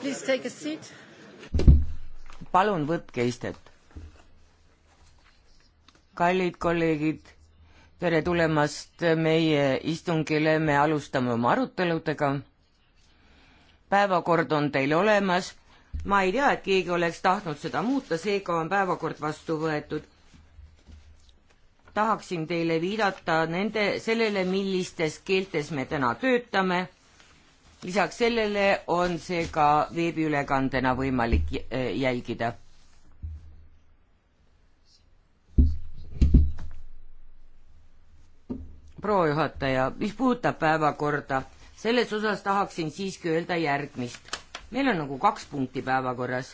Please take a seat. palun võtke istet. kallid kolleegid, tere tulemast meie istungile, me alustame oma aruteludega. päevakord on teil olemas. ma ei tea, et keegi oleks tahtnud seda muuta, seega on päevakord vastu võetud tahaksin teile viidata nende, sellele, millistes keeltes me täna töötame lisaks sellele on see ka veebiülekandena võimalik äh, jälgida. proua juhataja, mis puudutab päevakorda, selles osas tahaksin siiski öelda järgmist. meil on nagu kaks punkti päevakorras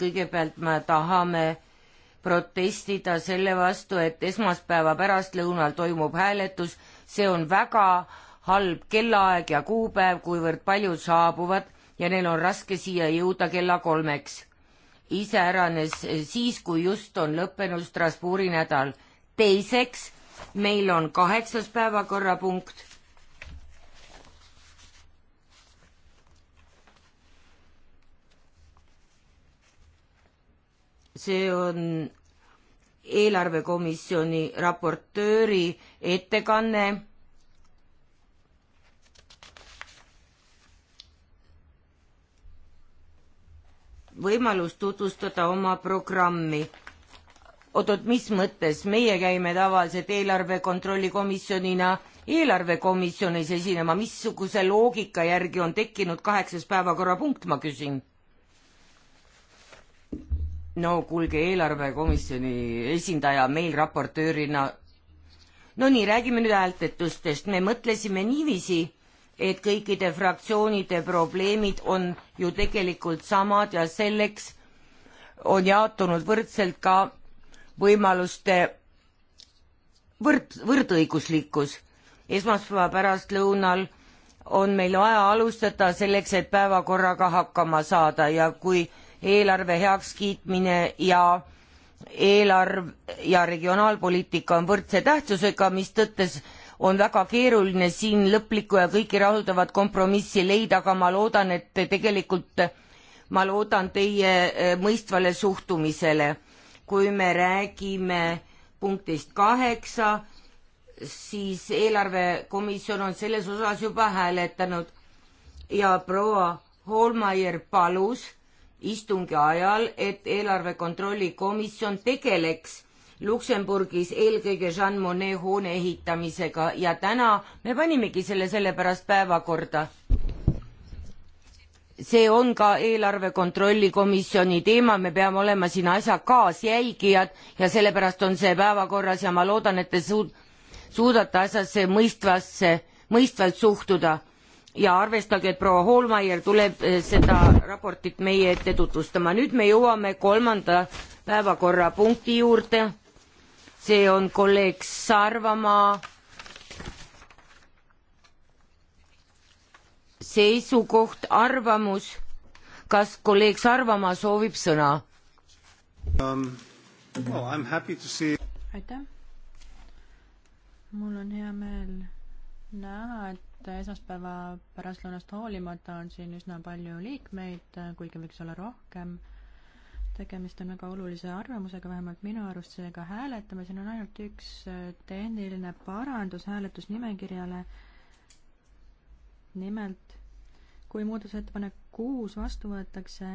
kõigepealt me tahame protestida selle vastu, et esmaspäeva pärastlõunal toimub hääletus, see on väga halb kellaaeg ja kuupäev, kuivõrd paljud saabuvad ja neil on raske siia jõuda kella kolmeks. iseäranes siis, kui just on lõppenud Strasbourgi nädal. teiseks, meil on kaheksas päevakorrapunkt. see on eelarvekomisjoni raportööri ettekanne. võimalus tutvustada oma programmi. oot-oot, mis mõttes, meie käime tavaliselt eelarve kontrolli komisjonina eelarvekomisjonis esinema, missuguse loogika järgi on tekkinud kaheksas päevakorrapunkt, ma küsin no kuulge, eelarvekomisjoni esindaja meil raportöörina. no nii, räägime nüüd häältetustest, me mõtlesime niiviisi, et kõikide fraktsioonide probleemid on ju tegelikult samad ja selleks on jaotunud võrdselt ka võimaluste võrd, võrdõiguslikkus. esmaspäeva pärastlõunal on meil vaja alustada selleks, et päevakorraga hakkama saada ja kui eelarve heakskiitmine ja eelarv ja regionaalpoliitika on võrdse tähtsusega, mis tõttes on väga keeruline siin lõplikku ja kõiki rahuldavat kompromissi leida, aga ma loodan, et tegelikult ma loodan teie eh, mõistvale suhtumisele. kui me räägime punktist kaheksa, siis eelarvekomisjon on selles osas juba hääletanud ja proua Holmeier palus istungi ajal, et eelarve kontrolli komisjon tegeleks Luksemburgis eelkõige Jean Monnet hoone ehitamisega ja täna me panimegi selle sellepärast päevakorda. see on ka eelarve kontrolli komisjoni teema, me peame olema siin asja kaasjälgijad ja sellepärast on see päevakorras ja ma loodan, et te suud-, suudate asjasse mõistvasse, mõistvalt suhtuda ja arvestage, et proua Hoolmeier tuleb eh, seda raportit meie ette tutvustama. nüüd me jõuame kolmanda päevakorrapunkti juurde. see on kolleeg Sarvamaa seisukoht, arvamus. kas kolleeg Sarvamaa soovib sõna um,? Well, oh, aitäh. mul on hea meel näha, et et esmaspäeva pärastlõunast hoolimata on siin üsna palju liikmeid, kuigi võiks olla rohkem. tegemist on väga olulise arvamusega, vähemalt minu arust seega hääletame, siin on ainult üks äh, tehniline parandus hääletusnimekirjale. nimelt, kui muudatusettepanek kuus vastu võetakse,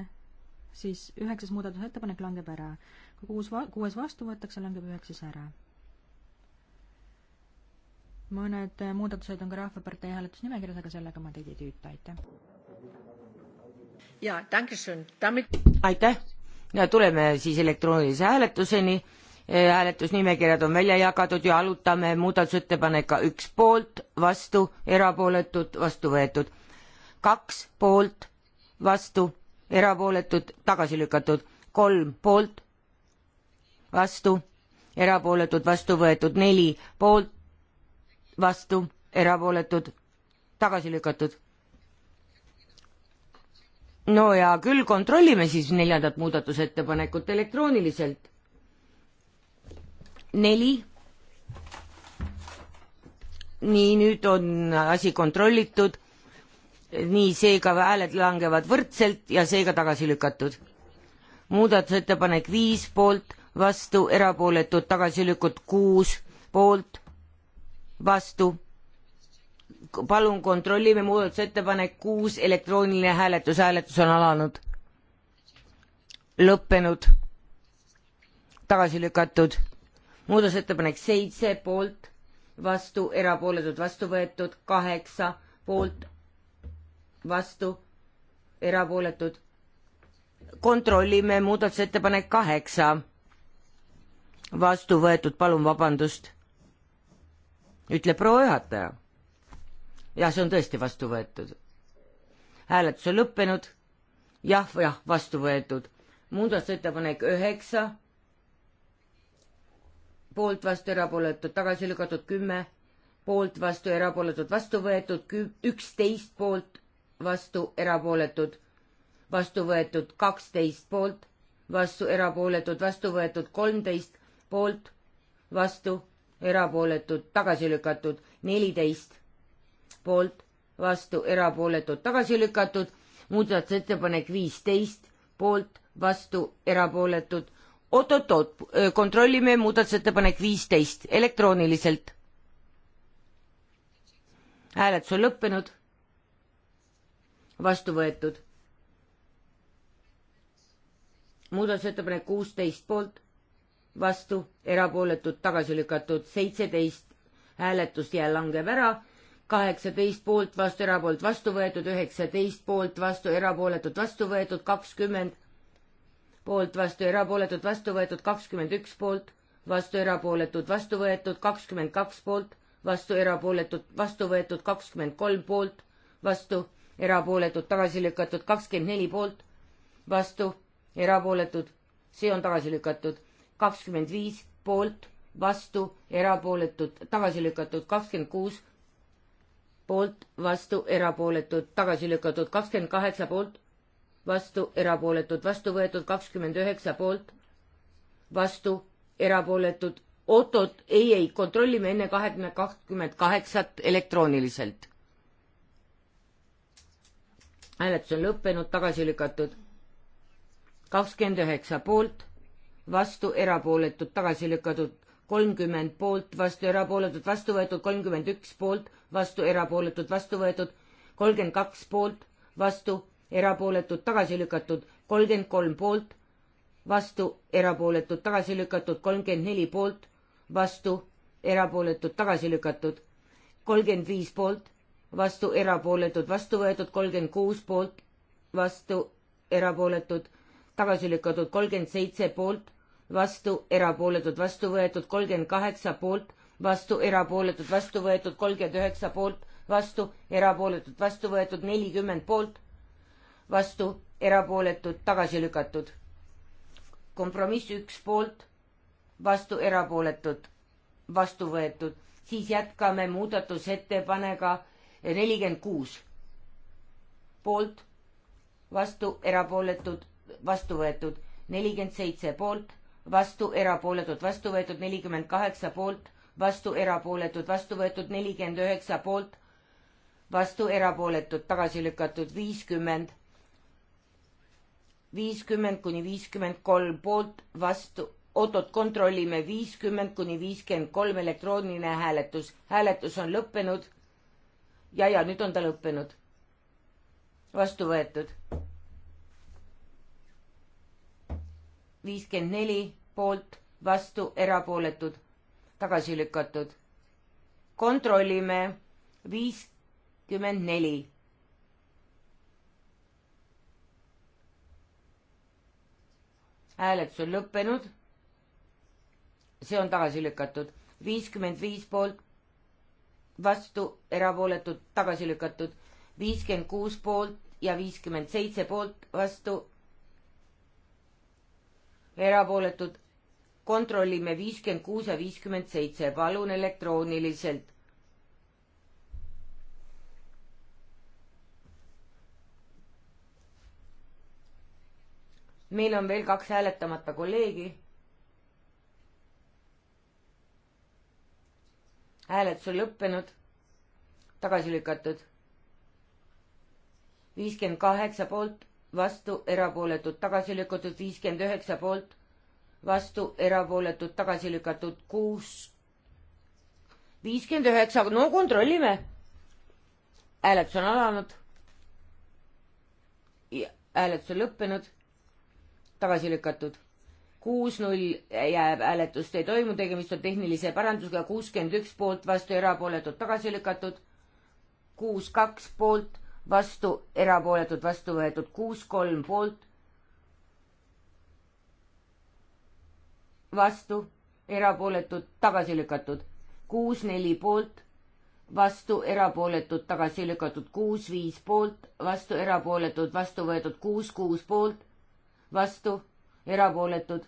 siis üheksas muudatusettepanek langeb ära. kui kuus, kuues vastu võetakse, langeb üheksas ära mõned äh, muudatused on ka Rahvapartei hääletusnimekirjas, aga sellega ma teid ei tüüta, aitäh. jaa, Damit... aitäh ja tuleme siis elektroonilise hääletuseni. Äh, hääletusnimekirjad on välja jagatud ja alutame muudatusettepaneka üks poolt, vastu, erapooletud, vastu võetud. kaks poolt, vastu, erapooletud, tagasi lükatud. kolm poolt, vastu, erapooletud, vastu võetud. neli poolt, vastu, erapooletud, tagasi lükatud. no ja küll kontrollime siis neljandat muudatusettepanekut elektrooniliselt. neli. nii, nüüd on asi kontrollitud. nii, seega hääled langevad võrdselt ja seega tagasi lükatud. muudatusettepanek viis poolt, vastu, erapooletud, tagasi lükatud kuus poolt vastu. palun kontrollime muudatusettepanek kuus, elektrooniline hääletus, hääletus on alanud. lõppenud. tagasi lükatud. muudatusettepanek seitse poolt, vastu, erapooletud, vastu võetud, kaheksa poolt, vastu, erapooletud. kontrollime muudatusettepanek kaheksa vastu võetud, palun vabandust ütleb proua juhataja. jah, see on tõesti vastu võetud. hääletus on lõppenud jah, jah, vastu võetud. muudatusettepanek üheksa, poolt, vastu, erapooletud, tagasi lükatud kümme, poolt, vastu, erapooletud, vastu võetud kü-, üksteist poolt, vastu, erapooletud, vastu võetud kaksteist poolt, vastu, erapooletud, vastu võetud kolmteist poolt, vastu, erapooletud, tagasi lükatud, neliteist poolt, vastu, erapooletud, tagasi lükatud, muudatusettepanek viisteist poolt, vastu, erapooletud. oot-oot-oot, äh, kontrollime muudatusettepanek viisteist elektrooniliselt. hääletus on lõppenud. vastu võetud. muudatusettepanek kuusteist poolt vastu, erapooletud, tagasi lükatud, seitseteist hääletust ja langeb ära, kaheksateist poolt vastu, erapoolt vastu võetud, üheksateist poolt vastu, erapooletud vastu võetud, kakskümmend poolt vastu, erapooletud vastu võetud, kakskümmend üks poolt vastu, erapooletud vastu võetud, kakskümmend kaks poolt vastu, erapooletud vastu võetud, kakskümmend kolm poolt vastu, erapooletud tagasi lükatud, kakskümmend neli poolt vastu, erapooletud, see on tagasi lükatud kakskümmend viis poolt, vastu, erapooletud, tagasi lükatud, kakskümmend kuus poolt, vastu, erapooletud, tagasi lükatud, kakskümmend kaheksa poolt, vastu, erapooletud, vastu võetud, kakskümmend üheksa poolt, vastu, erapooletud, oot-oot, ei, ei, kontrollime enne kahekümne kakskümmend kaheksat elektrooniliselt. hääletus on lõppenud, tagasi lükatud. kakskümmend üheksa poolt vastu, erapooletud, tagasi lükatud kolmkümmend poolt, vastu erapooletud, vastu võetud kolmkümmend üks poolt, vastu erapooletud, vastu võetud kolmkümmend kaks poolt, vastu erapooletud, tagasi lükatud kolmkümmend kolm poolt, vastu erapooletud, tagasi lükatud kolmkümmend neli poolt, vastu erapooletud, tagasi lükatud kolmkümmend viis poolt, vastu erapooletud, vastu võetud kolmkümmend kuus poolt, vastu erapooletud tagasi lükatud kolmkümmend seitse poolt, vastu erapooletud, vastu võetud kolmkümmend kaheksa poolt, vastu erapooletud, vastu võetud kolmkümmend üheksa poolt, vastu erapooletud, vastu võetud nelikümmend poolt, vastu erapooletud, tagasi lükatud. kompromiss üks poolt, vastu erapooletud, vastu võetud, siis jätkame muudatusettepanega nelikümmend kuus poolt, vastu erapooletud vastu võetud nelikümmend seitse poolt, vastu erapooletud, vastu võetud nelikümmend kaheksa poolt, vastu erapooletud, vastu võetud nelikümmend üheksa poolt, vastu erapooletud, tagasi lükatud viiskümmend, viiskümmend kuni viiskümmend kolm poolt, vastu, oot-oot, kontrollime viiskümmend kuni viiskümmend kolm elektrooniline hääletus, hääletus on lõppenud ja, ja nüüd on ta lõppenud. vastu võetud viiskümmend neli poolt, vastu, erapooletud, tagasi lükatud. kontrollime viiskümmend neli. hääletus on lõppenud. see on tagasi lükatud, viiskümmend viis poolt, vastu, erapooletud, tagasi lükatud, viiskümmend kuus poolt ja viiskümmend seitse poolt, vastu, erapooletud, kontrollime viiskümmend kuus ja viiskümmend seitse, palun elektrooniliselt. meil on veel kaks hääletamata kolleegi. hääletus on lõppenud, tagasi lükatud. viiskümmend kaheksa poolt vastu, erapooletud, tagasi lükatud viiskümmend üheksa poolt, vastu, erapooletud, tagasi lükatud kuus, viiskümmend üheksa, no kontrollime. hääletus on alanud. hääletus on lõppenud, tagasi lükatud. kuus, null jääb, hääletust ei toimu, tegemist on tehnilise parandusega, kuuskümmend üks poolt, vastu, erapooletud, tagasi lükatud. kuus, kaks poolt vastu, erapooletud, vastu võetud kuus, kolm poolt, vastu, erapooletud, tagasi lükatud, kuus, neli poolt, vastu, erapooletud, tagasi lükatud, kuus, viis poolt, vastu, erapooletud, vastu võetud, kuus, kuus poolt, vastu, erapooletud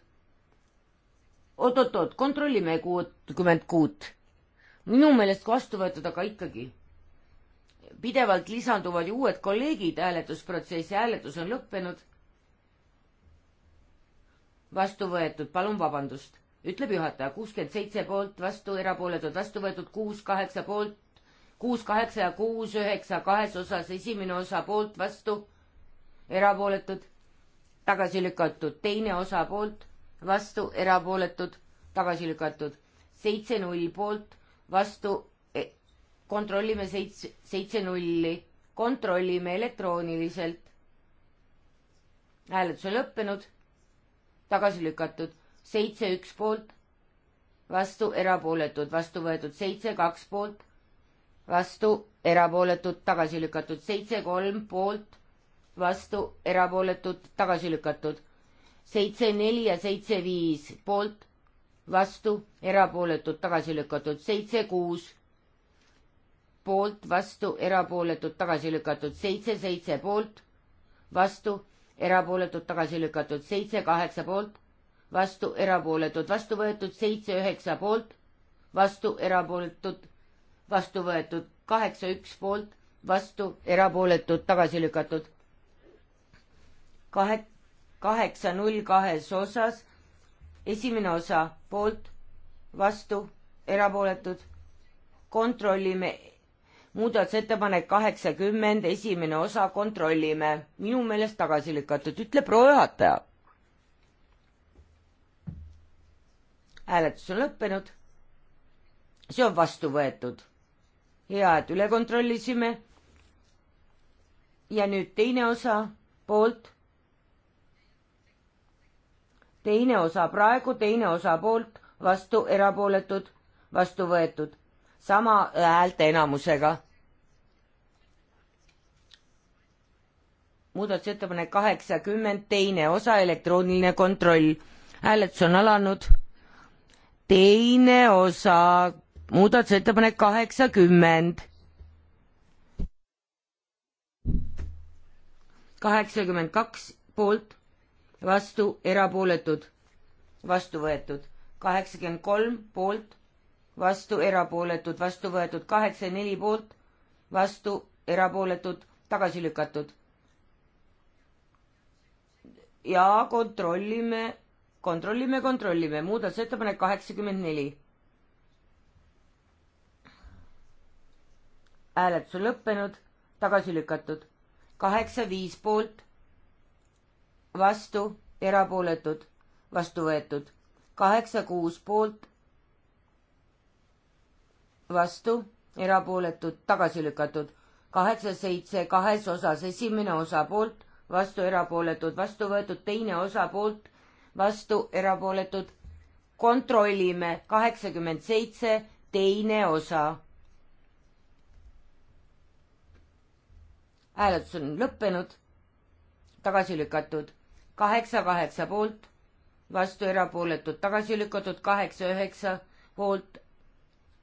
oot-oot-oot, kontrollime kuutkümmend kuut. minu meelest vastu võetud, aga ikkagi pidevalt lisanduvad ju uued kolleegid hääletusprotsessi, hääletus on lõppenud. vastu võetud, palun vabandust, ütleb juhataja, kuuskümmend seitse poolt, vastu erapooletud, vastu võetud kuus, kaheksa poolt, kuus, kaheksa ja kuus, üheksa kahes osas, esimene osa poolt, vastu, erapooletud, tagasi lükatud, teine osa poolt, vastu, erapooletud, tagasi lükatud, seitse null poolt, vastu, kontrollime seitse, seitse nulli, kontrollime elektrooniliselt. hääletus on lõppenud, tagasi lükatud, seitse üks poolt, vastu erapooletud, vastu võetud seitse kaks poolt, vastu erapooletud, tagasi lükatud seitse kolm poolt, vastu erapooletud, tagasi lükatud seitse neli ja seitse viis poolt, vastu erapooletud, tagasi lükatud seitse kuus poolt, vastu, erapooletud, tagasi lükatud, seitse, seitse poolt, vastu, erapooletud, tagasi lükatud, seitse, kaheksa poolt, vastu, erapooletud, vastu võetud, seitse, üheksa poolt, vastu, erapooletud, vastu võetud, kaheksa, üks poolt, vastu, erapooletud, tagasi lükatud. kahe, kaheksa, null kahes osas, esimene osa poolt, vastu, erapooletud, kontrollime muudatusettepanek kaheksakümmend, esimene osa, kontrollime. minu meelest tagasi lükatud, ütle proua juhataja. hääletus on lõppenud. see on vastu võetud. hea, et üle kontrollisime. ja nüüd teine osa, poolt. teine osa praegu, teine osa poolt, vastu erapooletud, vastu võetud sama häälte enamusega. muudatusettepanek kaheksakümmend, teine osa, elektrooniline kontroll. hääletus on alanud. teine osa, muudatusettepanek kaheksakümmend. kaheksakümmend kaks poolt, vastu, erapooletud, vastu võetud, kaheksakümmend kolm poolt vastu erapooletud, vastu võetud kaheksa ja neli poolt, vastu erapooletud, tagasi lükatud. ja kontrollime, kontrollime, kontrollime, muudatusettepanek kaheksakümmend neli. hääletus on lõppenud, tagasi lükatud, kaheksa viis poolt, vastu erapooletud, vastu võetud, kaheksa kuus poolt vastu, erapooletud, tagasi lükatud. kaheksa, seitse, kahes osas, esimene osa poolt, vastu, erapooletud, vastu võetud, teine osa poolt, vastu, erapooletud. kontrollime, kaheksakümmend seitse, teine osa. hääletus on lõppenud, tagasi lükatud, kaheksa, kaheksa poolt, vastu, erapooletud, tagasi lükatud, kaheksa, üheksa poolt,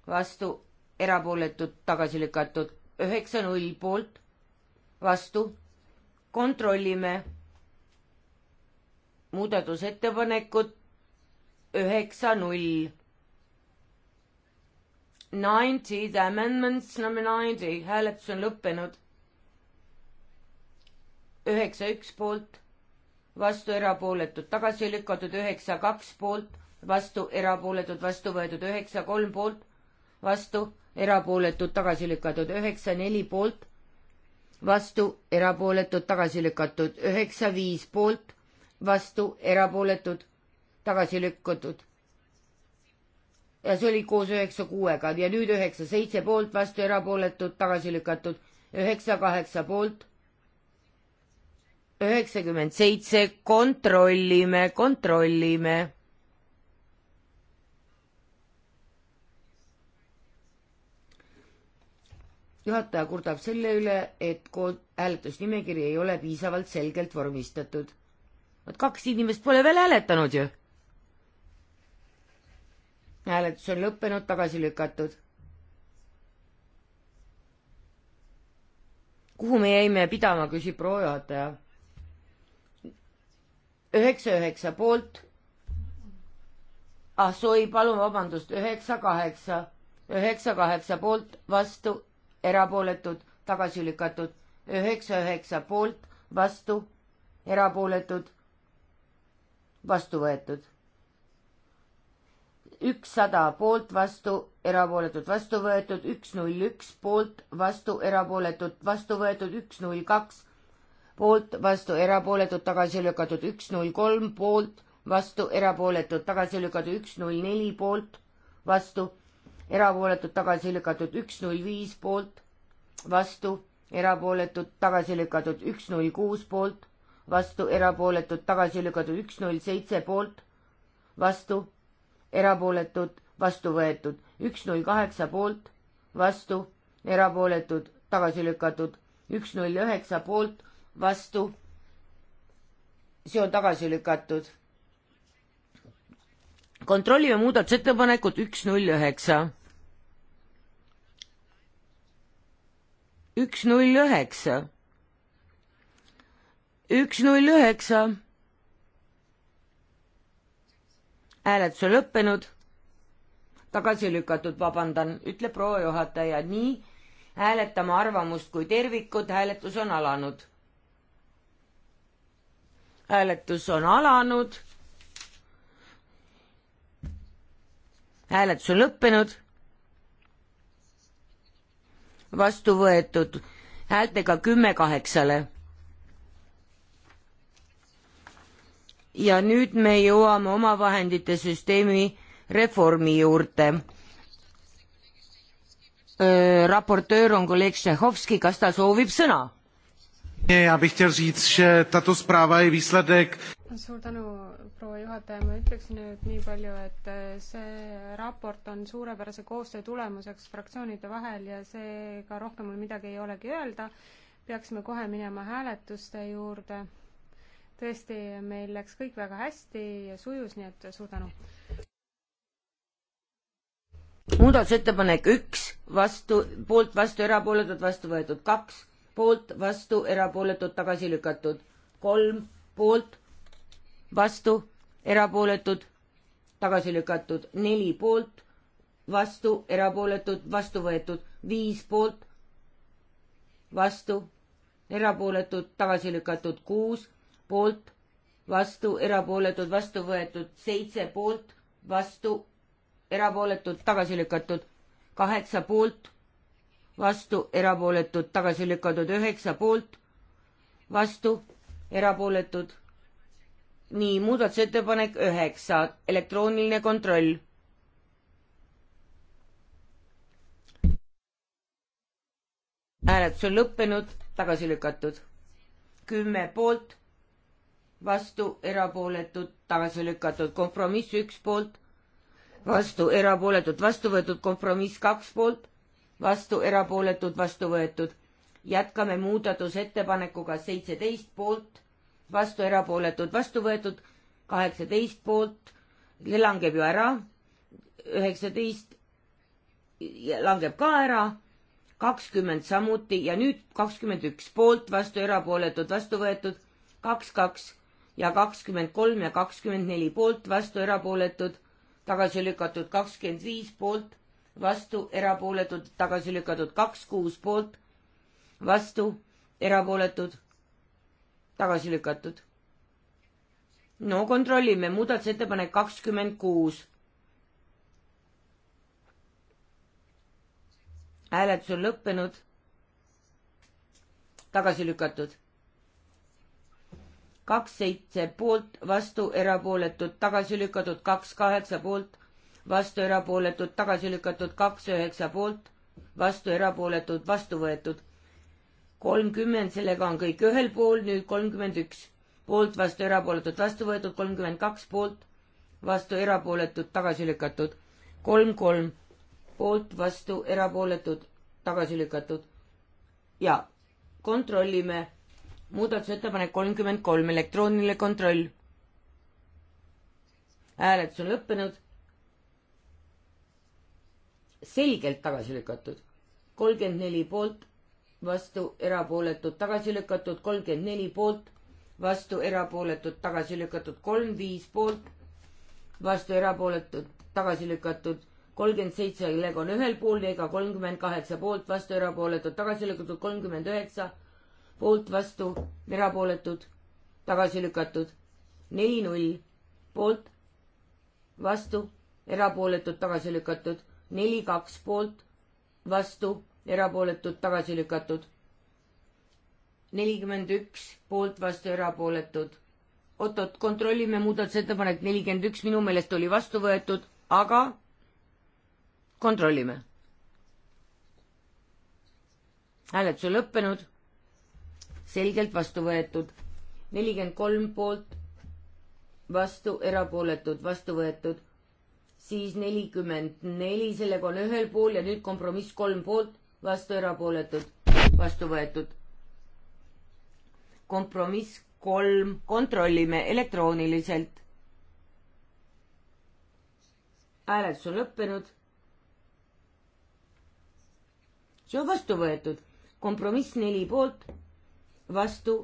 vastu, erapooletud, tagasi lükatud, üheksa null poolt, vastu, kontrollime muudatusettepanekut üheksa null. Ninety, the amendments number ninety, hääletus on lõppenud. üheksa üks poolt, vastu erapooletud, tagasi lükatud üheksa kaks poolt, vastu erapooletud, vastu võetud üheksa kolm poolt, vastu, erapooletud, tagasi lükatud, üheksa, neli poolt, vastu, erapooletud, tagasi lükatud, üheksa, viis poolt, vastu, erapooletud, tagasi lükatud. ja see oli koos üheksa kuuega ja nüüd üheksa, seitse poolt, vastu, erapooletud, tagasi lükatud, üheksa, kaheksa poolt, üheksakümmend seitse, kontrollime, kontrollime juhataja kurdab selle üle, et kood-, hääletusnimekiri ei ole piisavalt selgelt vormistatud. vot kaks inimest pole veel hääletanud ju. hääletus on lõppenud, tagasi lükatud. kuhu me jäime pidama, küsib proua juhataja. üheksa, üheksa poolt. ah soi, palun vabandust, üheksa, kaheksa, üheksa, kaheksa poolt, vastu erapooletud, tagasi lükatud, üheksa, üheksa poolt, vastu, erapooletud, vastu võetud. ükssada poolt, vastu, erapooletud, vastu võetud, üks, null, üks poolt, vastu, erapooletud, vastu võetud, üks, null, kaks poolt, vastu, erapooletud, tagasi lükatud, üks, null, kolm poolt, vastu, erapooletud, tagasi lükatud, üks, null, neli poolt, vastu erapooletud, tagasi lükatud üks null viis poolt, vastu, erapooletud, tagasi lükatud üks null kuus poolt, vastu, erapooletud, tagasi lükatud üks null seitse poolt, vastu, erapooletud, vastu võetud üks null kaheksa poolt, vastu, erapooletud, tagasi lükatud üks null üheksa poolt, vastu, see on tagasi lükatud kontrollime muudatusettepanekut üks null üheksa. üks null üheksa. üks null üheksa. hääletus on lõppenud. tagasi lükatud, vabandan, ütleb proua juhataja, nii hääletame arvamust kui tervikut, hääletus on alanud. hääletus on alanud. hääletus on lõppenud vastu võetud häältega kümme kaheksale. ja nüüd me jõuame omavahendite süsteemi reformi juurde. raportöör on kolleeg Šehovski, kas ta soovib sõna? Já bych chtěl říct, že tato zpráva je výsledek suur tänu, proua juhataja, ma ütleksin nüüd nii palju, et äh, see raport on suurepärase koostöö tulemuseks fraktsioonide vahel ja seega rohkem mul midagi ei olegi öelda. peaksime kohe minema hääletuste juurde. tõesti, meil läks kõik väga hästi ja sujus, nii et suur tänu. muudatusettepanek üks, vastu, poolt, vastu, erapooletud, vastu võetud, kaks, poolt, vastu, erapooletud, tagasi lükatud, kolm, poolt vastu, erapooletud, tagasi lükatud, neli poolt, vastu, erapooletud, vastu võetud, viis poolt, vastu, erapooletud, tagasi lükatud, kuus poolt, vastu, erapooletud, vastu võetud, seitse poolt, vastu, erapooletud, tagasi lükatud, kaheksa poolt, vastu, erapooletud, tagasi lükatud, üheksa poolt, vastu, erapooletud, nii, muudatusettepanek üheksa, elektrooniline kontroll. hääletus on lõppenud, tagasi lükatud. kümme poolt, vastu, erapooletud, tagasi lükatud, kompromiss üks poolt, vastu, erapooletud, vastu võetud, kompromiss kaks poolt, vastu, erapooletud, vastu võetud. jätkame muudatusettepanekuga seitseteist poolt vastu erapooletud, vastu võetud kaheksateist poolt, langeb ju ära, üheksateist langeb ka ära, kakskümmend samuti ja nüüd kakskümmend üks poolt, vastu erapooletud, vastu võetud kaks, kaks ja kakskümmend kolm ja kakskümmend neli poolt, vastu erapooletud, tagasi lükatud kakskümmend viis poolt, vastu erapooletud, tagasi lükatud kaks, kuus poolt, vastu erapooletud tagasi lükatud. no kontrollime, muudatusettepanek kakskümmend kuus. hääletus on lõppenud. tagasi lükatud. kaks seitse poolt, vastu erapooletud, tagasi lükatud, kaks kaheksa poolt, vastu erapooletud, tagasi lükatud, kaks üheksa poolt, vastu erapooletud, vastu võetud kolmkümmend, sellega on kõik ühel pool, nüüd kolmkümmend üks. poolt, vastu, erapooletud, vastu võetud, kolmkümmend kaks poolt, vastu, erapooletud, tagasi lükatud. kolm, kolm, poolt, vastu, erapooletud, tagasi lükatud. ja kontrollime muudatusettepanek kolmkümmend kolm, elektrooniline kontroll. hääletus on lõppenud. selgelt tagasi lükatud. kolmkümmend neli poolt, vastu erapooletud, tagasi lükatud kolmkümmend neli poolt, vastu erapooletud, tagasi lükatud kolm viis poolt, vastu erapooletud, tagasi lükatud kolmkümmend seitse, Lego on ühel pool, Vega kolmkümmend kaheksa poolt, vastu erapooletud, tagasi lükatud kolmkümmend üheksa poolt, vastu erapooletud, tagasi lükatud neli null poolt, vastu erapooletud, tagasi lükatud neli kaks poolt, vastu erapooletud, tagasi lükatud. nelikümmend üks poolt, vastu, erapooletud. oot-oot, kontrollime muudatusettepanek nelikümmend üks, minu meelest oli vastu võetud, aga kontrollime. hääletus on lõppenud, selgelt vastu võetud. nelikümmend kolm poolt, vastu, erapooletud, vastu võetud siis nelikümmend neli, sellega on ühel pool ja nüüd kompromiss kolm poolt, vastu erapooletud, vastu võetud. kompromiss kolm, kontrollime elektrooniliselt. hääletus on lõppenud. see on vastu võetud, kompromiss neli poolt, vastu,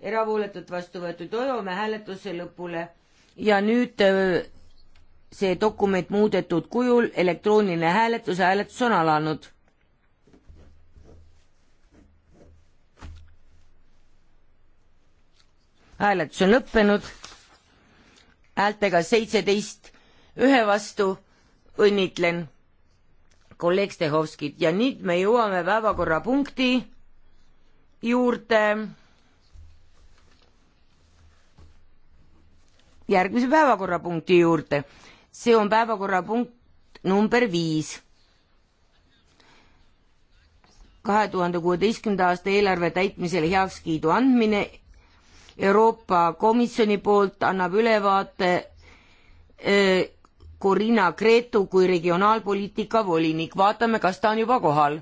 erapooletult vastu võetud, hoiame hääletuse lõpule ja nüüd äh, see dokument muudetud kujul, elektrooniline hääletus, hääletus on alanud. hääletus on lõppenud, häältega seitseteist ühe vastu, õnnitlen kolleeg Stehovskit ja nüüd me jõuame päevakorrapunkti juurde. järgmise päevakorrapunkti juurde see on päevakorrapunkt number viis. kahe tuhande kuueteistkümnenda aasta eelarve täitmisele heakskiidu andmine Euroopa Komisjoni poolt annab ülevaate Corina Cretu kui regionaalpoliitika volinik, vaatame, kas ta on juba kohal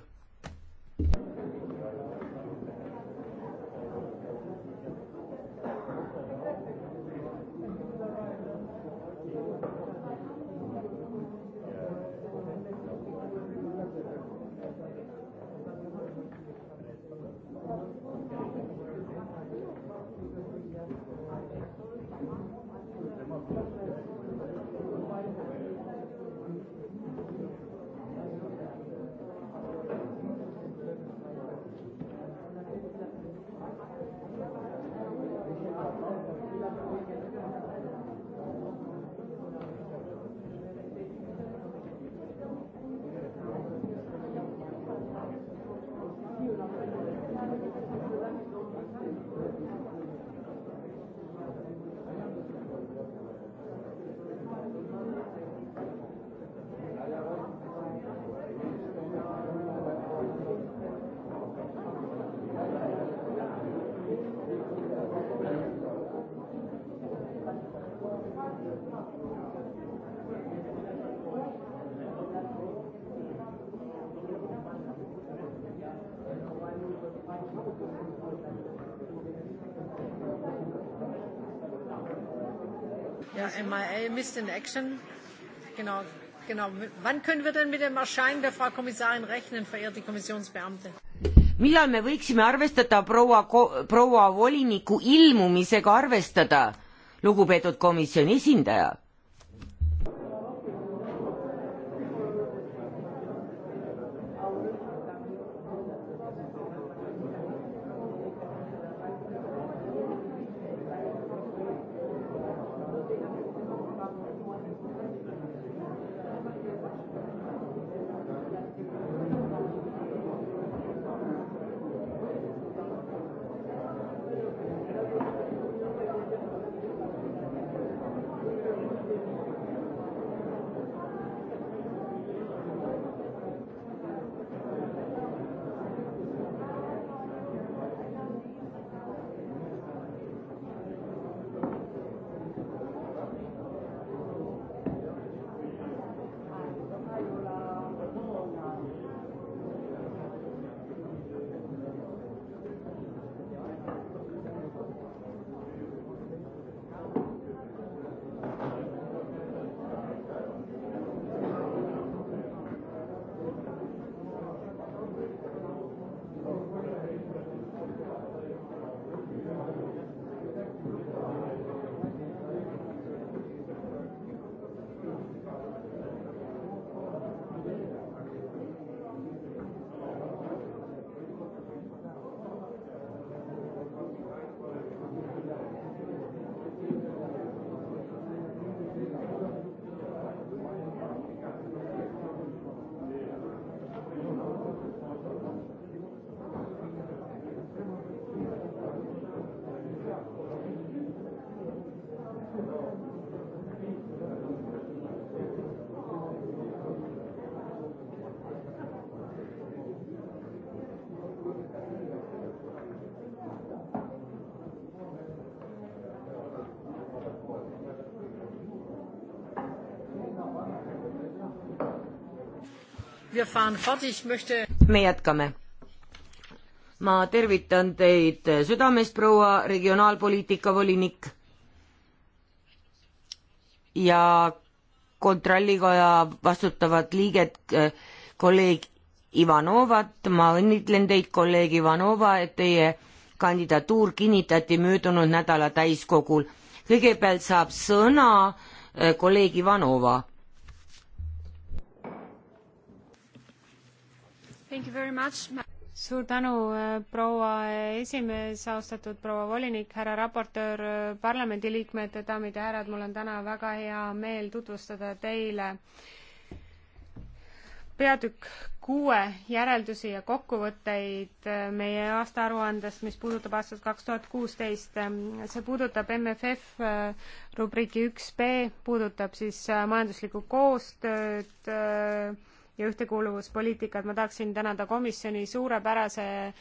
missed in action. Genau, genau. Wann können wir denn mit dem Erscheinen der Frau Kommissarin rechnen, verehrte Kommissionsbeamte? millal me võiksime arvestada proua, proua voliniku ilmumisega arvestada, lugupeetud komisjoni esindaja? me jätkame. ma tervitan teid südamest, proua regionaalpoliitika volinik ja kontrollikoja vastutavat liiget kolleeg Ivanovat, ma õnnitlen teid, kolleeg Ivanova, et teie kandidatuur kinnitati möödunud nädala täiskogul. kõigepealt saab sõna eh, kolleeg Ivanova suur tänu, äh, proua esimees, austatud proua volinik, härra raportöör, äh, parlamendiliikmed, daamid ja härrad, mul on täna väga hea meel tutvustada teile peatükk kuue järeldusi ja kokkuvõtteid äh, meie aastaaruandest, mis puudutab aastat kaks tuhat kuusteist. see puudutab MFF rubriiki üks B, puudutab siis majanduslikku koostööd, ja ühtekuuluvuspoliitikat. ma tahaksin tänada komisjoni suurepärase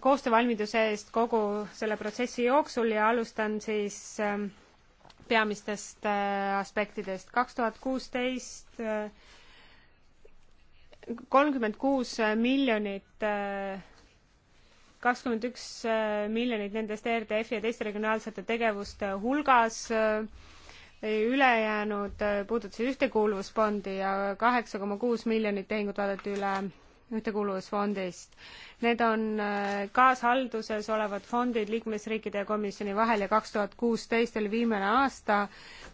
koostöövalmiduse eest kogu selle protsessi jooksul ja alustan siis ähm, peamistest äh, aspektidest. kaks tuhat kuusteist äh, kolmkümmend kuus äh, miljonit, kakskümmend üks miljonit nendest ERDF-i ja teiste regionaalsete tegevuste hulgas ülejäänud äh, puudutasid ühtekuuluvusfondi ja kaheksa koma kuus miljonit tehingut vaadati üle ühtekuuluvusfondist. Need on äh, kaashalduses olevad fondid liikmesriikide ja komisjoni vahel ja kaks tuhat kuusteist oli viimane aasta,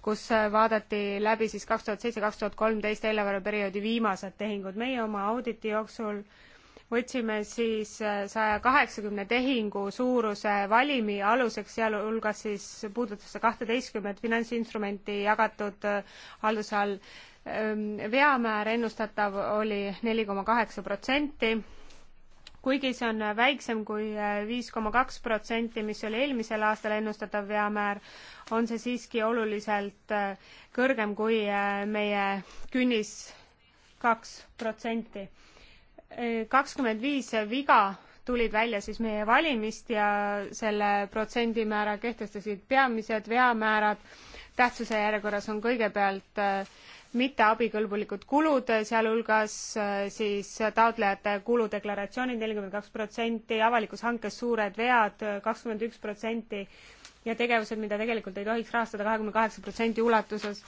kus äh, vaadati läbi siis kaks tuhat seitse, kaks tuhat kolmteist eelarveperioodi viimased tehingud. meie oma auditi jooksul võtsime siis äh, saja kaheksakümne tehingu suuruse valimi aluseks, sealhulgas siis puudutas see kahteteistkümmet finantsinstrumenti jagatud äh, halduse all. Ähm, veamäär ennustatav oli neli koma kaheksa protsenti kuigi see on äh, väiksem kui viis koma kaks protsenti, mis oli eelmisel aastal ennustatav veamäär, on see siiski oluliselt kõrgem kui meie künnis kaks protsenti kakskümmend viis viga tulid välja siis meie valimist ja selle protsendimäära kehtestasid peamised veamäärad. tähtsuse järjekorras on kõigepealt äh, mitteabikõlbulikud kulud, sealhulgas äh, siis taotlejate kuludeklaratsioonid nelikümmend kaks protsenti, avalikus hankes suured vead äh, kakskümmend üks protsenti ja tegevused, mida tegelikult ei tohiks rahastada kahekümne kaheksa protsendi ulatuses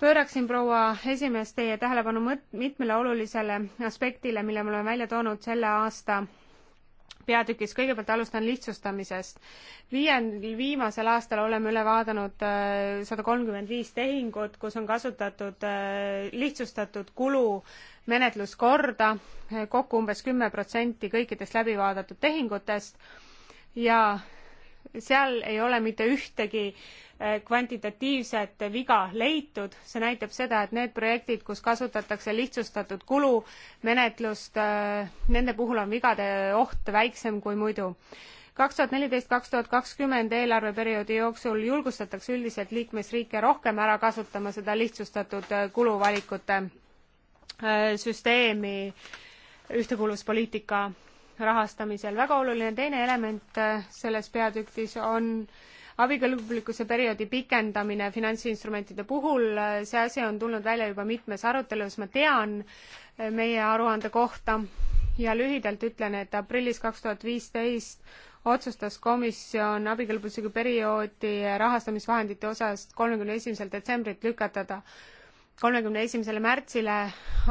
pööraksin, proua esimees, teie tähelepanu mõt-, mitmele olulisele aspektile, mille me oleme välja toonud selle aasta peatükis, kõigepealt alustan lihtsustamisest. Viien-, viimasel aastal oleme üle vaadanud äh, sada kolmkümmend viis tehingut, kus on kasutatud äh, lihtsustatud kulu menetluskorda, kokku umbes kümme protsenti kõikidest läbivaadatud tehingutest ja seal ei ole mitte ühtegi äh, kvantitatiivset viga leitud, see näitab seda, et need projektid, kus kasutatakse lihtsustatud kulumenetlust, äh, nende puhul on vigade oht väiksem kui muidu. kaks tuhat neliteist, kaks tuhat kakskümmend eelarveperioodi jooksul julgustatakse üldiselt liikmesriike rohkem ära kasutama seda lihtsustatud äh, kuluvalikute süsteemi ühtekuuluvuspoliitika rahastamisel. väga oluline teine element äh, selles peatükis on abikõlbulikkuse perioodi pikendamine finantsinstrumentide puhul, äh, see asi on tulnud välja juba mitmes arutelus, ma tean äh, meie aruande kohta ja lühidalt ütlen, et aprillis kaks tuhat viisteist otsustas komisjon abikõlbulisega perioodi rahastamisvahendite osas kolmekümne esimeselt detsembrilt lükatada kolmekümne esimesele märtsile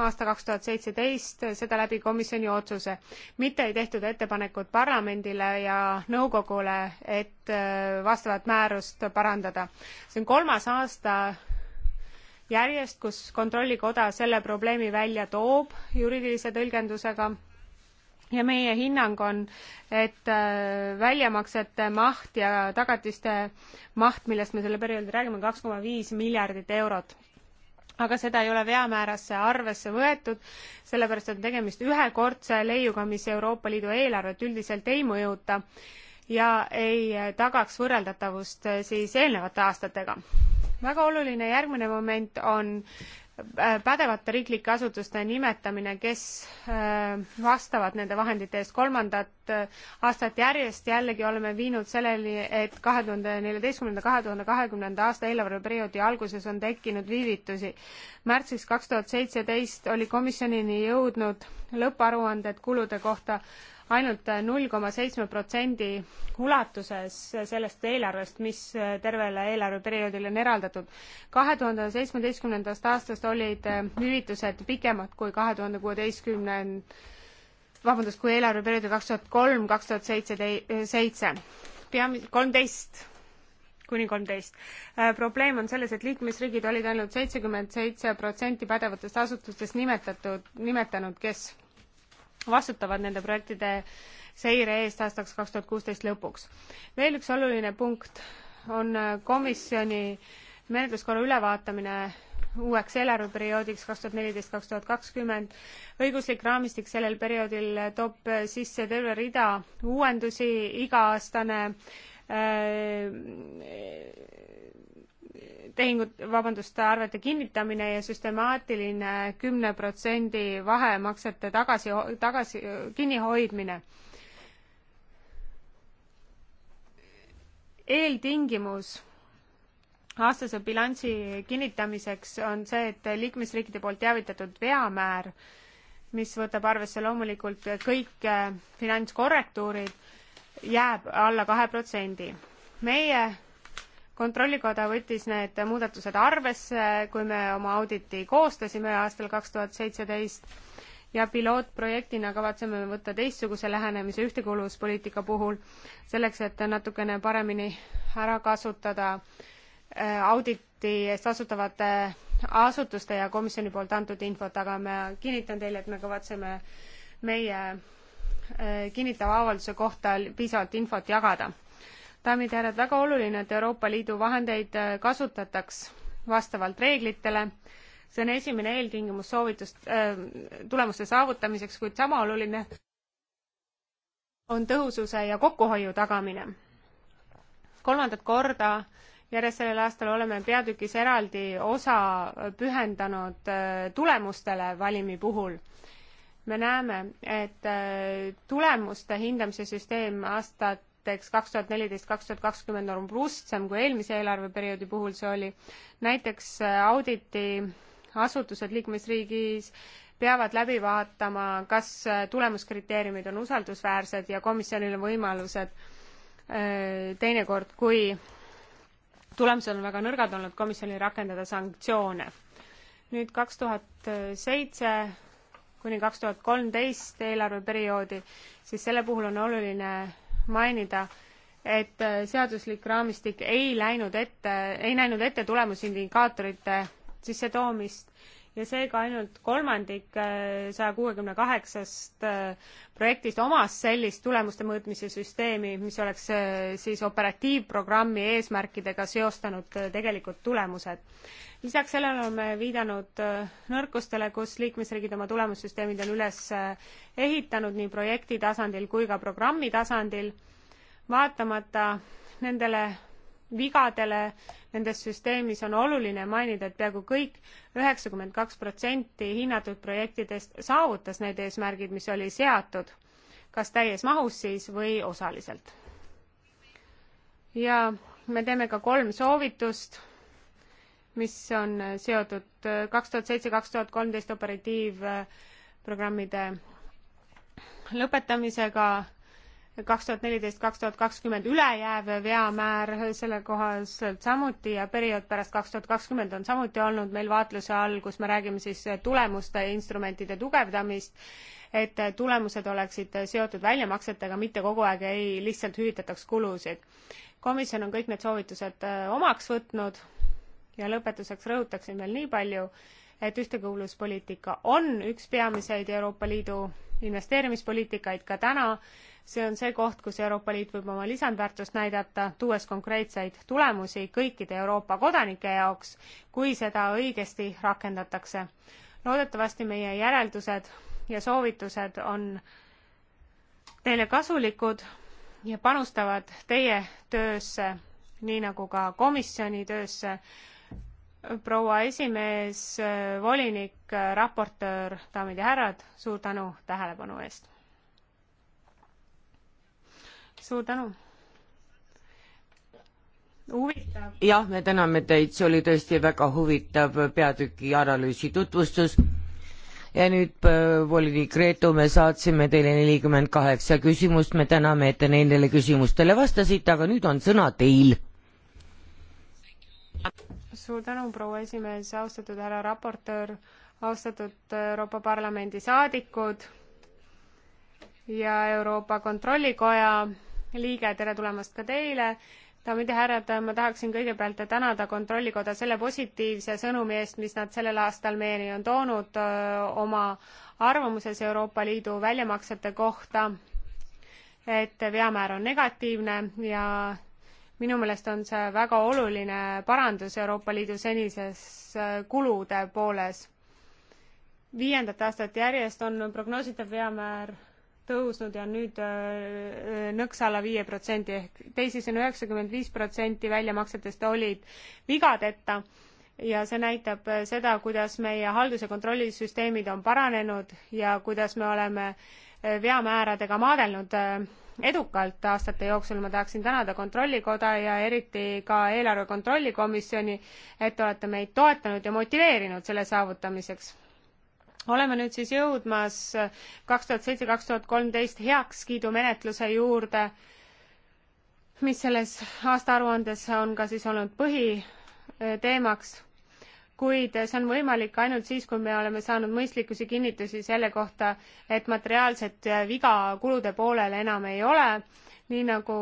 aasta kaks tuhat seitseteist seda läbi komisjoni otsuse mitte ei tehtud ettepanekut parlamendile ja nõukogule et äh, vastavat määrust parandada see on kolmas aasta järjest kus kontrollikoda selle probleemi välja toob juriidilise tõlgendusega ja meie hinnang on, et äh, väljamaksete maht ja tagatiste maht, millest me selle perioodi räägime, on kaks koma viis miljardit eurot aga seda ei ole veamäärasse arvesse võetud, sellepärast et tegemist ühekordse leiuga, mis Euroopa Liidu eelarvet üldiselt ei mõjuta ja ei tagaks võrreldatavust eh, siis eelnevate aastatega. väga oluline järgmine moment on Äh, pädevate riiklike asutuste nimetamine, kes äh, vastavad nende vahendite eest. kolmandat äh, aastat järjest jällegi oleme viinud selleni, et kahe tuhande neljateistkümnenda, kahe tuhande kahekümnenda aasta eelarveperioodi alguses on tekkinud viivitusi. märtsiks kaks tuhat seitseteist oli komisjonini jõudnud lõpparuanded kulude kohta ainult null koma seitsme protsendi ulatuses sellest eelarvest, mis tervele eelarveperioodile on eraldatud. kahe tuhande seitsmeteistkümnendast aastast olid hüvitused pikemad kui kahe tuhande kuueteistkümne vabandust, kui eelarveperioodil kaks tuhat kolm, kaks tuhat seitse, seitse, peamis-, kolmteist kuni kolmteist. probleem on selles, et liikmesriigid olid ainult seitsekümmend seitse protsenti pädevatest asutustest nimetatud, nimetanud, kes vastutavad nende projektide seire eest aastaks kaks tuhat kuusteist lõpuks. veel üks oluline punkt on äh, komisjoni menetluskorra ülevaatamine uueks eelarveperioodiks kaks tuhat neliteist kaks tuhat kakskümmend. õiguslik raamistik sellel perioodil toob sisse terve rida uuendusi, iga-aastane äh, tehingut, vabandust, arvete kinnitamine ja süstemaatiline kümne protsendi vahemaksete tagasi, tagasi, kinnihoidmine eeltingimus aastase bilansi kinnitamiseks on see, et liikmesriikide poolt teavitatud veamäär, mis võtab arvesse loomulikult kõik eh, finantskorrektuurid, jääb alla kahe protsendi. meie kontrollikoda võttis need muudatused arvesse, kui me oma auditi koostasime aastal kaks tuhat seitseteist ja pilootprojektina kavatseme võtta teistsuguse lähenemise ühtekuuluvuspoliitika puhul, selleks et natukene paremini ära kasutada äh, auditi eest vastutavate asutuste ja komisjoni poolt antud infot, aga ma kinnitan teile, et me kavatseme meie äh, kinnitava avalduse kohta piisavalt infot jagada daamid ja härrad, väga oluline, et Euroopa Liidu vahendeid äh, kasutataks vastavalt reeglitele. see on esimene eeltingimus soovitust äh,, tulemuste saavutamiseks, kuid sama oluline on tõhususe ja kokkuhoiu tagamine. kolmandat korda järjest sellel aastal oleme peatükis eraldi osa pühendanud äh, tulemustele valimi puhul me näeme, et äh, tulemuste hindamise süsteem aastat näiteks kaks tuhat neliteist, kaks tuhat kakskümmend on robustsem kui eelmise eelarveperioodi puhul see oli. näiteks äh, auditi asutused liikmesriigis peavad läbi vaatama, kas äh, tulemuskriteeriumid on usaldusväärsed ja komisjonil on võimalused äh, teinekord, kui tulemused on väga nõrgad olnud, komisjonil rakendada sanktsioone. nüüd kaks tuhat seitse kuni kaks tuhat kolmteist eelarveperioodi, siis selle puhul on oluline mainida, et äh, seaduslik raamistik ei läinud ette, ei näinud ette tulemusindikaatorite sissetoomist ja seega ainult kolmandik äh, saja kuuekümne kaheksast äh, projektist omas sellist tulemuste mõõtmise süsteemi, mis oleks äh, siis operatiivprogrammi eesmärkidega seostanud tegelikud tulemused. lisaks sellele oleme viidanud nõrkustele, kus liikmesriigid oma tulemussüsteemid on üles ehitanud nii projekti tasandil kui ka programmi tasandil, vaatamata nendele vigadele nendes süsteemis on oluline mainida, et peaaegu kõik üheksakümmend kaks protsenti hinnatud projektidest saavutas need eesmärgid, mis oli seatud, kas täies mahus siis või osaliselt. ja me teeme ka kolm soovitust, mis on seotud kaks tuhat seitse, kaks tuhat kolmteist operatiivprogrammide lõpetamisega kaks tuhat neliteist, kaks tuhat kakskümmend ülejääv veamäär selle kohaselt samuti ja periood pärast kaks tuhat kakskümmend on samuti olnud meil vaatluse all, kus me räägime siis tulemuste instrumentide tugevdamist, et tulemused oleksid seotud väljamaksetega, mitte kogu aeg ei lihtsalt hüvitataks kulusid. komisjon on kõik need soovitused äh, omaks võtnud ja lõpetuseks rõhutaksin veel nii palju, et ühtekuuluvuspoliitika on üks peamiseid Euroopa Liidu investeerimispoliitikaid ka täna see on see koht, kus Euroopa Liit võib oma lisandväärtust näidata, tuues konkreetseid tulemusi kõikide Euroopa kodanike jaoks, kui seda õigesti rakendatakse. loodetavasti meie järeldused ja soovitused on teile kasulikud ja panustavad teie töösse, nii nagu ka komisjoni töösse. proua esimees, volinik, raportöör, daamid ja härrad, suur tänu tähelepanu eest! suur tänu. huvitav. jah, me täname teid, see oli tõesti väga huvitav peatüki analüüsi tutvustus. ja nüüd äh, volinik Reetu, me saatsime teile nelikümmend kaheksa küsimust, me täname, et te nendele küsimustele vastasite, aga nüüd on sõna teil. suur tänu, proua esimees, austatud härra raportöör, austatud Euroopa Parlamendi saadikud ja Euroopa Kontrollikoja liige, tere tulemast ka teile. daamid ja härrad, ma tahaksin kõigepealt tänada Kontrollikoda selle positiivse sõnumi eest, mis nad sellel aastal meieni on toonud öö, oma arvamuses Euroopa Liidu väljamaksete kohta, et veamäär on negatiivne ja minu meelest on see väga oluline parandus Euroopa Liidu senises kulude pooles. viiendat aastat järjest on prognoositav veamäär tõusnud ja nüüd äh, äh, nõks alla viie protsendi ehk teisisõnu üheksakümmend viis protsenti väljamaksetest olid vigadeta ja see näitab äh, seda, kuidas meie haldus- ja kontrollisüsteemid on paranenud ja kuidas me oleme veamääradega maadelnud edukalt aastate jooksul. ma tahaksin tänada Kontrollikoda ja eriti ka eelarve kontrolli komisjoni, et olete meid toetanud ja motiveerinud selle saavutamiseks oleme nüüd siis jõudmas äh, kaks tuhat seitse, kaks tuhat kolmteist heakskiidumenetluse juurde, mis selles aastaaruandes on ka siis olnud põhiteemaks, äh, kuid äh, see on võimalik ainult siis, kui me oleme saanud mõistlikkusi kinnitusi selle kohta, et materiaalset viga kulude poolel enam ei ole nii nagu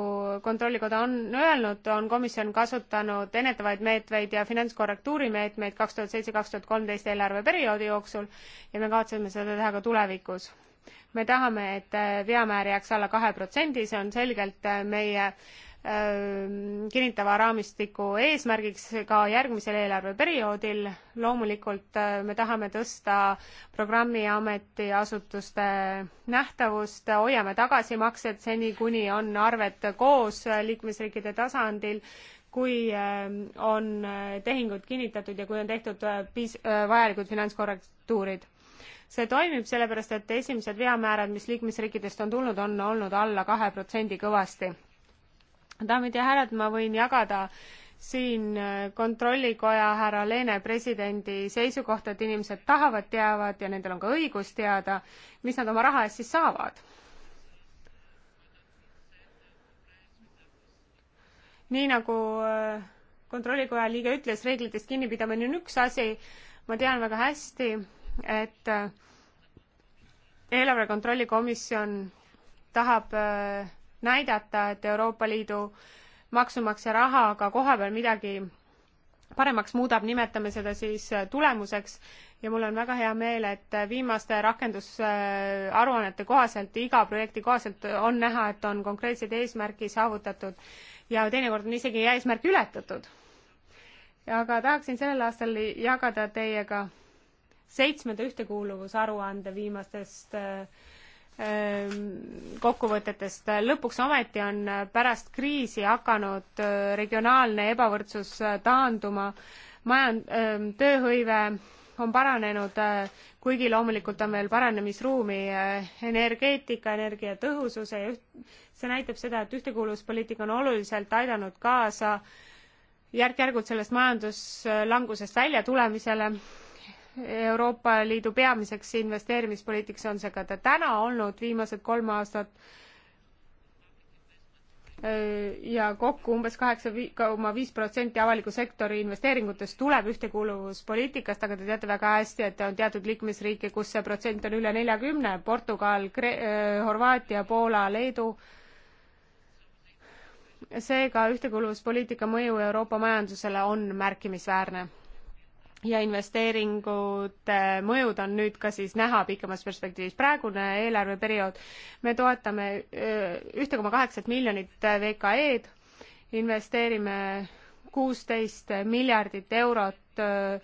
Kontrollikoda on öelnud, on komisjon kasutanud ennetavaid meetmeid ja finantskorrektuuri meetmeid kaks tuhat seitse, kaks tuhat kolmteist eelarveperioodi jooksul ja me kavatseme seda teha ka tulevikus. me tahame, et veamäär jääks alla kahe protsendi, see on selgelt meie Ähm, kinnitava raamistiku eesmärgiks ka järgmisel eelarveperioodil. loomulikult äh, me tahame tõsta programmi ametiasutuste nähtavust, hoiame tagasimaksed seni, kuni on arved koos liikmesriikide tasandil, kui ähm, on äh, tehingud kinnitatud ja kui on tehtud äh, piis-, vajalikud finantskorrektuurid see toimib sellepärast, et esimesed veamäärad, mis liikmesriikidest on tulnud, on olnud alla kahe protsendi kõvasti daamid ja härrad, ma võin jagada siin äh, kontrollikoja härra Leene presidendi seisukohta, et inimesed tahavad, teavad ja nendel on ka õigus teada, mis nad oma raha eest siis saavad. nii nagu äh, kontrollikoja liige ütles, reeglitest kinnipidamine on üks asi, ma tean väga hästi, et äh, eelarve kontrolli komisjon tahab äh, näidata, et Euroopa Liidu maksumaksja raha ka kohapeal midagi paremaks muudab, nimetame seda siis äh, tulemuseks ja mul on väga hea meel, et äh, viimaste rakendusaruannete kohaselt, iga projekti kohaselt on näha, et on konkreetseid eesmärki saavutatud ja teinekord on isegi eesmärk ületatud. aga tahaksin sellel aastal jagada teiega seitsmenda ühtekuuluvusaruande viimastest äh, Ehm, kokkuvõtetest. lõpuks ometi on pärast kriisi hakanud äh, regionaalne ebavõrdsus äh, taanduma, majand-, ehm, tööhõive on paranenud, äh, kuigi loomulikult on veel paranemisruumi energeetika, energiatõhususe ja üht-, see näitab seda, et ühtekuuluvuspoliitika on oluliselt aidanud kaasa järk-järgult sellest majanduslangusest välja tulemisele Euroopa Liidu peamiseks investeerimispoliitikas on see ka ta täna olnud viimased kolm aastat ja kokku umbes kaheksa koma viis protsenti avaliku sektori investeeringutest tuleb ühtekuuluvuspoliitikast, aga te teate väga hästi, et on teatud liikmesriike, kus see protsent on üle neljakümne, Portugal, äh, Horvaatia, Poola, Leedu. seega ühtekuuluvuspoliitika mõju Euroopa majandusele on märkimisväärne ja investeeringute mõjud on nüüd ka siis näha pikemas perspektiivis. praegune eelarveperiood, me toetame äh, ühte koma kaheksat miljonit VKE-d, investeerime kuusteist miljardit eurot äh,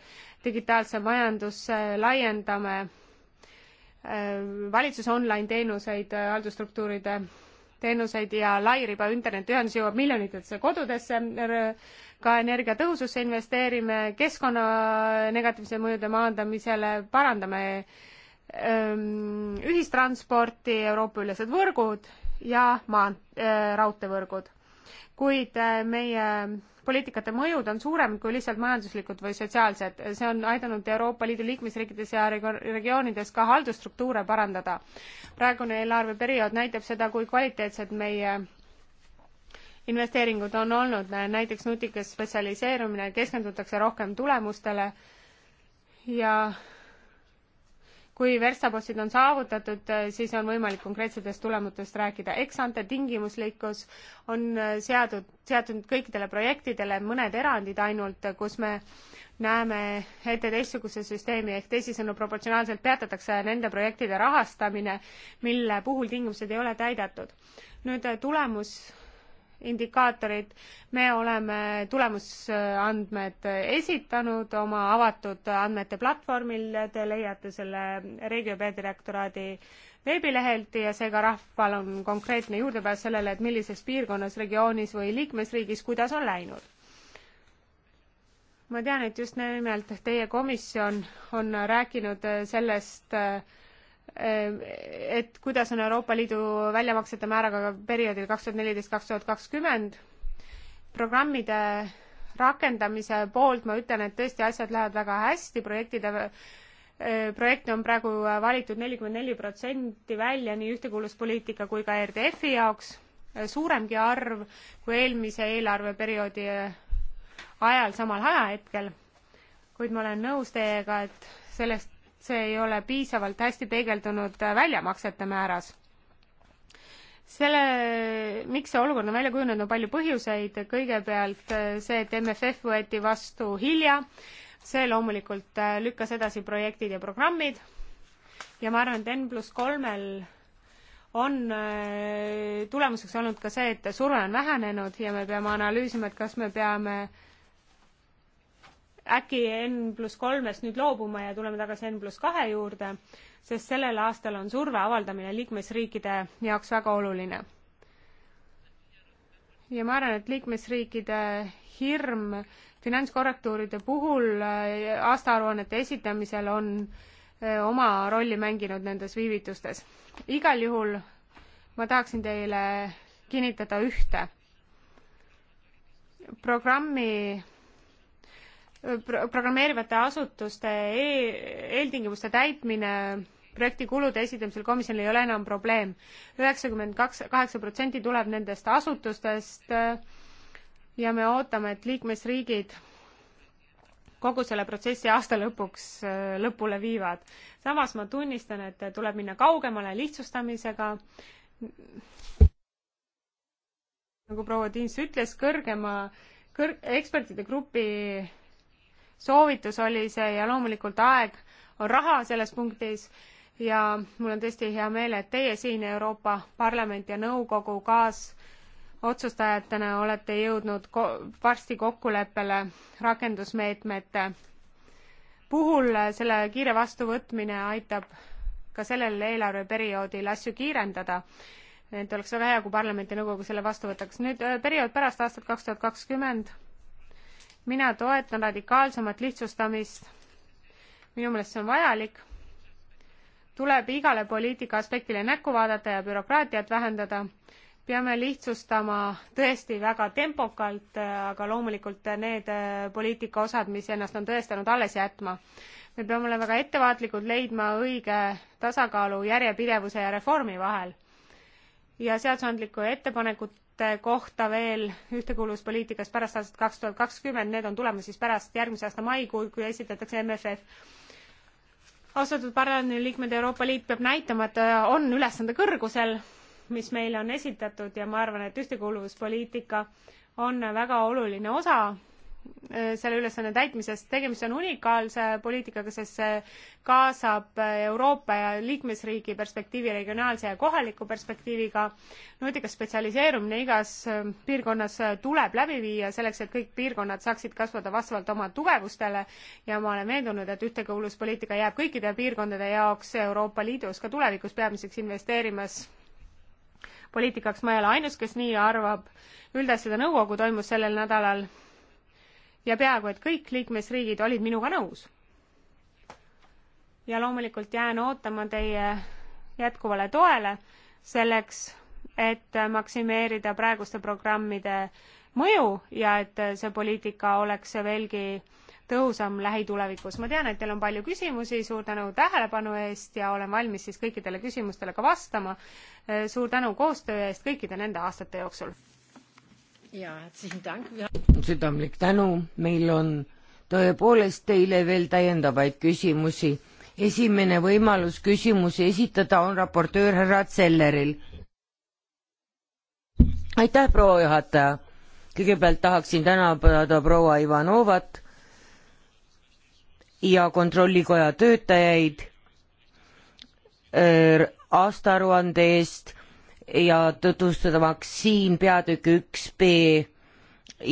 digitaalse majandusse, laiendame äh, valitsuse online teenuseid, haldusstruktuuride teenuseid ja lairiba internetiühendus jõuab miljonitesse kodudesse, ka energiatõhususse investeerime, keskkonna negatiivse mõjude maandamisele, parandame ähm, ühistransporti, Euroopa-ülesed võrgud ja maant-, äh, raudteevõrgud. kuid äh, meie poliitikate mõjud on suuremad kui lihtsalt majanduslikud või sotsiaalsed. see on aidanud Euroopa Liidu liikmesriikides ja regioonides ka haldusstruktuure parandada. praegune eelarveperiood näitab seda, kui kvaliteetsed meie investeeringud on olnud, näiteks nutikas spetsialiseerumine, keskendutakse rohkem tulemustele ja kui verstapostid on saavutatud, siis on võimalik konkreetsetest tulemustest rääkida. eksante tingimuslikkus on seadud, seatud kõikidele projektidele, mõned erandid ainult, kus me näeme ette teistsuguse süsteemi ehk teisisõnu proportsionaalselt peatatakse nende projektide rahastamine, mille puhul tingimused ei ole täidetud. nüüd tulemus indikaatorid. me oleme tulemusandmed esitanud oma avatud andmete platvormil, te leiate selle Regio peadirektoraadi veebilehelt ja seega rahval on konkreetne juurdepääs sellele, et millises piirkonnas, regioonis või liikmesriigis, kuidas on läinud ma tean, et just nimelt teie komisjon on rääkinud sellest äh, Äh, et kuidas on Euroopa Liidu väljamaksete määraga perioodil kaks tuhat neliteist, kaks tuhat kakskümmend. programmide rakendamise poolt ma ütlen, et tõesti asjad lähevad väga hästi, projektide äh, projekte on praegu valitud nelikümmend neli protsenti välja nii ühtekuuluvuspoliitika kui ka RDF-i jaoks, äh, suuremgi arv kui eelmise eelarveperioodi ajal samal ajahetkel. kuid ma olen nõus teiega, et sellest see ei ole piisavalt hästi peegeldunud äh, väljamaksete määras. selle, miks see olukord on välja kujunenud, on palju põhjuseid, kõigepealt äh, see, et MFF võeti vastu hilja, see loomulikult äh, lükkas edasi projektid ja programmid ja ma arvan, et N pluss kolmel on tulemuseks olnud ka see, et surve on vähenenud ja me peame analüüsima, et kas me peame äh, äkki N pluss kolmest nüüd loobuma ja tuleme tagasi N pluss kahe juurde, sest sellel aastal on surve avaldamine liikmesriikide jaoks väga oluline. ja ma arvan, et liikmesriikide hirm finantskorrektuuride puhul äh, aastaaruannete esitamisel on äh, oma rolli mänginud nendes viivitustes. igal juhul ma tahaksin teile kinnitada ühte. programmi programmeerivate asutuste e eeltingimuste täitmine projekti kulude esitamisel komisjonil ei ole enam probleem. üheksakümmend kaks, kaheksa protsenti tuleb nendest asutustest ja me ootame, et liikmesriigid kogu selle protsessi aasta lõpuks lõpule viivad. samas ma tunnistan, et tuleb minna kaugemale lihtsustamisega. nagu proua Tiins ütles, kõrgema kõrg-, ekspertide grupi soovitus oli see ja loomulikult aeg on raha selles punktis ja mul on tõesti hea meel, et teie siin Euroopa Parlament ja Nõukogu kaasotsustajatena olete jõudnud ko varsti kokkuleppele rakendusmeetmete puhul. selle kiire vastuvõtmine aitab ka sellel eelarveperioodil asju kiirendada. et oleks väga hea, kui parlament ja nõukogu selle vastu võtaks. nüüd eh, periood pärast aastat kaks tuhat kakskümmend mina toetan radikaalsemat lihtsustamist. minu meelest see on vajalik. tuleb igale poliitika aspektile näkku vaadata ja bürokraatiat vähendada. peame lihtsustama tõesti väga tempokalt, aga loomulikult need poliitika osad, mis ennast on tõestanud, alles jätma. me peame olema väga ettevaatlikud, leidma õige tasakaalu järjepidevuse ja reformi vahel ja seadusandliku ettepaneku meetmete kohta veel ühtekuuluvuspoliitikas pärast aastat kaks tuhat kakskümmend, need on tulemas siis pärast järgmise aasta maikuud, kui esitatakse MFF. austatud parlamendiliikmed, Euroopa Liit peab näitama, et ta on ülesande kõrgusel, mis meile on esitatud ja ma arvan, et ühtekuuluvuspoliitika on väga oluline osa Äh, selle ülesanne täitmisest. tegemist on unikaalse poliitikaga, sest see kaasab Euroopa ja liikmesriigi perspektiivi regionaalse ja kohaliku perspektiiviga. nutikas spetsialiseerumine igas äh, piirkonnas äh, tuleb läbi viia selleks, et kõik piirkonnad saaksid kasvada vastavalt oma tugevustele ja ma olen veendunud, et ühtekuuluvuspoliitika jääb kõikide piirkondade jaoks Euroopa Liidus ka tulevikus peamiseks investeerimas poliitikaks ma ei ole ainus, kes nii arvab. üldasjade nõukogu toimus sellel nädalal ja peaaegu et kõik liikmesriigid olid minuga nõus. ja loomulikult jään ootama teie jätkuvale toele selleks, et maksimeerida praeguste programmide mõju ja et see poliitika oleks veelgi tõhusam lähitulevikus. ma tean, et teil on palju küsimusi, suur tänu tähelepanu eest ja olen valmis siis kõikidele küsimustele ka vastama. suur tänu koostöö eest kõikide nende aastate jooksul südamlik tänu, meil on tõepoolest teile veel täiendavaid küsimusi. esimene võimalus küsimusi esitada on raportöör härra Zelleril. aitäh, proua juhataja. kõigepealt tahaksin tänada proua Ivanovat ja kontrollikoja töötajaid äh, aastaaruande eest ja tutvustamaks siin peatüki üks B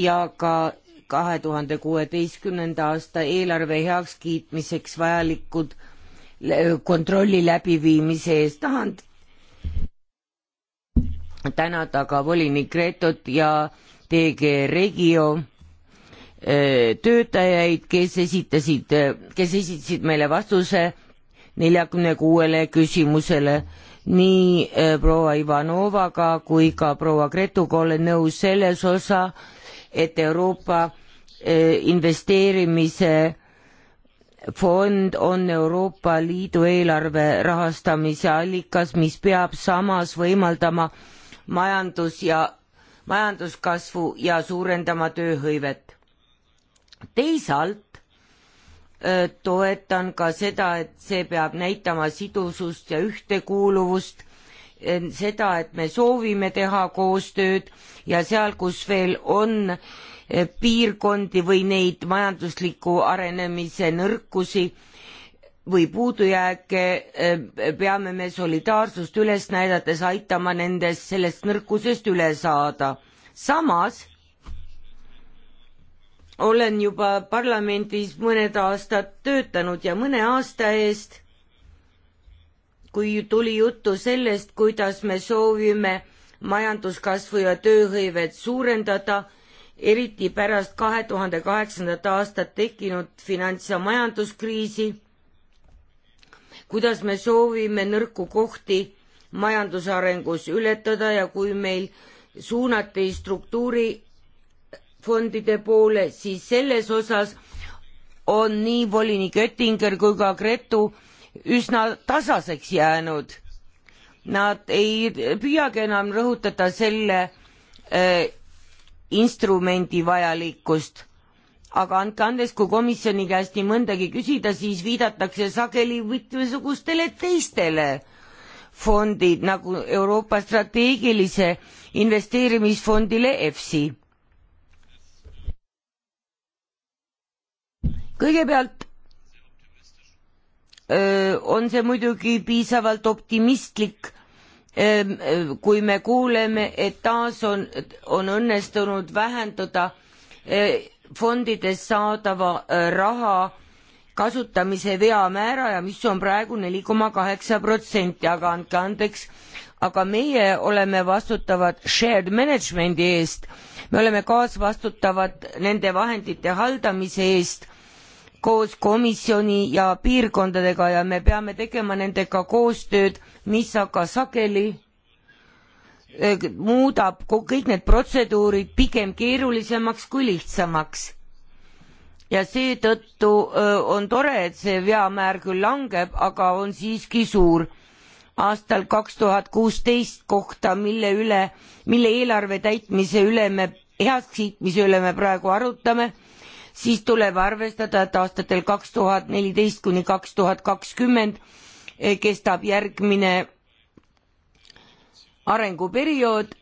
ja ka kahe tuhande kuueteistkümnenda aasta eelarve heakskiitmiseks vajalikud kontrolli läbiviimise eest. tahan tänada ka volinik Gretot ja TG Regio töötajaid, kes esitasid, kes esitasid meile vastuse neljakümne kuuele küsimusele nii eh, proua Ivanovaga kui ka proua Gretuga olen nõus selles osa, et Euroopa eh, investeerimise fond on Euroopa Liidu eelarve rahastamise allikas, mis peab samas võimaldama majandus ja, majanduskasvu ja suurendama tööhõivet. teisalt toetan ka seda, et see peab näitama sidusust ja ühtekuuluvust, seda, et me soovime teha koostööd ja seal, kus veel on piirkondi või neid majandusliku arenemise nõrkusi või puudujääke, peame me solidaarsust üles näidates aitama nendest, sellest nõrkusest üle saada. samas olen juba parlamendis mõned aastad töötanud ja mõne aasta eest, kui tuli juttu sellest, kuidas me soovime majanduskasvu ja tööhõivet suurendada, eriti pärast kahe tuhande kaheksandat aastat tekkinud finants- ja majanduskriisi, kuidas me soovime nõrku kohti majandusarengus ületada ja kui meil suunati struktuuri fondide poole, siis selles osas on nii volinik Oettinger kui ka Gretu üsna tasaseks jäänud. Nad ei püüagi enam rõhutada selle äh, instrumendi vajalikkust, aga andke andeks, kui komisjoni käest nii mõndagi küsida, siis viidatakse sageli mitmesugustele teistele fondid nagu Euroopa strateegilise investeerimisfondile EFSI kõigepealt on see muidugi piisavalt optimistlik, kui me kuuleme, et taas on, on õnnestunud vähendada fondidest saadava raha kasutamise veamäära ja mis on praegu neli koma kaheksa protsenti, aga andke andeks, aga meie oleme vastutavad shared management'i eest, me oleme kaasvastutavad nende vahendite haldamise eest koos komisjoni ja piirkondadega ja me peame tegema nendega koostööd, mis aga sageli e, muudab kõik need protseduurid pigem keerulisemaks kui lihtsamaks. ja seetõttu e, on tore, et see veamäär küll langeb, aga on siiski suur. aastal kaks tuhat kuusteist kohta, mille üle, mille eelarve täitmise üle me, heakskiitmise üle me praegu arutame siis tuleb arvestada, et aastatel kaks tuhat neliteist kuni kaks tuhat kakskümmend eh, kestab järgmine arenguperiood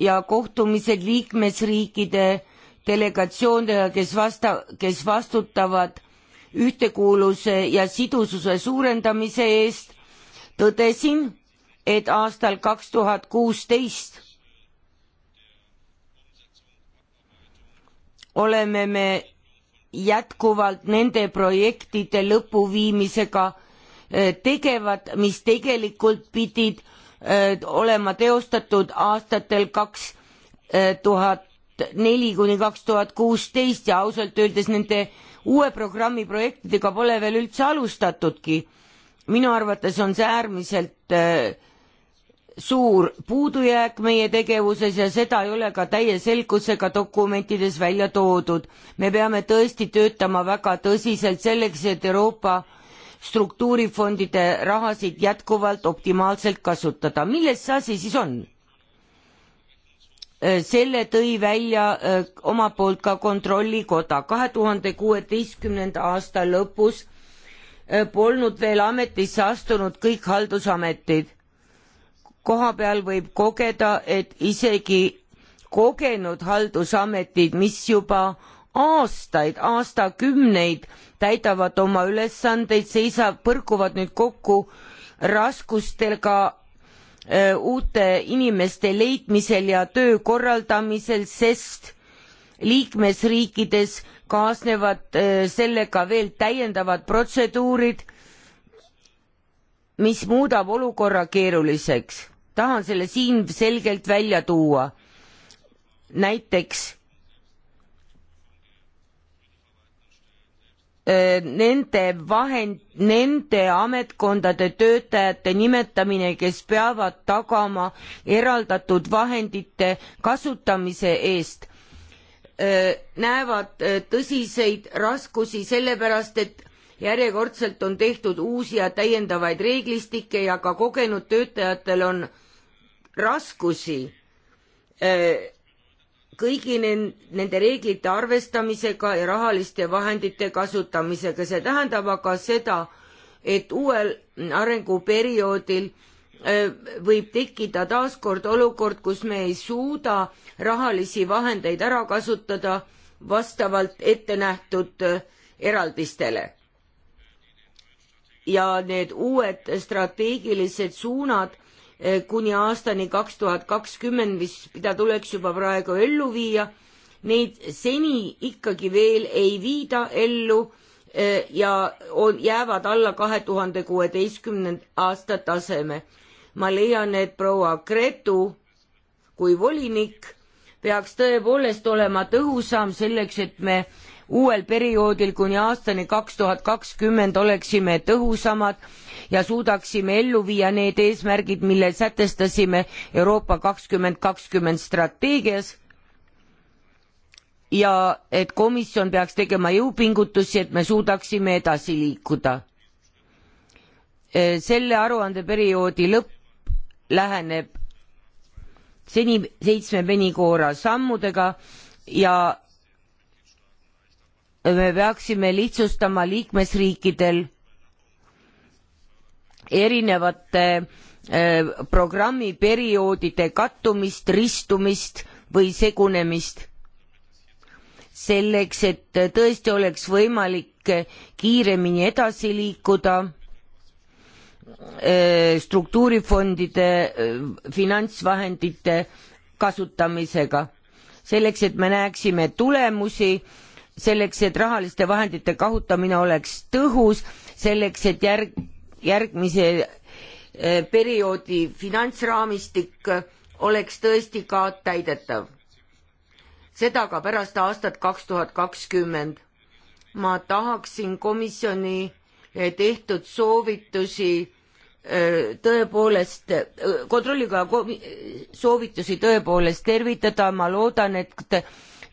ja kohtumised liikmesriikide delegatsioonidega, kes vasta, kes vastutavad ühtekuuluvuse ja sidususe suurendamise eest, tõdesin, et aastal kaks tuhat kuusteist oleme me jätkuvalt nende projektide lõpuviimisega eh, tegevad, mis tegelikult pidid eh, olema teostatud aastatel kaks eh, tuhat neli kuni kaks tuhat kuusteist ja ausalt öeldes nende uue programmi projektidega pole veel üldse alustatudki. minu arvates on see äärmiselt äh, suur puudujääk meie tegevuses ja seda ei ole ka täie selgusega dokumentides välja toodud. me peame tõesti töötama väga tõsiselt selleks, et Euroopa struktuurifondide rahasid jätkuvalt optimaalselt kasutada. milles see asi siis on? Äh, selle tõi välja äh, omalt poolt ka Kontrollikoda. kahe tuhande kuueteistkümnenda aasta lõpus äh, polnud veel ametisse astunud kõik haldusametid koha peal võib kogeda, et isegi kogenud haldusametid, mis juba aastaid, aastakümneid täidavad oma ülesandeid, seisab, põrkuvad nüüd kokku raskustega öö, äh, uute inimeste leidmisel ja töö korraldamisel, sest liikmesriikides kaasnevad öö, äh, sellega veel täiendavad protseduurid mis muudab olukorra keeruliseks tahan selle siin selgelt välja tuua. näiteks nende vahend, nende ametkondade töötajate nimetamine, kes peavad tagama eraldatud vahendite kasutamise eest, näevad tõsiseid raskusi sellepärast, et järjekordselt on tehtud uusi ja täiendavaid reeglistikke ja ka kogenud töötajatel on raskusi äh, kõigi nende reeglite arvestamisega ja rahaliste vahendite kasutamisega, see tähendab aga seda, et uuel arenguperioodil äh, võib tekkida taaskord olukord, kus me ei suuda rahalisi vahendeid ära kasutada vastavalt ette nähtud äh, eraldistele. ja need uued strateegilised suunad kuni aastani kaks tuhat kakskümmend, mis, mida tuleks juba praegu ellu viia, neid seni ikkagi veel ei viida ellu e, ja on, jäävad alla kahe tuhande kuueteistkümnenda aasta taseme. ma leian, et proua Gretu kui volinik peaks tõepoolest olema tõhusam selleks, et me äh, uuel perioodil kuni aastani kaks tuhat kakskümmend oleksime tõhusamad ja suudaksime ellu viia need eesmärgid, mille sätestasime Euroopa kakskümmend kakskümmend strateegias ja et komisjon peaks tegema jõupingutusi, et me suudaksime edasi liikuda. selle aruandeperioodi lõpp läheneb seni seitsme penikoora sammudega ja me peaksime lihtsustama liikmesriikidel erinevate äh, programmiperioodide kattumist, ristumist või segunemist. selleks, et tõesti oleks võimalik kiiremini edasi liikuda äh, struktuurifondide äh, finantsvahendite kasutamisega, selleks et me näeksime tulemusi selleks, et rahaliste vahendite kahutamine oleks tõhus, selleks, et järg, järgmise eh, perioodi finantsraamistik eh, oleks tõesti ka täidetav. seda ka pärast aastat kaks tuhat kakskümmend. ma tahaksin komisjoni eh, tehtud soovitusi tõepoolest, kontrollikoja soovitusi tõepoolest tervitada, ma loodan, et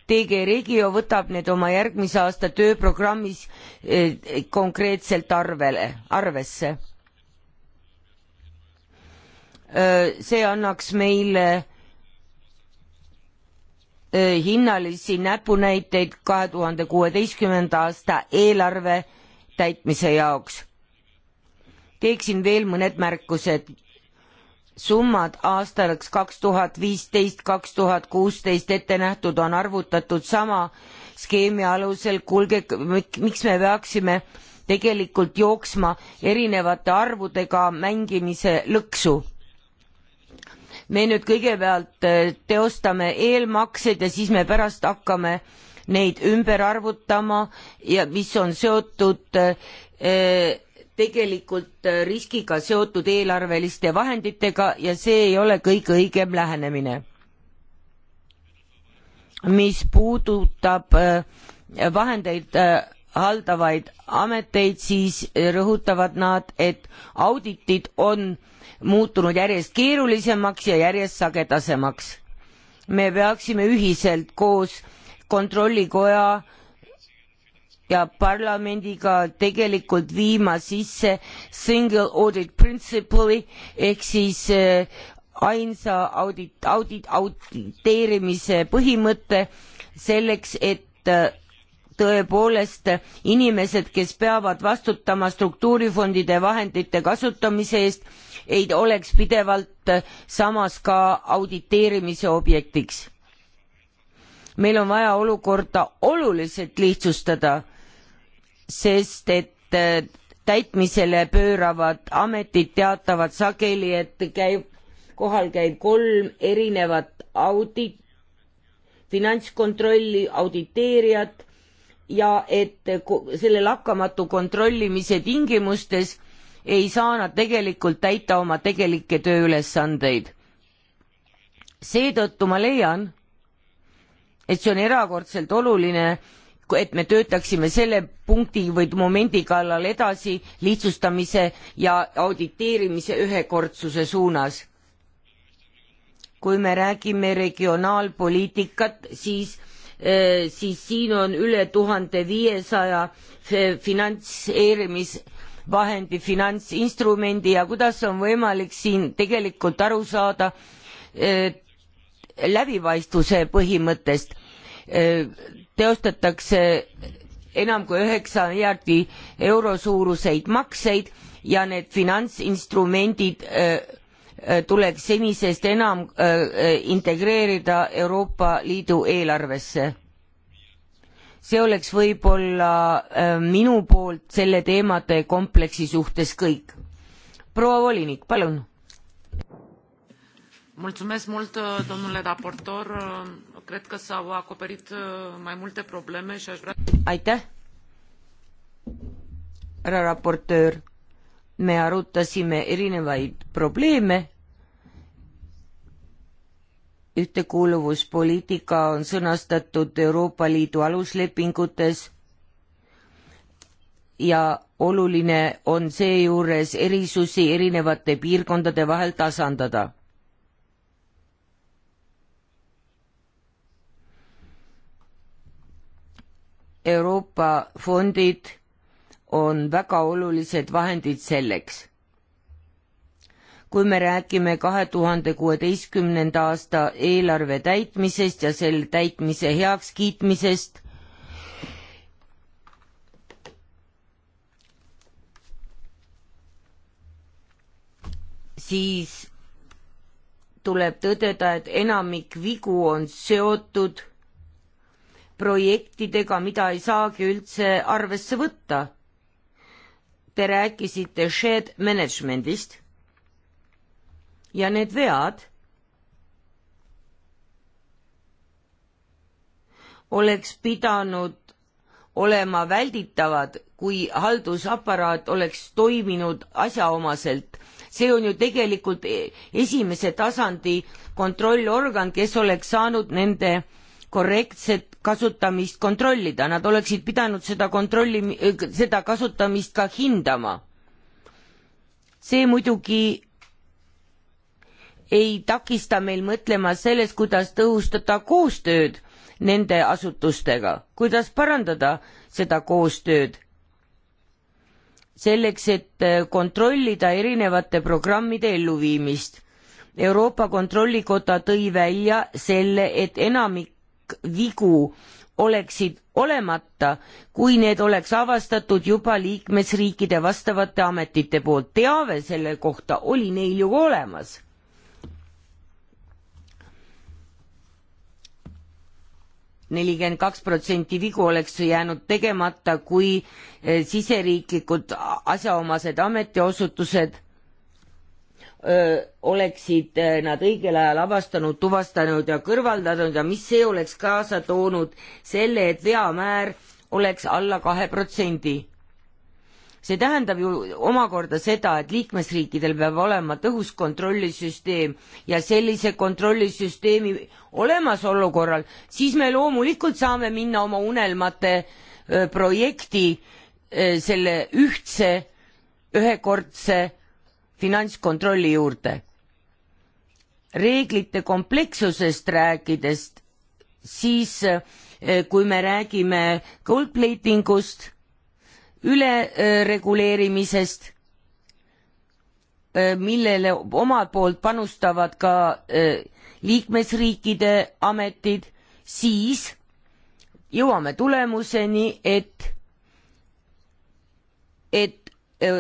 DG Regio võtab need oma järgmise aasta tööprogrammis eh, konkreetselt arvele, arvesse. Eh, see annaks meile eh, hinnalisi näpunäiteid kahe tuhande kuueteistkümnenda aasta eelarve täitmise jaoks. teeksin veel mõned märkused summad aastaks kaks tuhat viisteist, kaks tuhat kuusteist ette nähtud on arvutatud sama skeemi alusel, kuulge, miks me peaksime tegelikult jooksma erinevate arvudega mängimise lõksu? me nüüd kõigepealt äh, teostame eelmaksed ja siis me pärast hakkame neid ümber arvutama ja mis on seotud eh, tegelikult äh, riskiga seotud eelarveliste vahenditega ja see ei ole kõige õigem lähenemine. mis puudutab äh, vahendeid äh, haldavaid ameteid, siis rõhutavad nad, et auditid on muutunud järjest keerulisemaks ja järjest sagedasemaks. me peaksime ühiselt koos kontrollikoja ja parlamendiga tegelikult viima sisse single audit principle'i ehk siis eh, ainsa audit, audit, auditeerimise põhimõte selleks, et eh, tõepoolest inimesed, kes peavad vastutama struktuurifondide vahendite kasutamise eest, ei oleks pidevalt eh, samas ka auditeerimise objektiks. meil on vaja olukorda oluliselt lihtsustada sest et äh, täitmisele pööravad ametid teatavad sageli, et käib, kohal käib kolm erinevat audit, finantskontrolli auditeerijat ja et selle lakkamatu kontrollimise tingimustes ei saa nad tegelikult täita oma tegelikke tööülesandeid. seetõttu ma leian, et see on erakordselt oluline et me töötaksime selle punkti või momendi kallal edasi lihtsustamise ja auditeerimise ühekordsuse suunas. kui me räägime regionaalpoliitikat, siis eh, siis siin on üle tuhande viiesaja finantseerimisvahendi finantsinstrumendi ja kuidas on võimalik siin tegelikult aru saada eh, läbipaistvuse põhimõttest eh, teostatakse enam kui üheksa miljardi euro suuruseid makseid ja need finantsinstrumendid äh, äh, tuleks senisest enam äh, integreerida Euroopa Liidu eelarvesse. see oleks võib-olla minu poolt selle teemade kompleksi suhtes kõik. proua volinik, palun. mulțumesc mult, domnule raportor cred că s-au acoperit uh, mai multe probleme și aș vrea... Aitäh! härra raportöör, me arutasime erinevaid probleeme. ühtekuuluvuspoliitika on sõnastatud Euroopa Liidu aluslepingutes ja oluline on seejuures erisusi erinevate piirkondade vahel tasandada Euroopa fondid on väga olulised vahendid selleks. kui me räägime kahe tuhande kuueteistkümnenda aasta eelarve täitmisest ja selle täitmise heakskiitmisest, siis tuleb tõdeda, et enamik vigu on seotud projektidega, mida ei saagi üldse arvesse võtta. Te rääkisite shared management'ist ja need vead oleks pidanud olema välditavad, kui haldusaparaat oleks toiminud asjaomaselt. see on ju tegelikult e-, esimese tasandi kontrollorgan, kes oleks saanud nende korrektset kasutamist kontrollida, nad oleksid pidanud seda kontrolli, seda kasutamist ka hindama. see muidugi ei takista meil mõtlema selles, kuidas tõhustada koostööd nende asutustega, kuidas parandada seda koostööd. selleks, et kontrollida erinevate programmide elluviimist. Euroopa Kontrollikoda tõi välja selle, et enamik algvigu oleksid olemata, kui need oleks avastatud juba liikmesriikide vastavate ametite poolt. teave selle kohta oli neil ju olemas. nelikümmend kaks protsenti vigu oleks jäänud tegemata, kui eh, siseriiklikud asjaomased ametiasutused oleksid nad õigel ajal avastanud, tuvastanud ja kõrvaldanud ja mis see oleks kaasa toonud selle, et veamäär oleks alla kahe protsendi. see tähendab ju omakorda seda, et liikmesriikidel peab olema tõhus kontrollisüsteem ja sellise kontrollisüsteemi olemasolu korral, siis me loomulikult saame minna oma unelmate projekti selle ühtse ühekordse finantskontrolli juurde. reeglite komplekssusest rääkides, siis eh, kui me räägime gold plating ust, ülereguleerimisest, eh, millele omalt poolt panustavad ka eh, liikmesriikide ametid, siis jõuame tulemuseni, et et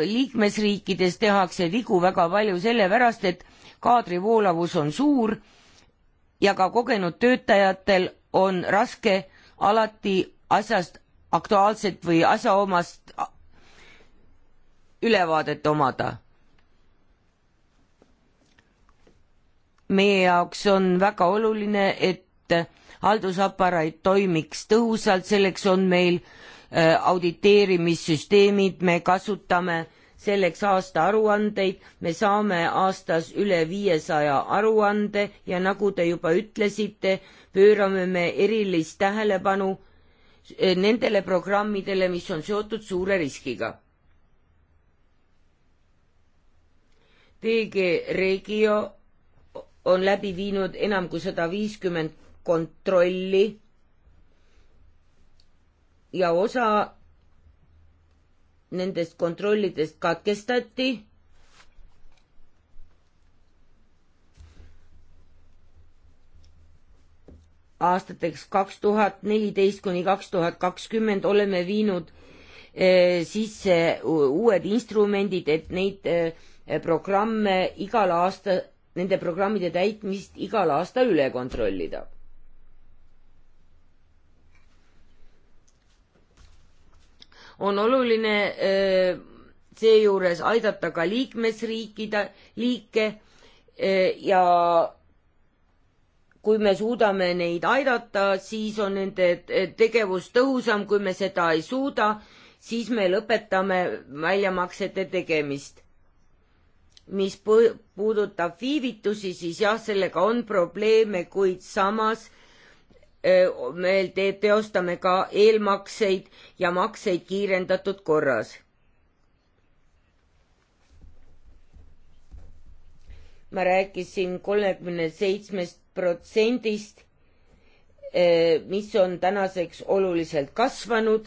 liikmesriikides tehakse vigu väga palju sellepärast, et kaadri voolavus on suur ja ka kogenud töötajatel on raske alati asjast aktuaalset või asjaomast ülevaadet omada. meie jaoks on väga oluline, et haldusaparaat toimiks tõhusalt, selleks on meil äh, Äh, auditeerimissüsteemid, me kasutame selleks aastaaruandeid, me saame aastas üle viiesaja aruande ja nagu te juba ütlesite, pöörame me erilist tähelepanu äh, nendele programmidele, mis on seotud suure riskiga. DG Regio on läbi viinud enam kui sada viiskümmend kontrolli ja osa nendest kontrollidest katkestati. aastateks kaks tuhat neliteist kuni kaks tuhat kakskümmend oleme viinud eh, sisse uued instrumendid, et neid eh, programme igal aasta, nende programmide täitmist igal aastal üle kontrollida on oluline äh, seejuures aidata ka liikmesriikide, liike äh, ja kui me suudame neid aidata, siis on nende tegevus tõhusam, kui me seda ei suuda, siis me lõpetame väljamaksete tegemist. mis puudutab viivitusi, siis jah, sellega on probleeme, kuid samas äh, meil te teostame ka eelmakseid ja makseid kiirendatud korras. ma rääkisin kolmekümne seitsmest protsendist, mis on tänaseks oluliselt kasvanud.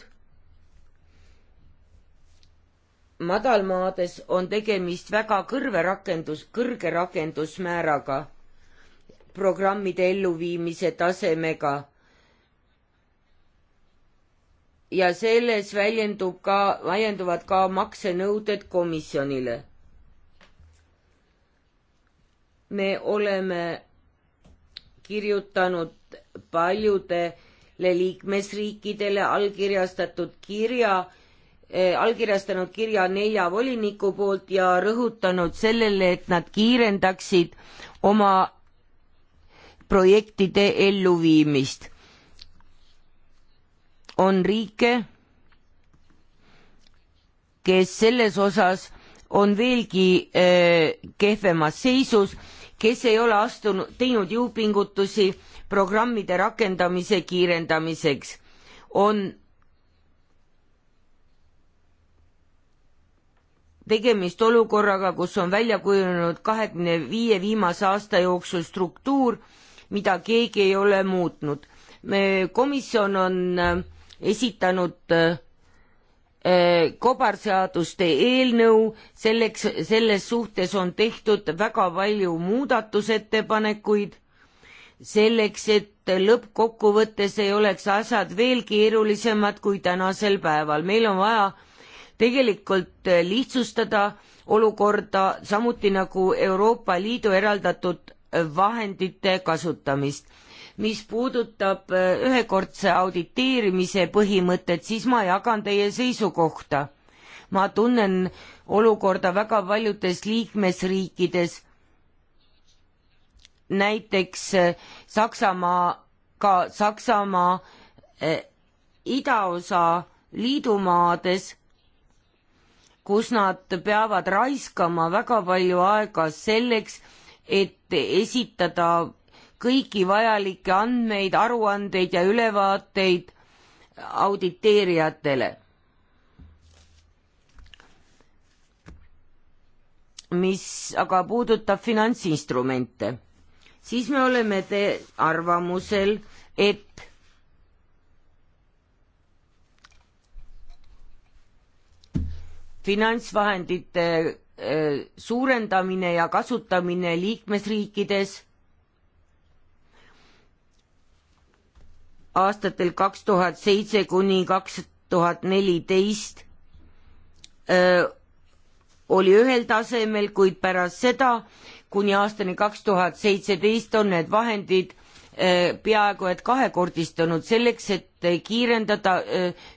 madalmaades on tegemist väga kõrve rakendus, kõrge rakendusmääraga programmide elluviimise tasemega. ja selles väljendub ka, väljenduvad ka maksenõuded komisjonile. me oleme kirjutanud paljudele liikmesriikidele allkirjastatud kirja eh,, allkirjastanud kirja nelja voliniku poolt ja rõhutanud sellele, et nad kiirendaksid oma projektide elluviimist. on riike, kes selles osas on veelgi eh, kehvemas seisus, kes ei ole astunud, teinud jõupingutusi programmide rakendamise kiirendamiseks, on tegemist olukorraga, kus on välja kujunenud kahekümne viie viimase aasta jooksul struktuur, mida keegi ei ole muutnud. komisjon on äh, esitanud äh, äh, kobarseaduste eelnõu, selleks, selles suhtes on tehtud väga palju muudatusettepanekuid, selleks, et lõppkokkuvõttes ei oleks asjad veel keerulisemad kui tänasel päeval. meil on vaja tegelikult lihtsustada olukorda, samuti nagu Euroopa Liidu eraldatud vahendite kasutamist. mis puudutab äh, ühekordse auditeerimise põhimõtet, siis ma jagan teie seisukohta. ma tunnen olukorda väga paljudes liikmesriikides, näiteks äh, Saksamaa, ka Saksamaa eh, idaosa liidumaades kus nad peavad raiskama väga palju aega selleks, et esitada kõiki vajalikke andmeid, aruandeid ja ülevaateid auditeerijatele. mis aga puudutab finantsinstrumente, siis me oleme te arvamusel, et finantsvahendite suurendamine ja kasutamine liikmesriikides aastatel kaks tuhat seitse kuni kaks tuhat neliteist oli ühel tasemel, kuid pärast seda kuni aastani kaks tuhat seitseteist on need vahendid peaaegu et kahekordistunud selleks, et kiirendada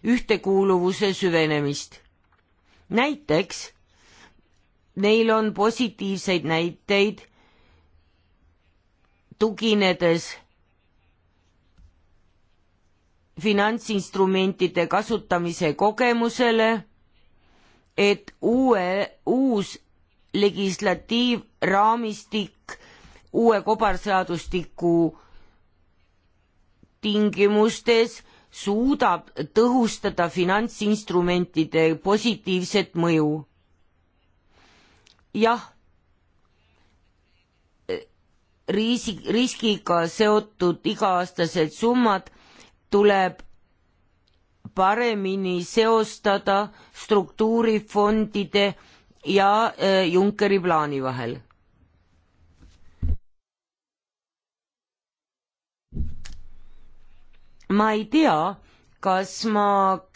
ühtekuuluvuse süvenemist. näiteks neil on positiivseid näiteid, tuginedes finantsinstrumentide kasutamise kogemusele, et uue, uus legislatiivraamistik uue kobarseadustiku tingimustes suudab tõhustada finantsinstrumentide positiivset mõju jah, riisi, riskiga seotud iga-aastased summad tuleb paremini seostada struktuurifondide ja e, Junckeri plaani vahel. ma ei tea, kas ma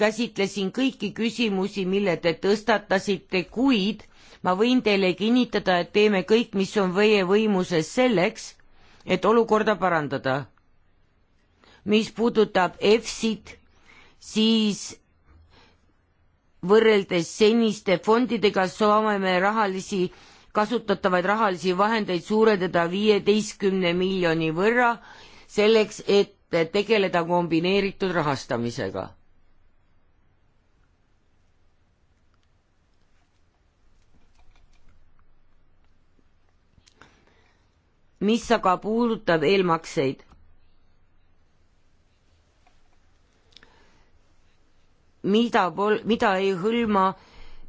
käsitlesin kõiki küsimusi, mille te tõstatasite, kuid ma võin teile kinnitada, et teeme kõik, mis on meie võimuses selleks, et olukorda parandada. mis puudutab EFSit, siis võrreldes seniste fondidega saame me rahalisi, kasutatavaid rahalisi vahendeid suurendada viieteistkümne miljoni võrra, selleks et tegeleda kombineeritud rahastamisega mis aga puudutab eelmakseid, mida pol-, mida ei hõlma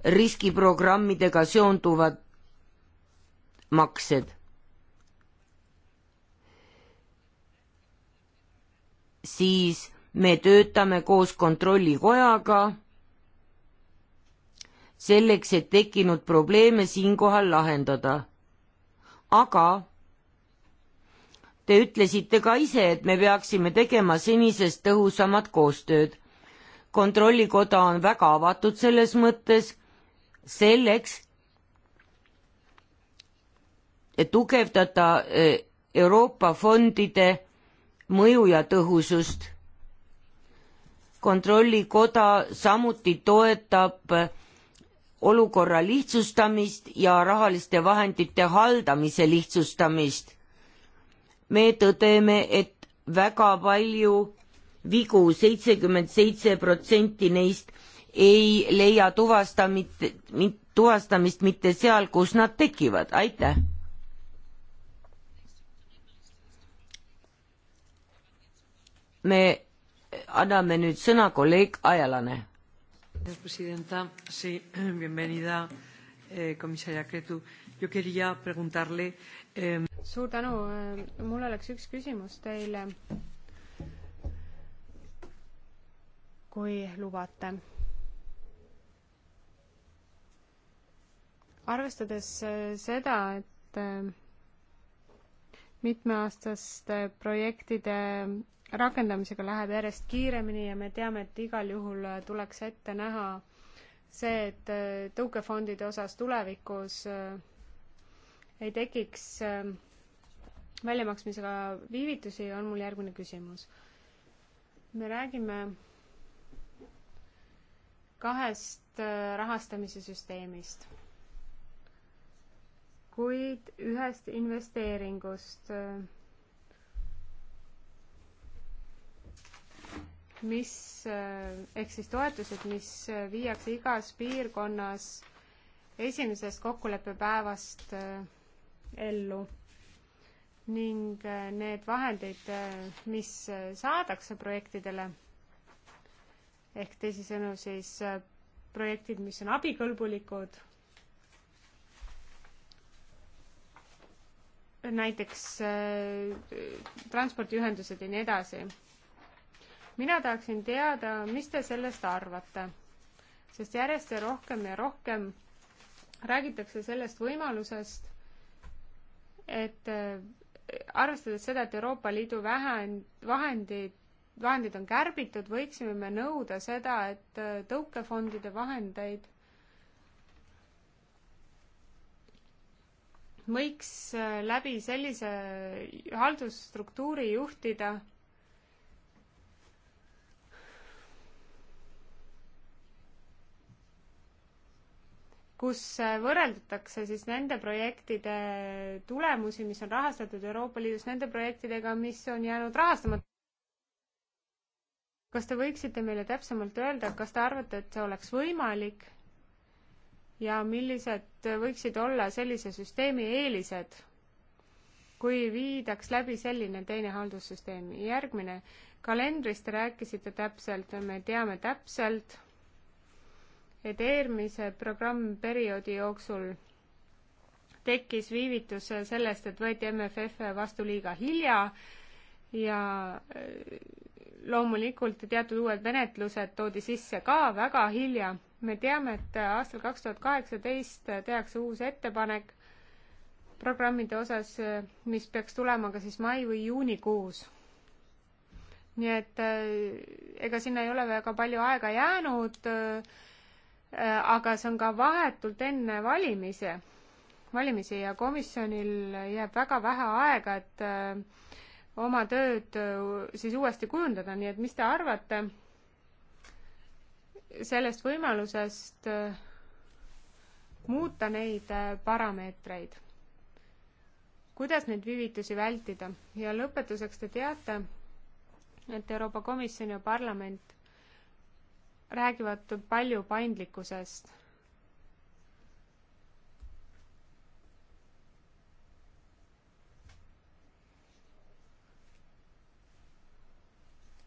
riskiprogrammidega seonduvad maksed. siis me töötame koos kontrollikojaga selleks, et tekkinud probleeme siinkohal lahendada. aga Te ütlesite ka ise, et me peaksime tegema senisest tõhusamat koostööd. kontrollikoda on väga avatud selles mõttes, selleks, et tugevdada eh, Euroopa fondide mõju ja tõhusust. kontrollikoda samuti toetab eh, olukorra lihtsustamist ja rahaliste vahendite haldamise lihtsustamist me tõdeme, et väga palju vigu, seitsekümmend seitse protsenti neist ei leia tuvastamit-, mit-, tuvastamist mitte seal, kus nad tekivad, aitäh. me anname nüüd sõna kolleeg Ajalane. presidenta, sí, bienvenida eh, komissaria Kretu suur tänu, äh, mul oleks üks küsimus teile, kui lubate. arvestades äh, seda, et äh, mitmeaastaste projektide rakendamisega läheb järjest kiiremini ja me teame, et igal juhul tuleks ette näha see, et tõukefondide osas tulevikus äh, ei tekiks ähm, väljamaksmisega viivitusi, on mul järgmine küsimus. me räägime kahest äh, rahastamise süsteemist, kuid ühest investeeringust, äh, mis, äh, ehk siis toetused, mis viiakse igas piirkonnas esimesest kokkuleppepäevast äh, ellu ning äh, need vahendid, äh, mis äh, saadakse projektidele, ehk teisisõnu siis projektid, mis on abikõlbulikud, näiteks transpordiühendused ja nii edasi. mina tahaksin teada, mis te sellest arvate, sest järjest ja rohkem ja rohkem räägitakse sellest võimalusest, et äh, arvestades seda, et Euroopa Liidu vähend, vahendid, vahendid on kärbitud, võiksime me nõuda seda, et äh, tõukefondide vahendeid võiks äh, läbi sellise haldusstruktuuri juhtida kus äh, võrreldatakse siis nende projektide tulemusi, mis on rahastatud Euroopa Liidus, nende projektidega, mis on jäänud rahastamata. kas te võiksite meile täpsemalt öelda, kas te arvate, et see oleks võimalik ja millised võiksid olla sellise süsteemi eelised, kui viidaks läbi selline teine haldussüsteem? järgmine, kalendrist te rääkisite täpselt, me teame täpselt et eelmise programmperioodi jooksul tekkis viivitus sellest, et võeti MFF vastu liiga hilja ja äh, loomulikult teatud uued menetlused toodi sisse ka väga hilja. me teame, et aastal kaks tuhat kaheksateist tehakse uus ettepanek programmide osas, mis peaks tulema ka siis mai või juunikuus. nii et äh, ega sinna ei ole väga palju aega jäänud äh, aga see on ka vahetult enne valimisi, valimisi ja komisjonil jääb väga vähe aega, et äh, oma tööd äh, siis uuesti kujundada, nii et mis te arvate sellest võimalusest äh, muuta neid parameetreid? kuidas neid viivitusi vältida? ja lõpetuseks te teate, et Euroopa Komisjon ja parlament räägivad palju paindlikkusest.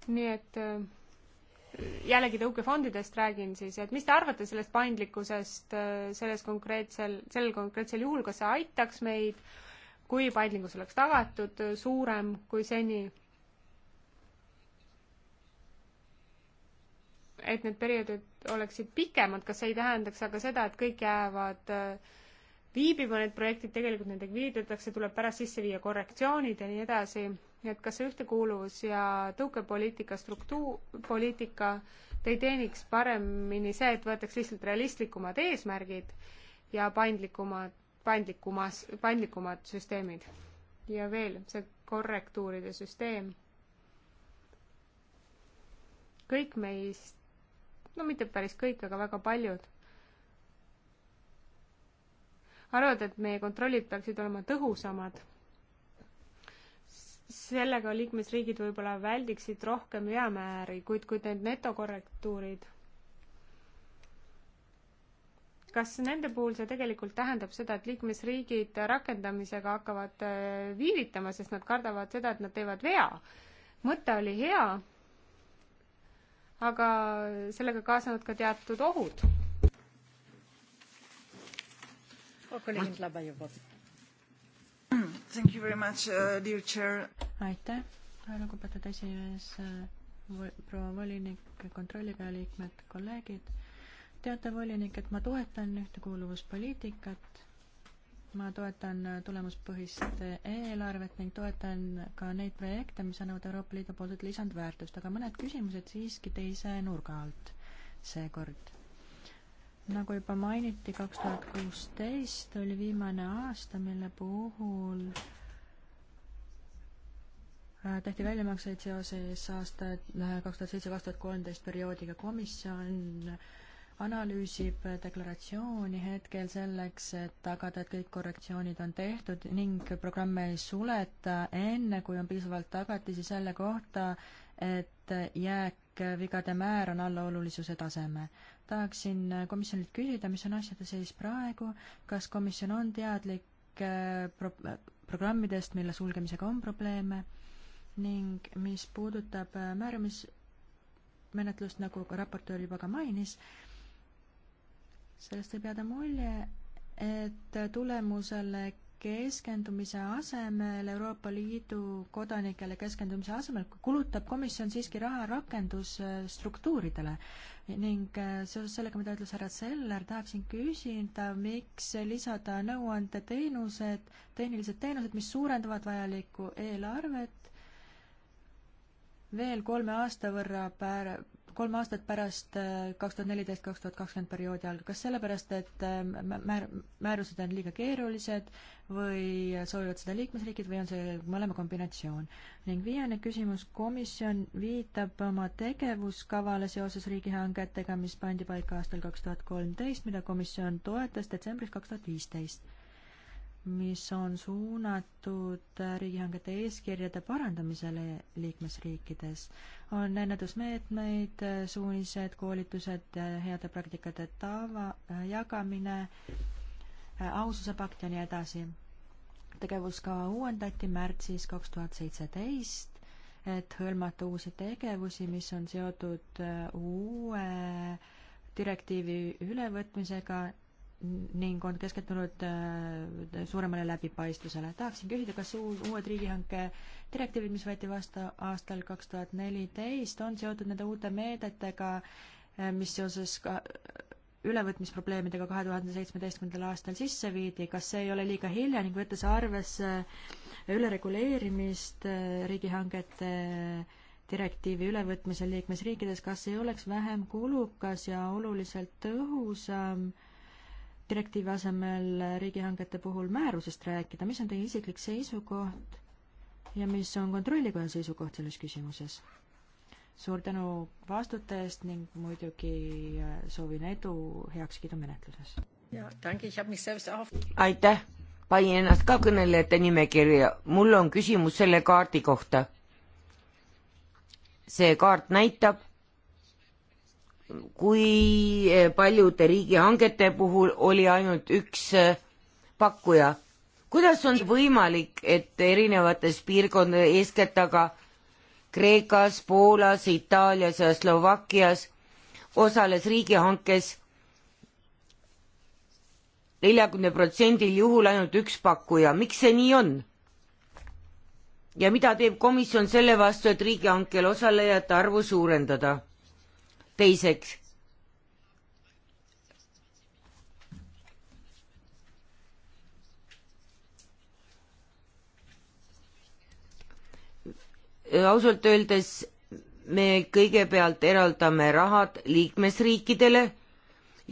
nii et äh, jällegi tõukefondidest räägin siis, et mis te arvate sellest paindlikkusest äh, selles konkreetsel, sellel konkreetsel juhul, kas see aitaks meid, kui paindlikkus oleks tagatud suurem kui seni? et need perioodid oleksid pikemad, kas see ei tähendaks aga seda, et kõik jäävad äh, viibima, need projektid tegelikult nendega viidatakse, tuleb pärast sisse viia korrektsioonid ja nii edasi, nii et kas see ühtekuuluvus ja tõukepoliitika struktuur, poliitika ei teeniks paremini see, et võetaks lihtsalt realistlikumad eesmärgid ja paindlikumad, paindlikumas, paindlikumad süsteemid. ja veel see korrektuuride süsteem kõik meist no mitte päris kõik, aga väga paljud, arvavad, et meie kontrollid peaksid olema tõhusamad. sellega liikmesriigid võib-olla väldiksid rohkem veamääri, kuid kui need netokorrektuurid kas nende puhul see tegelikult tähendab seda, et liikmesriigid rakendamisega hakkavad äh, viivitama, sest nad kardavad seda, et nad teevad vea? mõte oli hea, aga sellega kaasnevad ka teatud ohud. Uh, aitäh, lugupeetud esimees, äh, proua volinik, kontrollikoja liikmed, kolleegid. teate, volinik, et ma toetan ühtekuuluvuspoliitikat ma toetan tulemuspõhist eelarvet ning toetan ka neid projekte, mis annavad Euroopa Liidu poolset lisandväärtust, aga mõned küsimused siiski teise nurga alt seekord. nagu juba mainiti, kaks tuhat kuusteist oli viimane aasta, mille puhul äh, tehti väljamakseid seoses aasta äh, kaks tuhat seitse, kaks tuhat kolmteist perioodiga. komisjon analüüsib deklaratsiooni hetkel selleks, et tagada, et kõik korrektsioonid on tehtud ning programme ei suleta enne, kui on piisavalt tagatisi selle kohta, et jääkvigade määr on alla olulisuse taseme. tahaksin komisjonilt küsida, mis on asjade seis praegu, kas komisjon on teadlik eh, pro-, programmidest, mille sulgemisega on probleeme ning mis puudutab eh, määramismenetlust, nagu ka raportöör juba ka mainis, sellest võib jääda mulje, et tulemusele keskendumise asemel, Euroopa Liidu kodanikele keskendumise asemel, kulutab komisjon siiski raha rakendusstruktuuridele. ning äh, seoses sellega, mida ütles härra Seller, tahaksin küsida, miks lisada nõuandeteenused, tehnilised teenused, mis suurendavad vajalikku eelarvet veel kolme aasta võrra pär-, kolm aastat pärast äh, kaks tuhat neliteist, kaks tuhat kakskümmend perioodi algab, kas sellepärast, et äh, määr-, määrused on liiga keerulised või soovivad seda liikmesriigid või on see mõlema kombinatsioon? ning viiene küsimus, komisjon viitab oma tegevuskavale seoses riigihangetega, mis pandi paika aastal kaks tuhat kolmteist, mida komisjon toetas detsembris kaks tuhat viisteist mis on suunatud riigihangete eeskirjade parandamisele liikmesriikides. on ennetusmeetmeid, suunised, koolitused, heade praktikate tava, äh, jagamine, äh, aususe pakt ja nii edasi. tegevuskava uuendati märtsis kaks tuhat seitseteist, et hõlmata uusi tegevusi, mis on seotud äh, uue direktiivi ülevõtmisega ning on keskendunud äh, suuremale läbipaistvusele. tahaksin küsida, kas uus, uued riigihanke direktiivid, mis võeti vastu aastal kaks tuhat neliteist, on seotud nende uute meedetega, äh, mis seoses ka äh, ülevõtmisprobleemidega kahe tuhande seitsmeteistkümnendal aastal sisse viidi, kas see ei ole liiga hilja ning võttes arvesse ülereguleerimist riigihangete direktiivi ülevõtmisel liikmesriikides, kas ei oleks vähem kulukas ja oluliselt tõhusam äh, direktiivi asemel riigihangete puhul määrusest rääkida, mis on teie isiklik seisukoht ja mis on Kontrollikoja seisukoht selles küsimuses? suur tänu vastute eest ning muidugi äh, soovin edu heakskiidumenetluses. aitäh, panin ennast ka kõnelejate nimekirja, mul on küsimus selle kaardi kohta. see kaart näitab kui eh, paljude riigihangete puhul oli ainult üks eh, pakkuja. kuidas on võimalik, et erinevates piirkondades, eeskätt aga Kreekas, Poolas, Itaalias ja Slovakkias osales riigihankes neljakümne protsendil juhul ainult üks pakkuja, miks see nii on? ja mida teeb komisjon selle vastu, et riigihankel osalejate arvu suurendada? teiseks, ausalt öeldes me kõigepealt eraldame rahad liikmesriikidele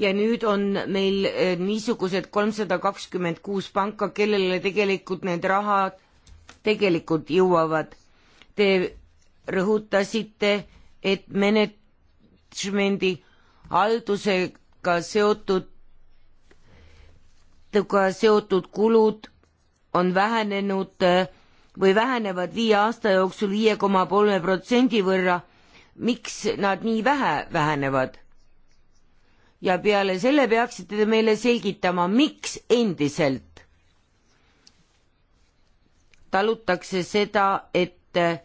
ja nüüd on meil eh, niisugused kolmsada kakskümmend kuus panka, kellele tegelikult need rahad tegelikult jõuavad. Te rõhutasite, et menet-, management'i haldusega seotud, seotud kulud on vähenenud äh, või vähenevad viie aasta jooksul viie koma kolme protsendi võrra. miks nad nii vähe vähenevad? ja peale selle peaksite te meile selgitama, miks endiselt talutakse seda, et äh,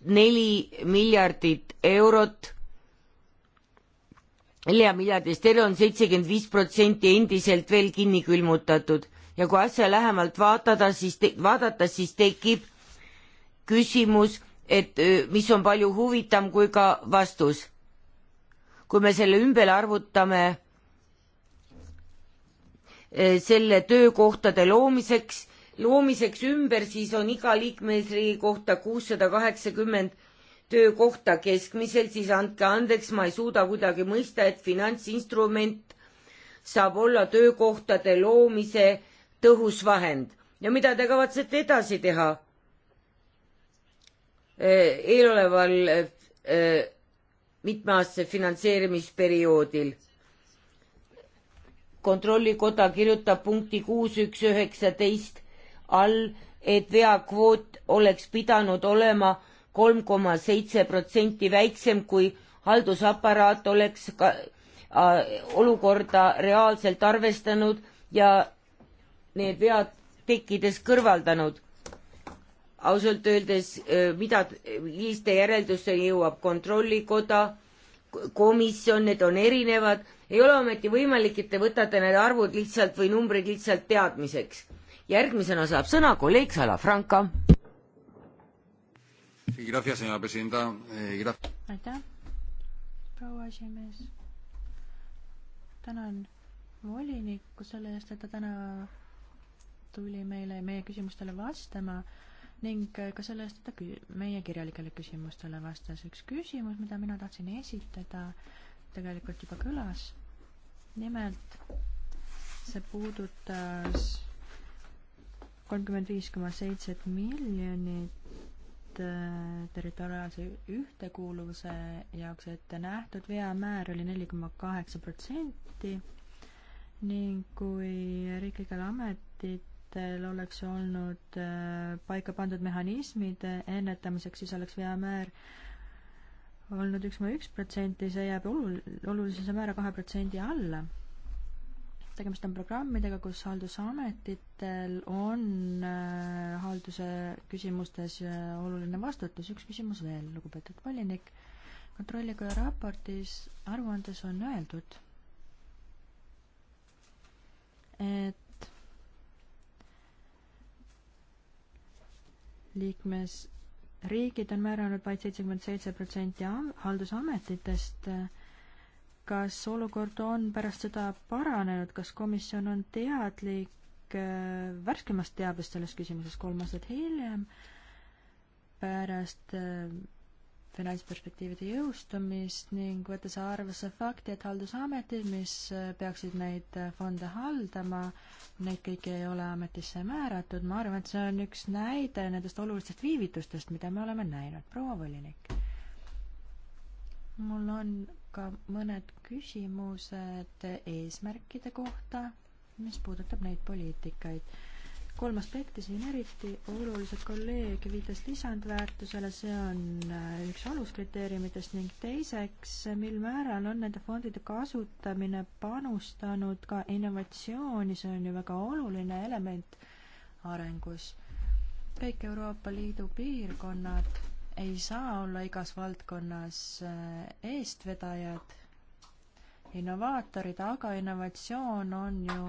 neli miljardit eurot neljamiljardist elu on seitsekümmend viis protsenti endiselt veel kinni külmutatud ja kui asja lähemalt vaatada, siis te, vaadata, siis tekib küsimus, et mis on palju huvitavam kui ka vastus. kui me selle ümber arvutame selle töökohtade loomiseks, loomiseks ümber, siis on iga liikmesriigi kohta kuussada kaheksakümmend töökohta keskmiselt, siis andke andeks, ma ei suuda kuidagi mõista, et finantsinstrument saab olla töökohtade loomise tõhus vahend. ja mida te kavatsete edasi teha? Äh, eeloleval äh, mitmeaastase finantseerimisperioodil. kontrollikoda kirjutab punkti kuus üks üheksateist all, et veakvoot oleks pidanud olema kolm koma seitse protsenti väiksem, kui haldusaparaat oleks ka olukorda reaalselt arvestanud ja need vead tekkides kõrvaldanud. ausalt öeldes, e, mida, milliste järeldusteni jõuab Kontrollikoda, komisjon, need on erinevad, ei ole ometi võimalik, et te võtate need arvud lihtsalt või numbrid lihtsalt teadmiseks. järgmisena saab sõna kolleeg Salafranca. Eh, aitäh, proua esimees. tänan volinikku selle eest, et ta täna tuli meile meie küsimustele vastama ning ka selle eest, et ta meie kirjalikele küsimustele vastas. üks küsimus, mida mina tahtsin esitada, tegelikult juba kõlas. nimelt see puudutas kolmkümmend viis koma seitset miljonit olid äh, territoriaalse ühtekuuluvuse jaoks ette nähtud, veamäär oli neli koma kaheksa protsenti ning kui riiklikel ametitel oleks olnud äh, paika pandud mehhanismid ennetamiseks, siis oleks veamäär olnud üks koma üks protsenti, see jääb olul-, olulisuse määra kahe protsendi alla tegemist on programmidega, kus haldusametitel on äh, halduse küsimustes äh, oluline vastutus. üks küsimus veel, lugupeetud volinik. kontrollikoja raportis aruandes on öeldud, et liikmesriigid on määranud vaid seitsekümmend seitse protsenti haldusametitest äh, kas olukord on pärast seda paranenud, kas komisjon on teadlik äh, värskemast teabest selles küsimuses kolm aastat hiljem, pärast äh, finantsperspektiivide jõustumist ning võttes arvesse fakti, et haldusametid, mis äh, peaksid neid fonde haldama, neid kõiki ei ole ametisse määratud, ma arvan, et see on üks näide nendest olulistest viivitustest, mida me oleme näinud, proua volinik. mul on ka mõned küsimused eesmärkide kohta, mis puudutab neid poliitikaid. kolm aspekti siin eriti olulised, kolleeg viitas lisandväärtusele, see on äh, üks aluskriteeriumitest ning teiseks, mil määral on nende fondide kasutamine panustanud ka innovatsiooni, see on ju väga oluline element arengus. kõik Euroopa Liidu piirkonnad ei saa olla igas valdkonnas äh, eestvedajad, innovaatorid, aga innovatsioon on ju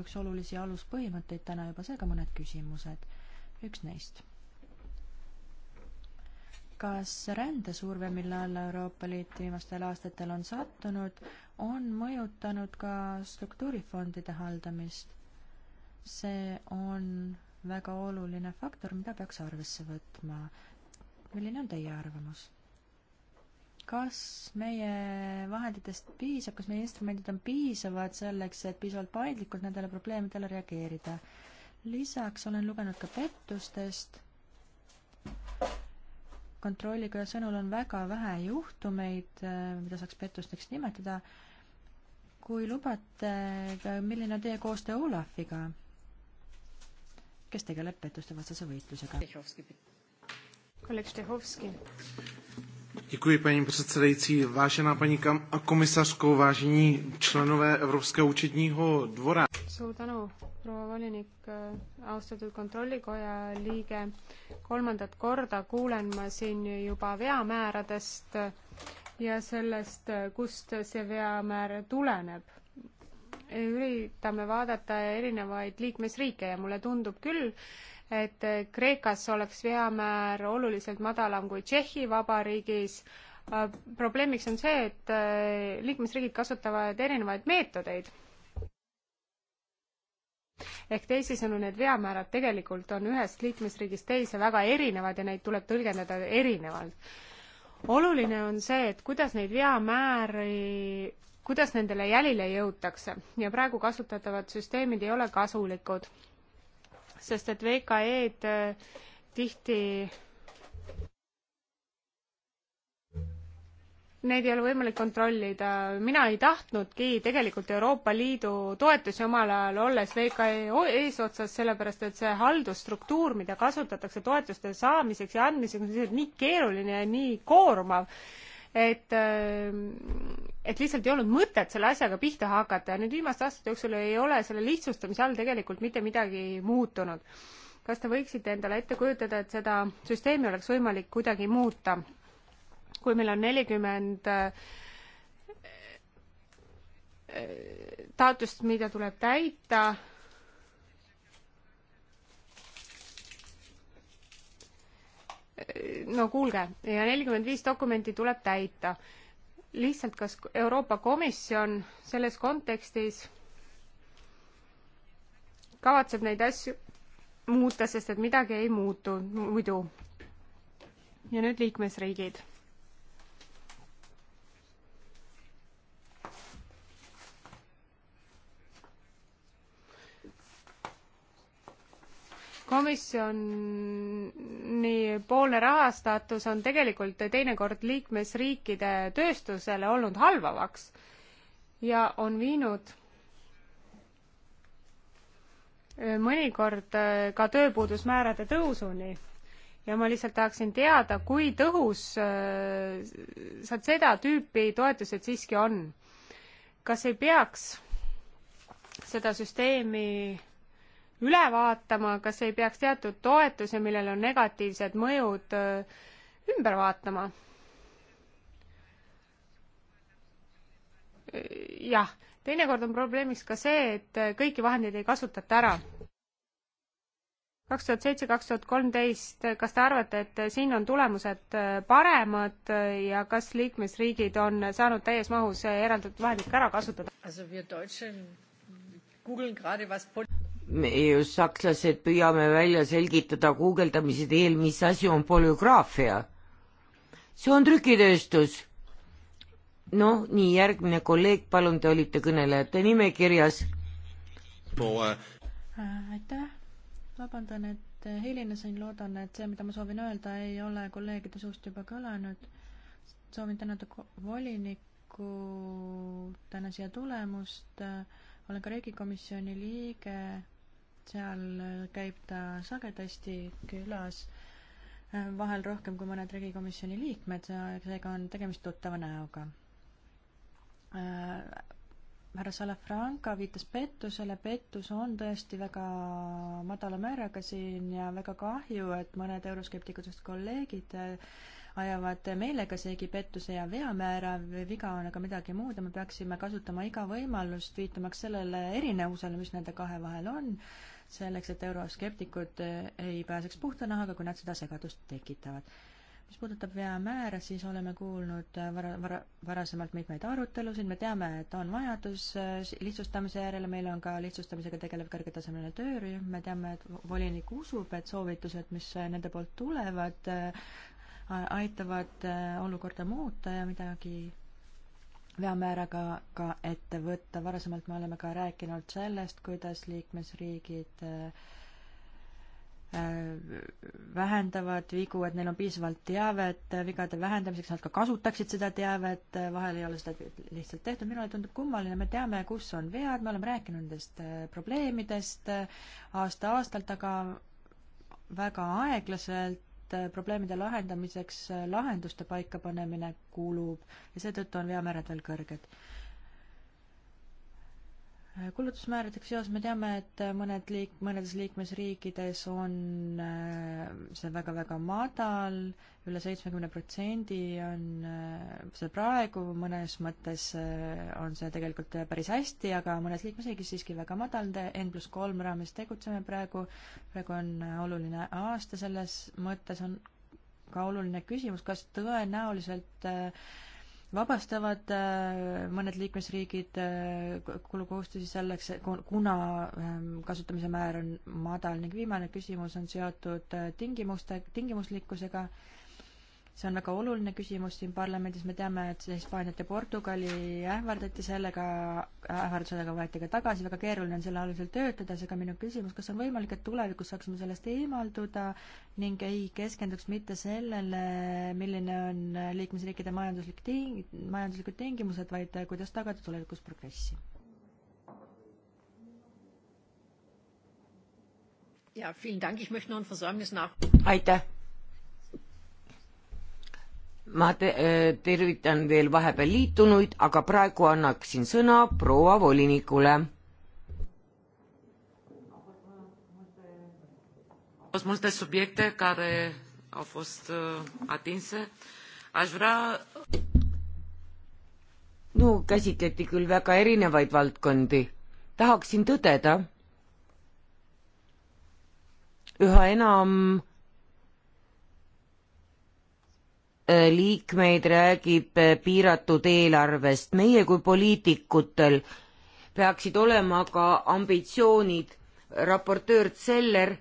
üks olulisi aluspõhimõtteid täna juba, seega mõned küsimused. üks neist. kas rändesurve, mille alla Euroopa Liit viimastel aastatel on sattunud, on mõjutanud ka struktuurifondide haldamist? see on väga oluline faktor, mida peaks arvesse võtma milline on teie arvamus? kas meie vahenditest piisab, kas meie instrumendid on piisavad selleks, et piisavalt paindlikult nendele probleemidele reageerida? lisaks olen lugenud ka pettustest. kontrollikoja sõnul on väga vähe juhtumeid, äh, mida saaks pettusteks nimetada. kui lubate, milline on teie koostöö Olafiga, kes tegeleb pettuste vastase võitlusega? Kolik Štehovský. Děkuji, paní předsedající. Vážená paní kam- a komisařko, vážení členové Evropského účetního dvora. Suur tänu, proua volinik, austatud kontrollikoja liige. kolmandat korda kuulen ma siin juba veamääradest ja sellest, kust see veamäär tuleneb. üritame vaadata erinevaid liikmesriike ja mulle tundub küll, et Kreekas oleks veamäär oluliselt madalam kui Tšehhi Vabariigis. probleemiks on see, et äh, liikmesriigid kasutavad erinevaid meetodeid. ehk teisisõnu, need veamäärad tegelikult on ühest liikmesriigist teise väga erinevad ja neid tuleb tõlgendada erinevalt. oluline on see, et kuidas neid veamääri kuidas nendele jälile jõutakse ja praegu kasutatavad süsteemid ei ole kasulikud sest et VKE-d äh, tihti neid ei ole võimalik kontrollida. mina ei tahtnudki tegelikult Euroopa Liidu toetusi omal ajal olles VKE eesotsas, sellepärast et see haldusstruktuur, mida kasutatakse toetuste saamiseks ja andmiseks, on lihtsalt nii keeruline ja nii koormav, et, äh, et lihtsalt ei olnud mõtet selle asjaga pihta hakata ja nüüd viimaste aastate jooksul ei ole selle lihtsustamise all tegelikult mitte midagi muutunud. kas te võiksite endale ette kujutada, et seda süsteemi oleks võimalik kuidagi muuta? kui meil on nelikümmend äh, äh, taotlust, mida tuleb täita no kuulge, ja nelikümmend viis dokumenti tuleb täita. lihtsalt, kas Euroopa Komisjon selles kontekstis kavatseb neid asju muuta, sest et midagi ei muutu muidu. ja nüüd liikmesriigid komisjon komisjonipoolne rahastatus on tegelikult teinekord liikmesriikide tööstusele olnud halvavaks ja on viinud äh, mõnikord äh, ka tööpuudusmäärade tõusuni. ja ma lihtsalt tahaksin teada, kui tõhus äh, sa seda tüüpi toetused siiski on. kas ei peaks seda süsteemi üle vaatama, kas ei peaks teatud toetusi, millel on negatiivsed mõjud, ümber vaatama? jah, teinekord on probleemiks ka see, et kõiki vahendeid ei kasutata ära. kaks tuhat seitse, kaks tuhat kolmteist, kas te arvate, et siin on tulemused paremad ja kas liikmesriigid on saanud täies mahus eraldatud vahendid ka ära kasutada? me ju sakslased püüame välja selgitada guugeldamise teel, mis asi on polügraafia. see on trükitööstus. noh, nii, järgmine kolleeg, palun, te olite kõnelejate nimekirjas. Äh, äh, aitäh, vabandan, et äh, hilinesin, loodan, et see, mida ma soovin öelda, ei ole kolleegide suust juba kõlanud. soovin tänada volinikku täna siia tulemust olen ka riigikomisjoni liige seal äh, käib ta sagedasti külas, äh, vahel rohkem kui mõned regikomisjoni liikmed, äh, seega on tegemist tuttava näoga. härra Salafranca viitas pettusele, pettus on tõesti väga madala määraga siin ja väga kahju, et mõned euroskeptikutest kolleegid ajavad meelega seegi pettuse ja veamäära, viga on aga midagi muud ja me peaksime kasutama iga võimalust, viitamaks sellele erinevusele, mis nende kahe vahel on selleks, et euroskeptikud eh, ei pääseks puhta nahaga, kui nad seda segadust tekitavad. mis puudutab veamäära, siis oleme kuulnud eh, vara, vara, varasemalt mitmeid arutelusid, me teame, et on vajadus eh, lihtsustamise järele, meil on ka lihtsustamisega tegelev kõrgetasemeline töörühm, me teame, et volinik usub, et soovitused, mis nende poolt tulevad, aitavad olukorda muuta ja midagi veamääraga ka ette võtta, varasemalt me oleme ka rääkinud sellest, kuidas liikmesriigid äh, vähendavad vigu, et neil on piisavalt teavet vigade vähendamiseks, nad ka kasutaksid seda teavet, vahel ei ole seda lihtsalt tehtud, minule tundub kummaline, me teame, kus on vead, me oleme rääkinud nendest äh, probleemidest äh, aasta-aastalt, aga väga aeglaselt olevate äh, probleemide lahendamiseks äh, lahenduste paikapanemine kulub ja seetõttu on veamäärad veel kõrged kulutusmääradega seoses me teame, et mõned liik-, mõnedes liikmesriikides on äh, see väga-väga madal üle, üle seitsmekümne protsendi on äh, see praegu, mõnes mõttes äh, on see tegelikult päris hästi, aga mõnes liikmesriigis siiski väga madal, N pluss kolm raames tegutseme praegu, praegu on oluline aasta, selles mõttes on ka oluline küsimus, kas tõenäoliselt äh, vabastavad äh, mõned liikmesriigid äh, kulukohustusi selleks, kuna ähm, kasutamise määr on madal ning viimane küsimus on seotud äh, tingimuste, tingimuslikkusega see on väga oluline küsimus siin parlamendis, me teame, et Hispaaniat ja Portugali ähvardati sellega, ähvardus sellega võeti ka tagasi, väga keeruline on selle alusel töötada, seega minu küsimus, kas on võimalik, et tulevikus saaksime sellest eemalduda ning ei keskenduks mitte sellele, milline on liikmesriikide majanduslik ting-, majanduslikud tingimused, vaid kuidas tagada tulevikus progressi? aitäh! ma te-, äh, tervitan veel vahepeal liitunuid, aga praegu annaksin sõna proua volinikule. multe subiecte care au fost uh, atinse. Aș vrea no käsitleti küll väga erinevaid valdkondi. tahaksin tõdeda üha enam liikmeid räägib piiratud eelarvest. meie kui poliitikutel peaksid olema ka ambitsioonid. raportöör Zeller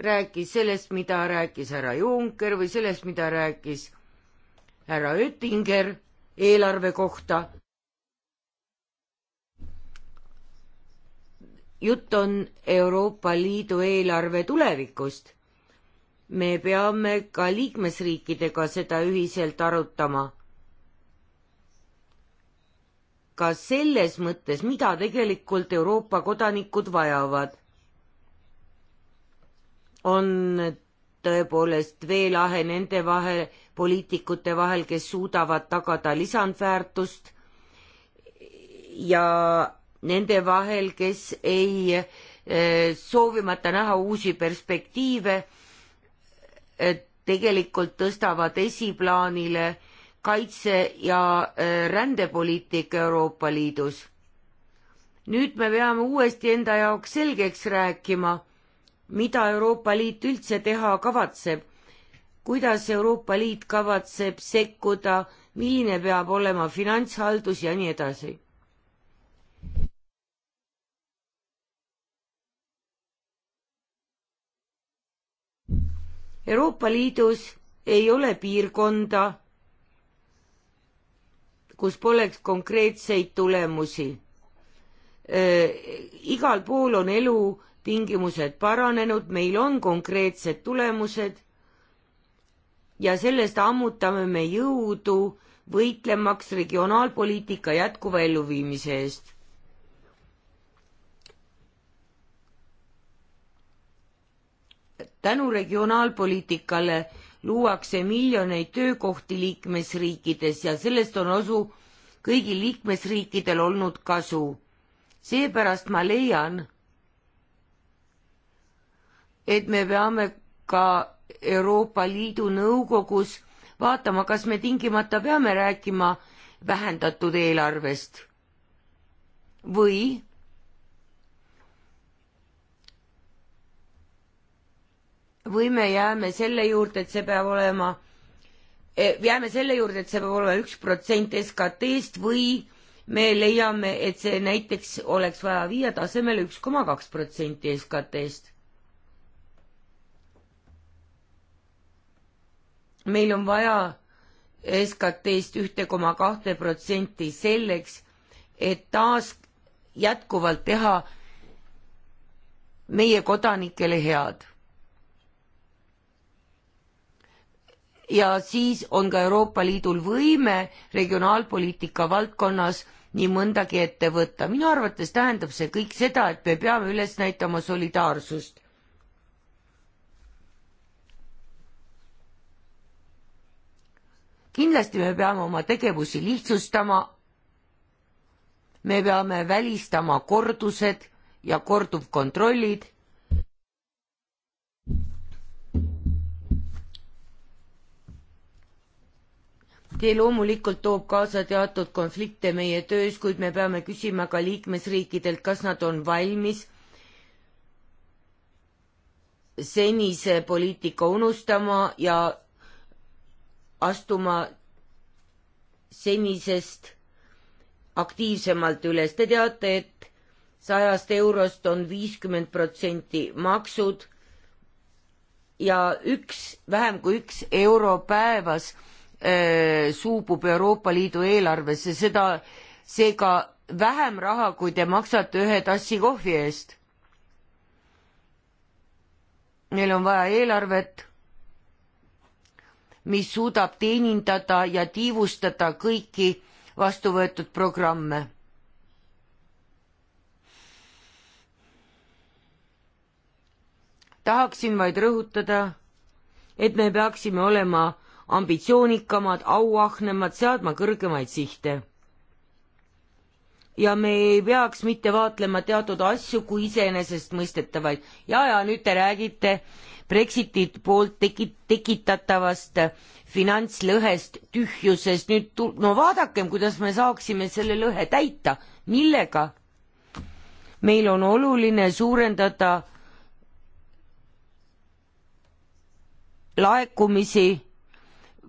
rääkis sellest, mida rääkis härra Juncker või sellest, mida rääkis härra Oettinger eelarve kohta. jutt on Euroopa Liidu eelarve tulevikust me peame ka liikmesriikidega seda ühiselt arutama. ka selles mõttes, mida tegelikult Euroopa kodanikud vajavad. on tõepoolest veelahe nende vahel, poliitikute vahel, kes suudavad tagada lisandväärtust ja nende vahel, kes ei eh, soovimata näha uusi perspektiive tegelikult tõstavad esiplaanile kaitse- ja äh, rändepoliitika Euroopa Liidus. nüüd me peame uuesti enda jaoks selgeks rääkima, mida Euroopa Liit üldse teha kavatseb, kuidas Euroopa Liit kavatseb sekkuda, milline peab olema finantshaldus ja nii edasi Euroopa Liidus ei ole piirkonda, kus poleks konkreetseid tulemusi. Äh, igal pool on elutingimused paranenud, meil on konkreetsed tulemused ja sellest ammutame me jõudu võitlemaks regionaalpoliitika jätkuva elluviimise eest tänu regionaalpoliitikale luuakse miljoneid töökohti liikmesriikides ja sellest on osu kõigil liikmesriikidel olnud kasu. seepärast ma leian, et me peame ka Euroopa Liidu Nõukogus vaatama, kas me tingimata peame rääkima vähendatud eelarvest või või me jääme selle juurde, et see peab olema, e, jääme selle juurde, et see peab olema üks protsent SKT-st või me leiame, et see näiteks oleks vaja viia tasemele üks koma kaks protsenti SKT-st. meil on vaja SKT-st ühte koma kahte protsenti selleks, et taas jätkuvalt teha meie kodanikele head ja siis on ka Euroopa Liidul võime regionaalpoliitika valdkonnas nii mõndagi ette võtta. minu arvates tähendab see kõik seda, et me peame üles näitama solidaarsust. kindlasti me peame oma tegevusi lihtsustama. me peame välistama kordused ja korduvkontrollid. see loomulikult toob kaasa teatud konflikte meie töös, kuid me peame küsima ka liikmesriikidelt, kas nad on valmis senise poliitika unustama ja astuma senisest aktiivsemalt üles. Te teate, et sajast eurost on viiskümmend protsenti maksud ja üks, vähem kui üks euro päevas Äh, suubub Euroopa Liidu eelarvesse, seda, seega vähem raha, kui te maksate ühe tassi kohvi eest. meil on vaja eelarvet, mis suudab teenindada ja tiivustada kõiki vastu võetud programme. tahaksin vaid rõhutada, et me peaksime olema ambitsioonikamad, auahnemad, seadma kõrgemaid sihte. ja me ei peaks mitte vaatlema teatud asju kui iseenesestmõistetavaid ja, ja nüüd te räägite Brexiti poolt teki-, tekitatavast finantslõhest, tühjusest, nüüd tu-, no vaadakem, kuidas me saaksime selle lõhe täita, millega? meil on oluline suurendada laekumisi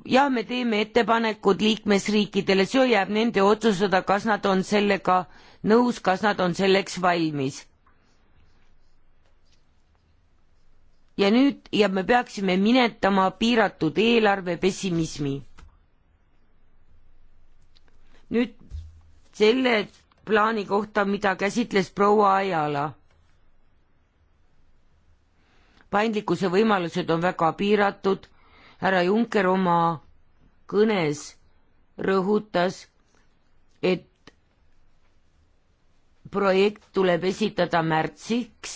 ja me teeme ettepanekud liikmesriikidele, see jääb nende otsustada, kas nad on sellega nõus, kas nad on selleks valmis. ja nüüd ja me peaksime minetama piiratud eelarve pessimismi. nüüd selle plaani kohta, mida käsitles proua Ajala. paindlikkuse võimalused on väga piiratud härra Juncker oma kõnes rõhutas, et projekt tuleb esitada märtsiks.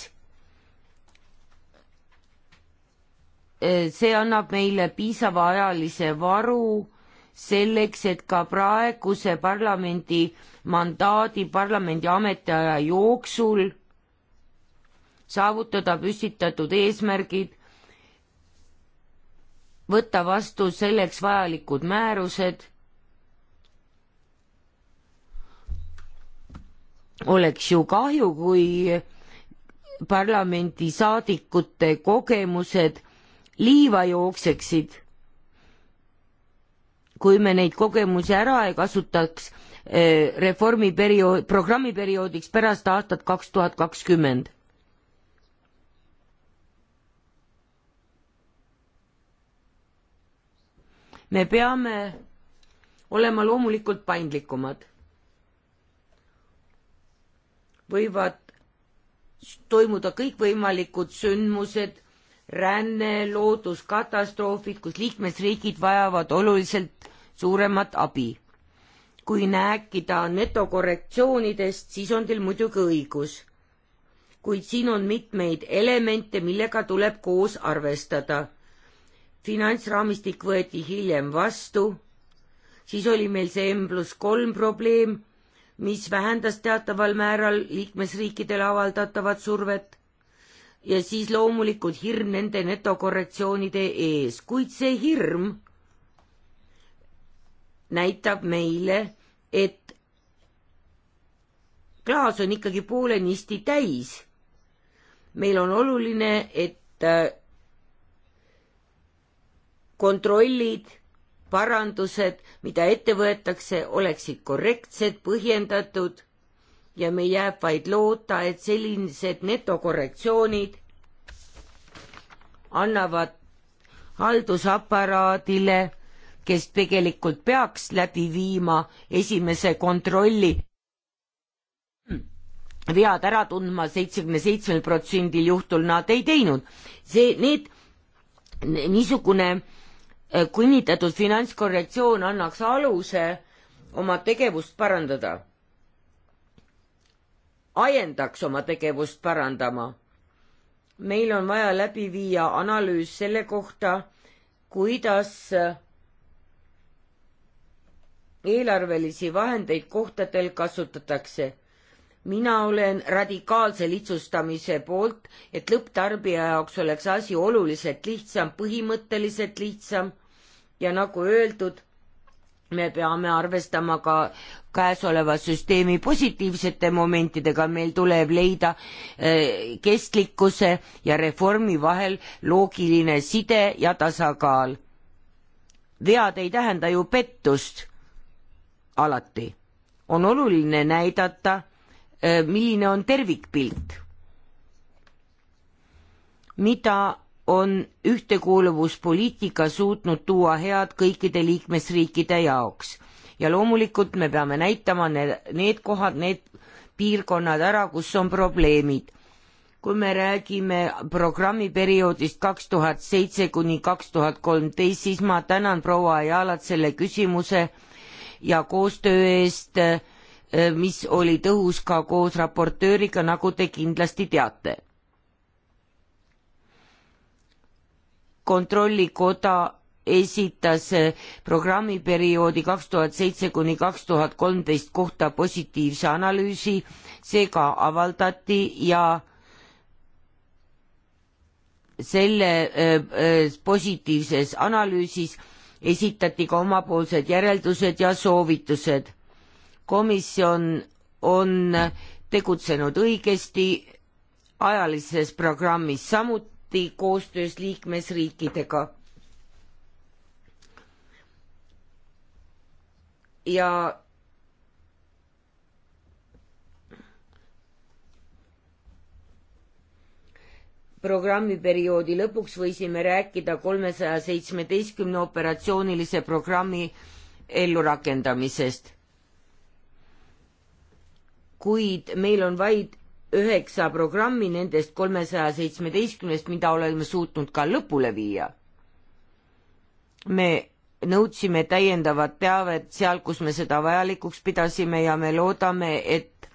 see annab meile piisava ajalise varu selleks, et ka praeguse parlamendi mandaadi, parlamendi ametiaja jooksul saavutada püstitatud eesmärgid võtta vastu selleks vajalikud määrused, oleks ju kahju, kui parlamendisaadikute kogemused liiva jookseksid. kui me neid kogemusi ära ei kasutaks eh, reformi periood, programmiperioodiks pärast aastat kaks tuhat kakskümmend me peame olema loomulikult paindlikumad. võivad toimuda kõikvõimalikud sündmused, ränne, looduskatastroofid, kus liikmesriigid vajavad oluliselt suuremat abi. kui rääkida netokorrektsioonidest, siis on teil muidugi õigus. kuid siin on mitmeid elemente, millega tuleb koos arvestada finantsraamistik võeti hiljem vastu, siis oli meil see M pluss kolm probleem, mis vähendas teataval määral liikmesriikidele avaldatavat survet ja siis loomulikult hirm nende netokorrektsioonide ees, kuid see hirm näitab meile, et klaas on ikkagi poolenisti täis. meil on oluline, et kontrollid, parandused, mida ette võetakse, oleksid korrektsed, põhjendatud ja meil jääb vaid loota, et sellised netokorrektsioonid annavad haldusaparaadile, kes tegelikult peaks läbi viima esimese kontrolli, vead ära tundma, seitsmekümne seitsmel protsendil juhtul nad ei teinud. see, need, niisugune äh, Äh, kinnitatud finantskorrektsioon annaks aluse oma tegevust parandada, ajendaks oma tegevust parandama. meil on vaja läbi viia analüüs selle kohta, kuidas äh, eelarvelisi vahendeid kohtadel kasutatakse mina olen radikaalse lihtsustamise poolt, et lõpptarbija jaoks oleks asi oluliselt lihtsam, põhimõtteliselt lihtsam ja nagu öeldud, me peame arvestama ka käesoleva süsteemi positiivsete momentidega, meil tuleb leida eh, kestlikkuse ja reformi vahel loogiline side ja tasakaal. vead ei tähenda ju pettust alati, on oluline näidata Äh, milline on tervikpilt, mida on ühtekuuluvuspoliitika suutnud tuua head kõikide liikmesriikide jaoks ja loomulikult me peame näitama need, need kohad, need piirkonnad ära, kus on probleemid. kui me räägime programmi perioodist kaks tuhat seitse kuni kaks tuhat kolmteist, siis ma tänan proua Ajalat selle küsimuse ja koostöö eest äh, Eh, mis oli tõhus ka koos raportööriga, nagu te kindlasti teate. kontrollikoda esitas eh, programmiperioodi kaks tuhat seitse kuni kaks tuhat kolmteist kohta positiivse analüüsi, see ka avaldati ja selle eh, positiivses analüüsis esitati ka omapoolsed järeldused ja soovitused komisjon on tegutsenud õigesti ajalises programmis, samuti koostöös liikmesriikidega. ja programmiperioodi lõpuks võisime rääkida kolmesaja seitsmeteistkümne operatsioonilise programmi ellurakendamisest kuid meil on vaid üheksa programmi nendest kolmesaja seitsmeteistkümnest, mida oleme suutnud ka lõpule viia. me nõudsime täiendavat teavet seal, kus me seda vajalikuks pidasime ja me loodame, et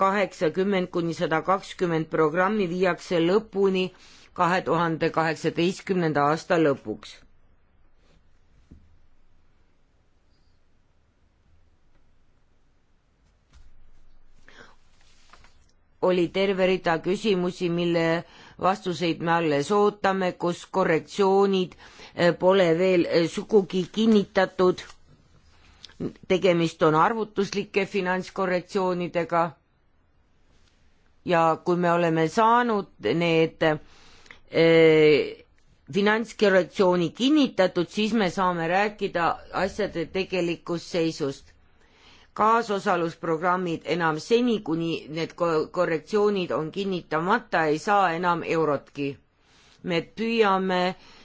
kaheksakümmend kuni sada kakskümmend programmi viiakse lõpuni kahe tuhande kaheksateistkümnenda aasta lõpuks oli terve rida küsimusi, mille vastuseid me alles ootame, kus korrektsioonid eh, pole veel eh, sugugi kinnitatud. tegemist on arvutuslike finantskorrektsioonidega. ja kui me oleme saanud need eh, finantskorrektsiooni kinnitatud, siis me saame rääkida asjade tegelikust seisust kaasosalusprogrammid enam seni, kuni need korrektsioonid on kinnitamata, ei saa enam eurotki. me püüame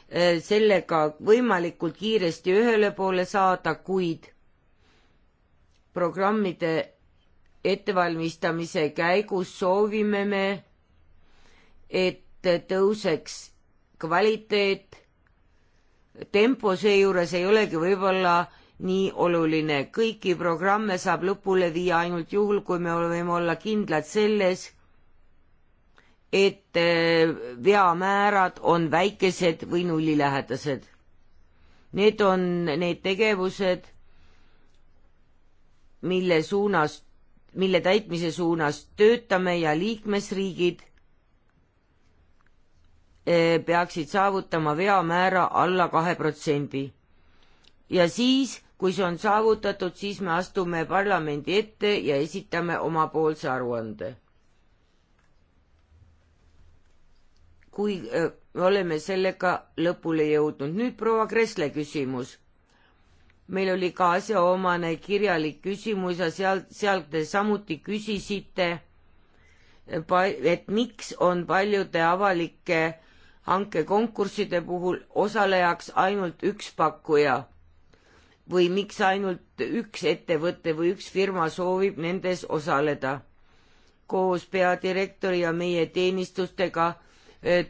eh, sellega võimalikult kiiresti ühele poole saada, kuid programmide ettevalmistamise käigus soovime me, et tõuseks kvaliteet, tempo seejuures ei olegi võib-olla nii oluline. kõiki programme saab lõpule viia ainult juhul, kui me võime olla kindlad selles, et äh, veamäärad on väikesed või nullilähedased. Need on need tegevused, mille suunas, mille täitmise suunas töötame ja liikmesriigid äh, peaksid saavutama veamäära alla kahe protsendi. ja siis kui see on saavutatud, siis me astume parlamendi ette ja esitame omapoolse aruande. kui äh, me oleme sellega lõpule jõudnud. nüüd proua Kressle küsimus. meil oli ka asjaomane kirjalik küsimus ja seal, sealt te samuti küsisite, äh, et miks on paljude avalike hankekonkursside puhul osalejaks ainult üks pakkuja või miks ainult üks ettevõte või üks firma soovib nendes osaleda. koos peadirektori ja meie teenistustega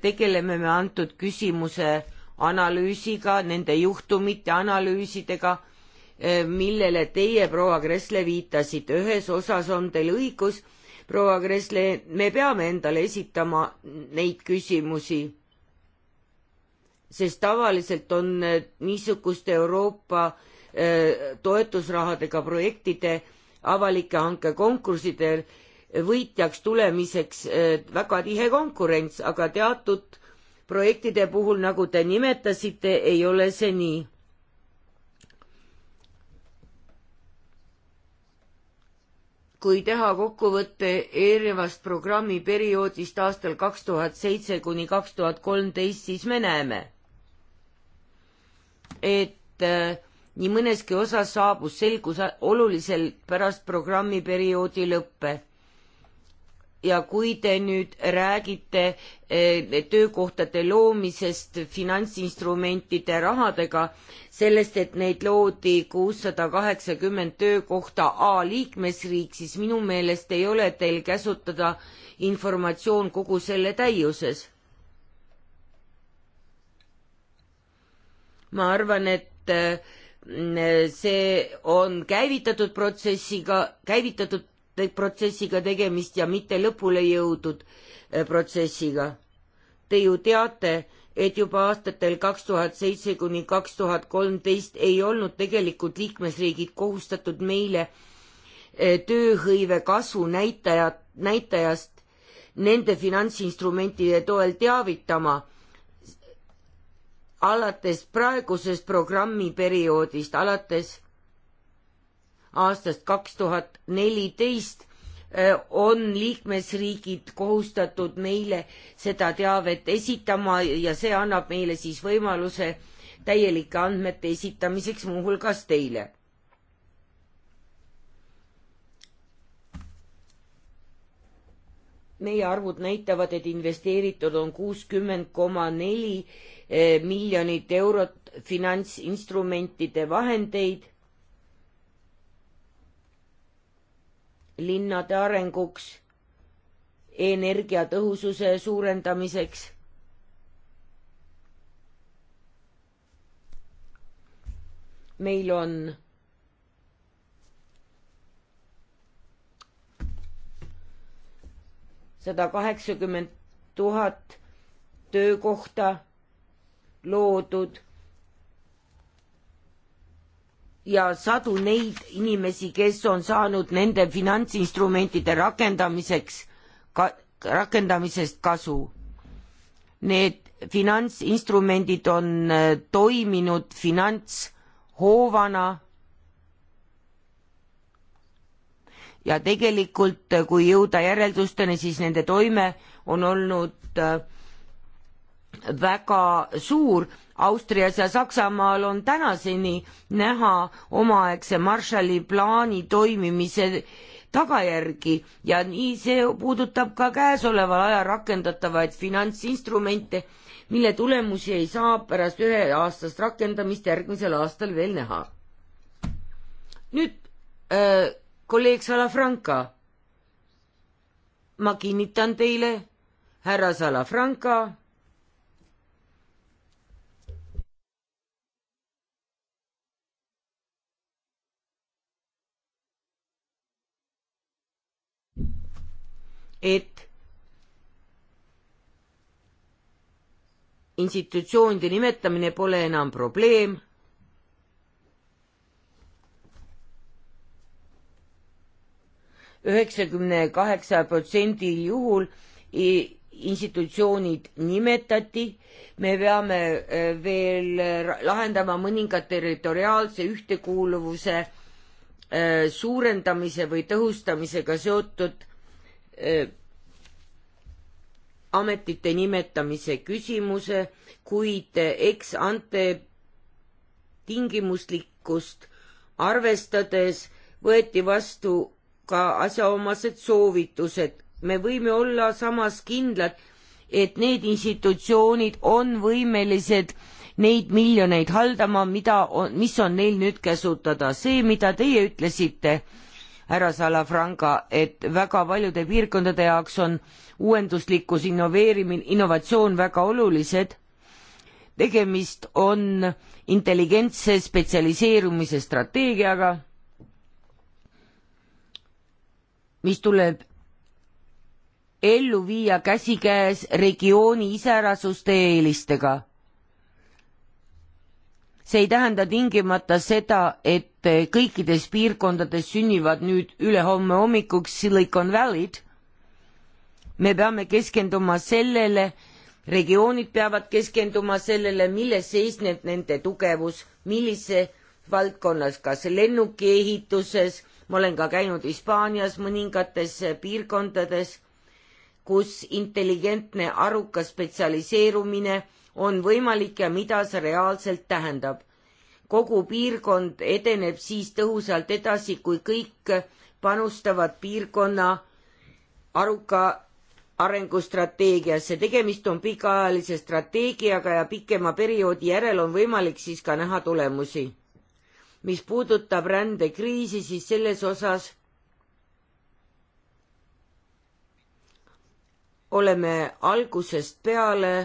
tegeleme me antud küsimuse analüüsiga, nende juhtumite analüüsidega, millele teie, proua Kressle, viitasite. ühes osas on teil õigus, proua Kressle, me peame endale esitama neid küsimusi sest tavaliselt on niisuguste Euroopa Äh, toetusrahadega projektide avalike hankekonkurssidel võitjaks tulemiseks äh, väga tihe konkurents, aga teatud projektide puhul, nagu te nimetasite, ei ole see nii kui teha kokkuvõte eelnevast programmi perioodist aastal kaks tuhat seitse kuni kaks tuhat kolmteist, siis me näeme, et äh, nii mõneski osas saabus selgus oluliselt pärast programmiperioodi lõppe. ja kui te nüüd räägite eh, töökohtade loomisest finantsinstrumentide rahadega, sellest, et neid loodi kuussada kaheksakümmend töökohta A liikmesriik, siis minu meelest ei ole teil käsutada informatsioon kogu selle täiuses. ma arvan, et äh, see on käivitatud protsessiga, käivitatud protsessiga tegemist ja mitte lõpule jõudnud eh, protsessiga. Te ju teate, et juba aastatel kaks tuhat seitse kuni kaks tuhat kolmteist ei olnud tegelikult liikmesriigid kohustatud meile eh, tööhõive kasvu näitajat, näitajast nende finantsinstrumentide toel teavitama alates praegusest programmiperioodist, alates aastast kaks tuhat neliteist on liikmesriigid kohustatud meile seda teavet esitama ja see annab meile siis võimaluse täielike andmete esitamiseks muuhulgas teile. meie arvud näitavad, et investeeritud on kuuskümmend koma neli Eh, miljonit eurot finantsinstrumentide vahendeid linnade arenguks, energiatõhususe suurendamiseks. meil on sada kaheksakümmend tuhat töökohta loodud ja sadu neid inimesi, kes on saanud nende finantsinstrumentide rakendamiseks ka,, rakendamisest kasu. Need finantsinstrumendid on äh, toiminud finantshoovana ja tegelikult, äh, kui jõuda järeldusteni, siis nende toime on olnud äh, väga suur. Austrias ja Saksamaal on tänaseni näha omaaegse Marshalli plaani toimimise tagajärgi ja nii see puudutab ka käesoleval ajal rakendatavaid finantsinstrumente, mille tulemusi ei saa pärast üheaastast rakendamist järgmisel aastal veel näha. nüüd äh, kolleeg Salafranca. ma kinnitan teile, härra Salafranca et institutsioonide nimetamine pole enam probleem. üheksakümne kaheksa protsendi juhul institutsioonid nimetati, me peame äh, veel lahendama mõningad territoriaalse ühtekuuluvuse äh, suurendamise või tõhustamisega seotud ametite nimetamise küsimuse, kuid äh, eks ante tingimuslikkust arvestades võeti vastu ka asjaomased soovitused. me võime olla samas kindlad, et need institutsioonid on võimelised neid miljoneid haldama, mida, mis on neil nüüd käsutada. see, mida teie ütlesite härra Salafranca, et väga paljude piirkondade jaoks on uuenduslikkus, innoveerimine, innovatsioon väga olulised. tegemist on intelligentse spetsialiseerumise strateegiaga, mis tuleb ellu viia käsikäes regiooni iseärasuste eelistega. see ei tähenda tingimata seda, et et eh, kõikides piirkondades sünnivad nüüd ülehomme hommikuks Silicon Valley'd. me peame keskenduma sellele, regioonid peavad keskenduma sellele, milles seisneb nende tugevus, millise valdkonnas, kas lennukiehituses, ma olen ka käinud Hispaanias mõningates piirkondades, kus intelligentne arukas spetsialiseerumine on võimalik ja mida see reaalselt tähendab kogu piirkond edeneb siis tõhusalt edasi, kui kõik panustavad piirkonna aruka arengustrateegiasse. tegemist on pikaajalise strateegiaga ja pikema perioodi järel on võimalik siis ka näha tulemusi. mis puudutab rändekriisi, siis selles osas oleme algusest peale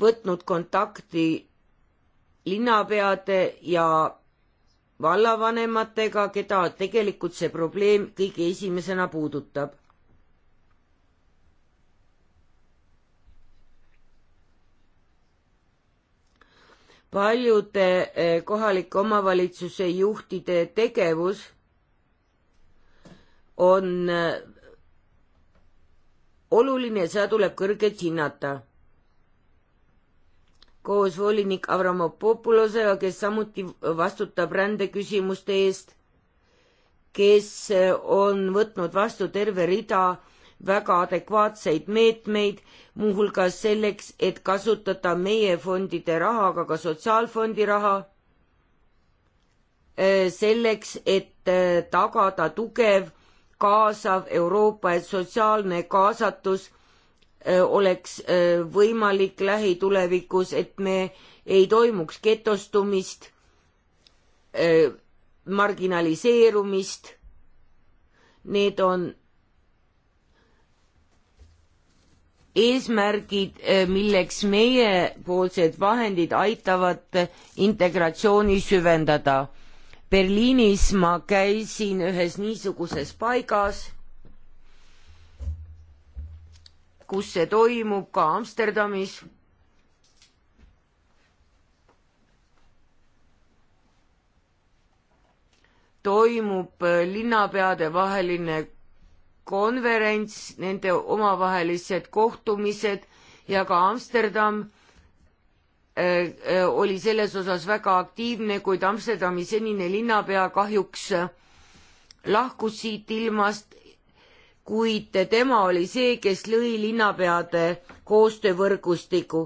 võtnud kontakti linnapeade ja vallavanematega, keda tegelikult see probleem kõige esimesena puudutab. paljude eh, kohalike omavalitsuse juhtide tegevus on eh, oluline ja seda tuleb kõrgelt hinnata koos volinik Avramopopulosega, kes samuti vastutab rändeküsimuste eest, kes on võtnud vastu terve rida väga adekvaatseid meetmeid, muuhulgas selleks, et kasutada meie fondide raha, aga ka sotsiaalfondi raha, äh, selleks, et äh, tagada tugev, kaasav Euroopa sotsiaalne kaasatus Äh, oleks äh, võimalik lähitulevikus, et me ei toimuks getostumist, äh, marginaliseerumist. Need on eesmärgid, milleks meiepoolsed vahendid aitavad integratsiooni süvendada. Berliinis ma käisin ühes niisuguses paigas kus see toimub, ka Amsterdamis. toimub linnapeade vaheline konverents, nende omavahelised kohtumised ja ka Amsterdam äh, oli selles osas väga aktiivne, kuid Amsterdami senine linnapea kahjuks lahkus siit ilmast kuid tema oli see, kes lõi linnapeade koostöövõrgustiku.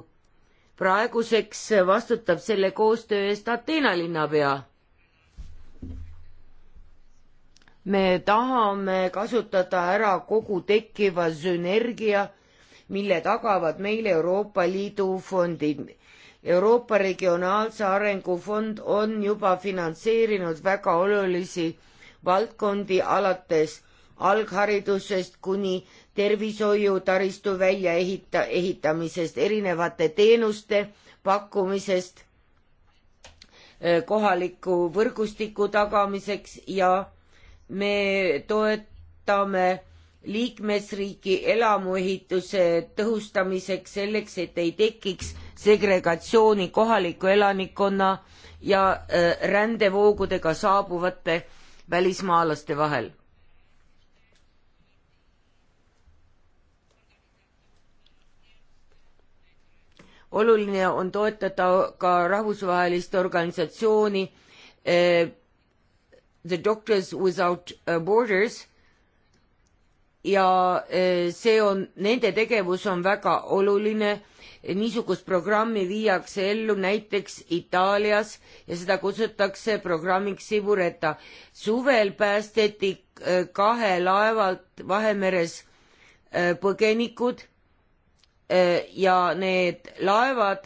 praeguseks vastutab selle koostöö eest Ateena linnapea. me tahame kasutada ära kogu tekkiva sünergia, mille tagavad meile Euroopa Liidu fondid. Euroopa Regionaalse Arengufond on juba finantseerinud väga olulisi valdkondi alates algharidusest kuni tervishoiu taristu väljaehita-, ehitamisest, erinevate teenuste pakkumisest, kohaliku võrgustiku tagamiseks ja me toetame liikmesriigi elamuehituse tõhustamiseks selleks, et ei tekiks segregatsiooni kohaliku elanikkonna ja rändevoogudega saabuvate välismaalaste vahel oluline on toetada ka rahvusvahelist organisatsiooni eh, The Doctors Without eh, Borders ja eh, see on, nende tegevus on väga oluline. niisugust programmi viiakse ellu näiteks Itaalias ja seda kutsutakse programmiks Sibureta. suvel päästeti eh, kahe laevalt Vahemeres eh, põgenikud Äh, ja need laevad,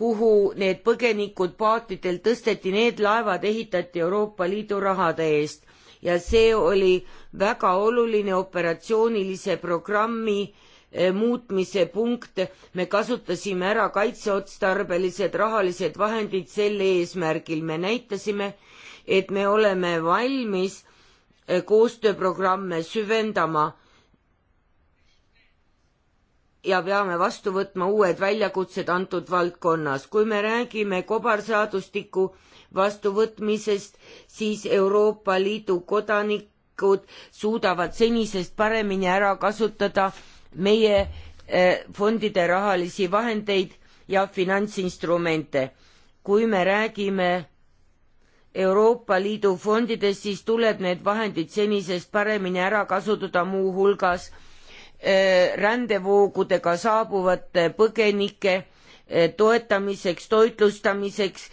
kuhu need põgenikud paatidel tõsteti, need laevad ehitati Euroopa Liidu rahade eest ja see oli väga oluline operatsioonilise programmi äh, muutmise punkt, me kasutasime ära kaitseotstarbelised rahalised vahendid sel eesmärgil, me näitasime, et me oleme valmis äh, koostööprogramme süvendama ja peame vastu võtma uued väljakutsed antud valdkonnas. kui me räägime kobarseadustiku vastuvõtmisest, siis Euroopa Liidu kodanikud suudavad senisest paremini ära kasutada meie eh, fondide rahalisi vahendeid ja finantsinstrumente. kui me räägime Euroopa Liidu fondidest, siis tuleb need vahendid senisest paremini ära kasutada muuhulgas äh, Äh, rändevoogudega saabuvate põgenike äh, toetamiseks, toitlustamiseks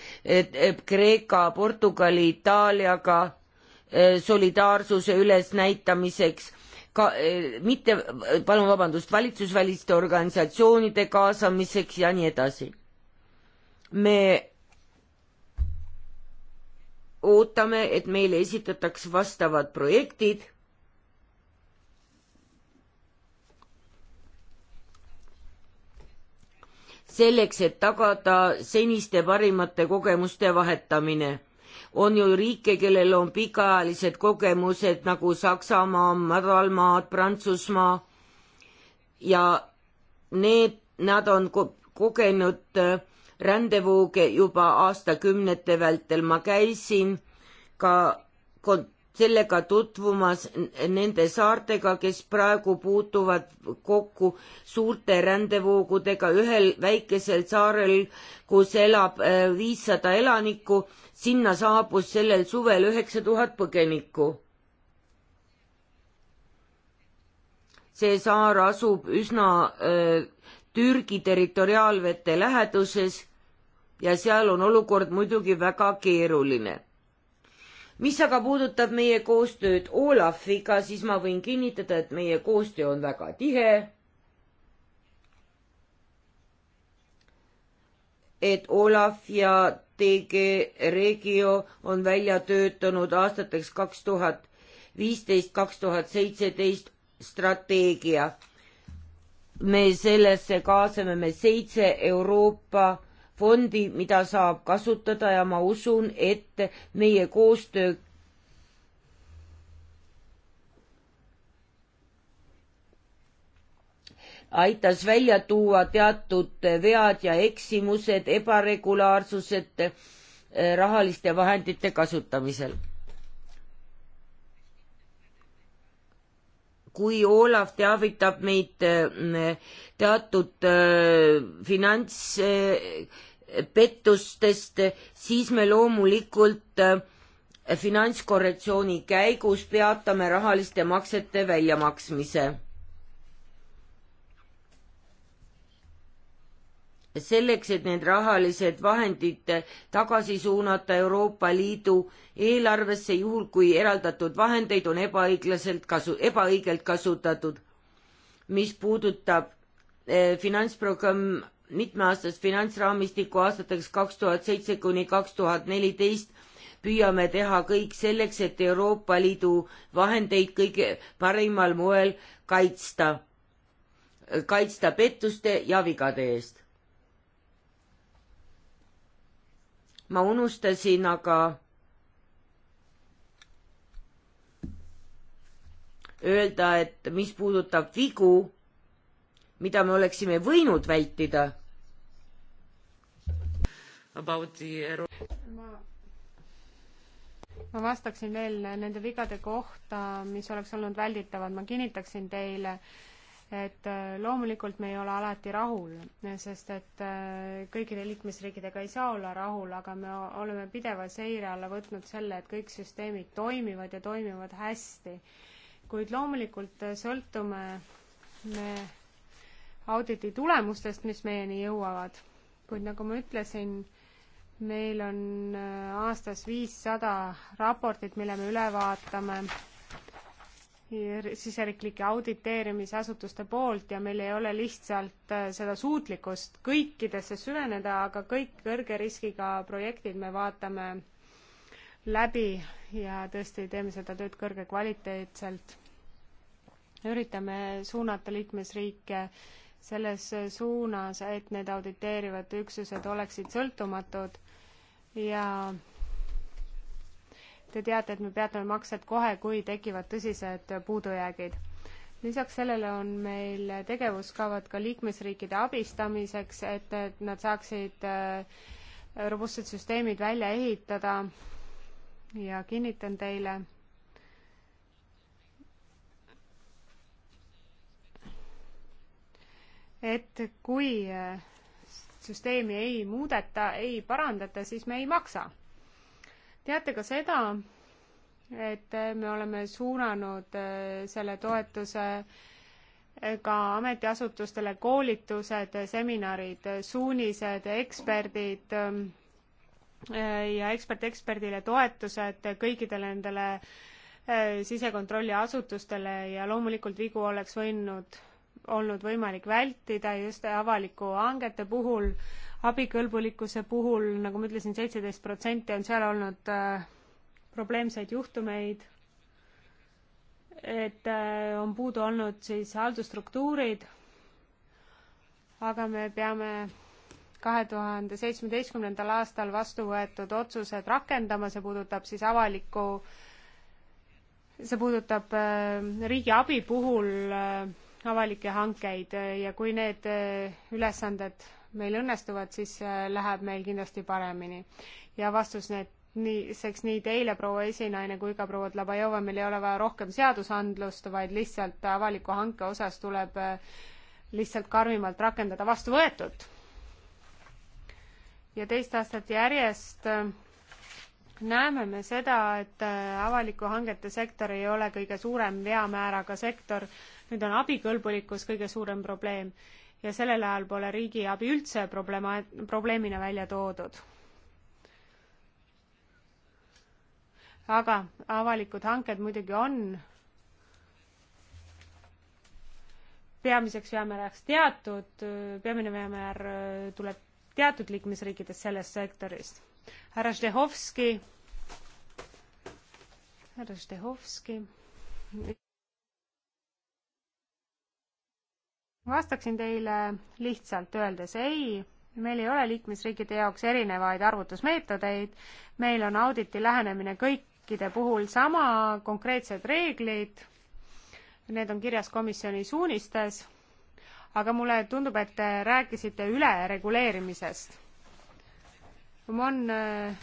Kreeka, Portugali, Itaaliaga äh, solidaarsuse ülesnäitamiseks, ka mitte, palun vabandust, valitsusväliste organisatsioonide kaasamiseks ja nii edasi. me ootame, et meile esitatakse vastavad projektid selleks, et tagada seniste parimate kogemuste vahetamine. on ju riike, kellel on pikaajalised kogemused nagu Saksamaa, Madalmaad, Prantsusmaa ja need, nad on ko kogenud äh, rändevooge juba aastakümnete vältel. ma käisin ka kont-, sellega tutvumas nende saartega, kes praegu puutuvad kokku suurte rändevoogudega ühel väikesel saarel, kus elab äh, viissada elanikku, sinna saabus sellel suvel üheksa tuhat põgenikku. see saar asub üsna öö, äh, Türgi territoriaalvete läheduses ja seal on olukord muidugi väga keeruline mis aga puudutab meie koostööd Olafiga, siis ma võin kinnitada, et meie koostöö on väga tihe. et Olaf ja TG Regio on välja töötanud aastateks kaks tuhat viisteist, kaks tuhat seitseteist strateegia. me sellesse kaasame me seitse Euroopa fondi, mida saab kasutada ja ma usun, et meie koostöö aitas välja tuua teatud vead ja eksimused, ebaregulaarsused eh, rahaliste vahendite kasutamisel kui Olav teavitab meid äh, teatud äh, finantspettustest, äh, siis me loomulikult finantskorrektsiooni käigus peatame rahaliste maksete väljamaksmise selleks, et need rahalised vahendid tagasi suunata Euroopa Liidu eelarvesse, juhul kui eraldatud vahendeid on ebaõiglaselt kasu, ebaõigelt kasutatud. mis puudutab eh, finantsprogramm, mitmeaastast finantsraamistikku aastateks kaks tuhat seitse kuni kaks tuhat neliteist, püüame teha kõik selleks, et Euroopa Liidu vahendeid kõige parimal moel kaitsta, kaitsta pettuste ja vigade eest ma unustasin aga öelda, et mis puudutab vigu, mida me oleksime võinud vältida. The... ma, ma vastaksin veel nende vigade kohta, mis oleks olnud välditavad, ma kinnitaksin teile, et äh, loomulikult me ei ole alati rahul, sest et äh, kõikide liikmesriikidega ei saa olla rahul, aga me oleme pideva seire alla võtnud selle, et kõik süsteemid toimivad ja toimivad hästi. kuid loomulikult äh, sõltume me auditi tulemustest, mis meieni jõuavad. kuid nagu ma ütlesin, meil on aastas viissada raportit, mille me üle vaatame siseriiklike auditeerimisasutuste poolt ja meil ei ole lihtsalt äh, seda suutlikkust kõikidesse süveneda, aga kõik kõrge riskiga projektid me vaatame läbi ja tõesti teeme seda tööd kõrge kvaliteetselt. üritame suunata liikmesriike selles suunas, et need auditeerivad üksused oleksid sõltumatud ja Te teate, et me peatame maksed kohe, kui tekivad tõsised puudujäägid. lisaks sellele on meil tegevuskavad ka liikmesriikide abistamiseks, et, et nad saaksid äh, robustsed süsteemid välja ehitada ja kinnitan teile, et kui äh, süsteemi ei muudeta, ei parandata, siis me ei maksa teate ka seda, et me oleme suunanud äh, selle toetuse äh, ka ametiasutustele koolitused, seminarid, suunised, eksperdid ähm, äh, ja ekspert eksperdile toetused kõikidele nendele sisekontrolliasutustele ja loomulikult vigu oleks võinud, olnud võimalik vältida just avaliku hangete puhul abikõlbulikkuse puhul, nagu ma ütlesin, seitseteist protsenti on seal olnud äh, probleemseid juhtumeid, et äh, on puudu olnud siis haldusstruktuurid, aga me peame kahe tuhande seitsmeteistkümnendal aastal vastu võetud otsused rakendama, see puudutab siis avalikku, see puudutab äh, riigi abi puhul äh, avalikke hankeid äh, ja kui need äh, ülesanded meil õnnestuvad, siis äh, läheb meil kindlasti paremini. ja vastus need nii, seks nii teile, proua esinaine, kui ka proua Tlabajova, meil ei ole vaja rohkem seadusandlust, vaid lihtsalt avaliku hanke osas tuleb äh, lihtsalt karmimalt rakendada vastu võetut. ja teist aastat järjest äh, näeme me seda, et avaliku hangete sektor ei ole kõige suurem veamääraga sektor, nüüd on abikõlbulikkus kõige suurem probleem ja sellel ajal pole riigiabi üldse problema-, probleemina välja toodud. aga avalikud hanked muidugi on peamiseks veamääraks teatud, peamine veamäär äh, tuleb teatud liikmesriikides sellest sektorist. härra Štehovski, härra Štehovski vastaksin teile lihtsalt öeldes ei, meil ei ole liikmesriikide jaoks erinevaid arvutusmeetodeid, meil on auditi lähenemine kõikide puhul sama, konkreetsed reeglid, need on kirjas komisjoni suunistes, aga mulle tundub, et te rääkisite ülereguleerimisest. on äh,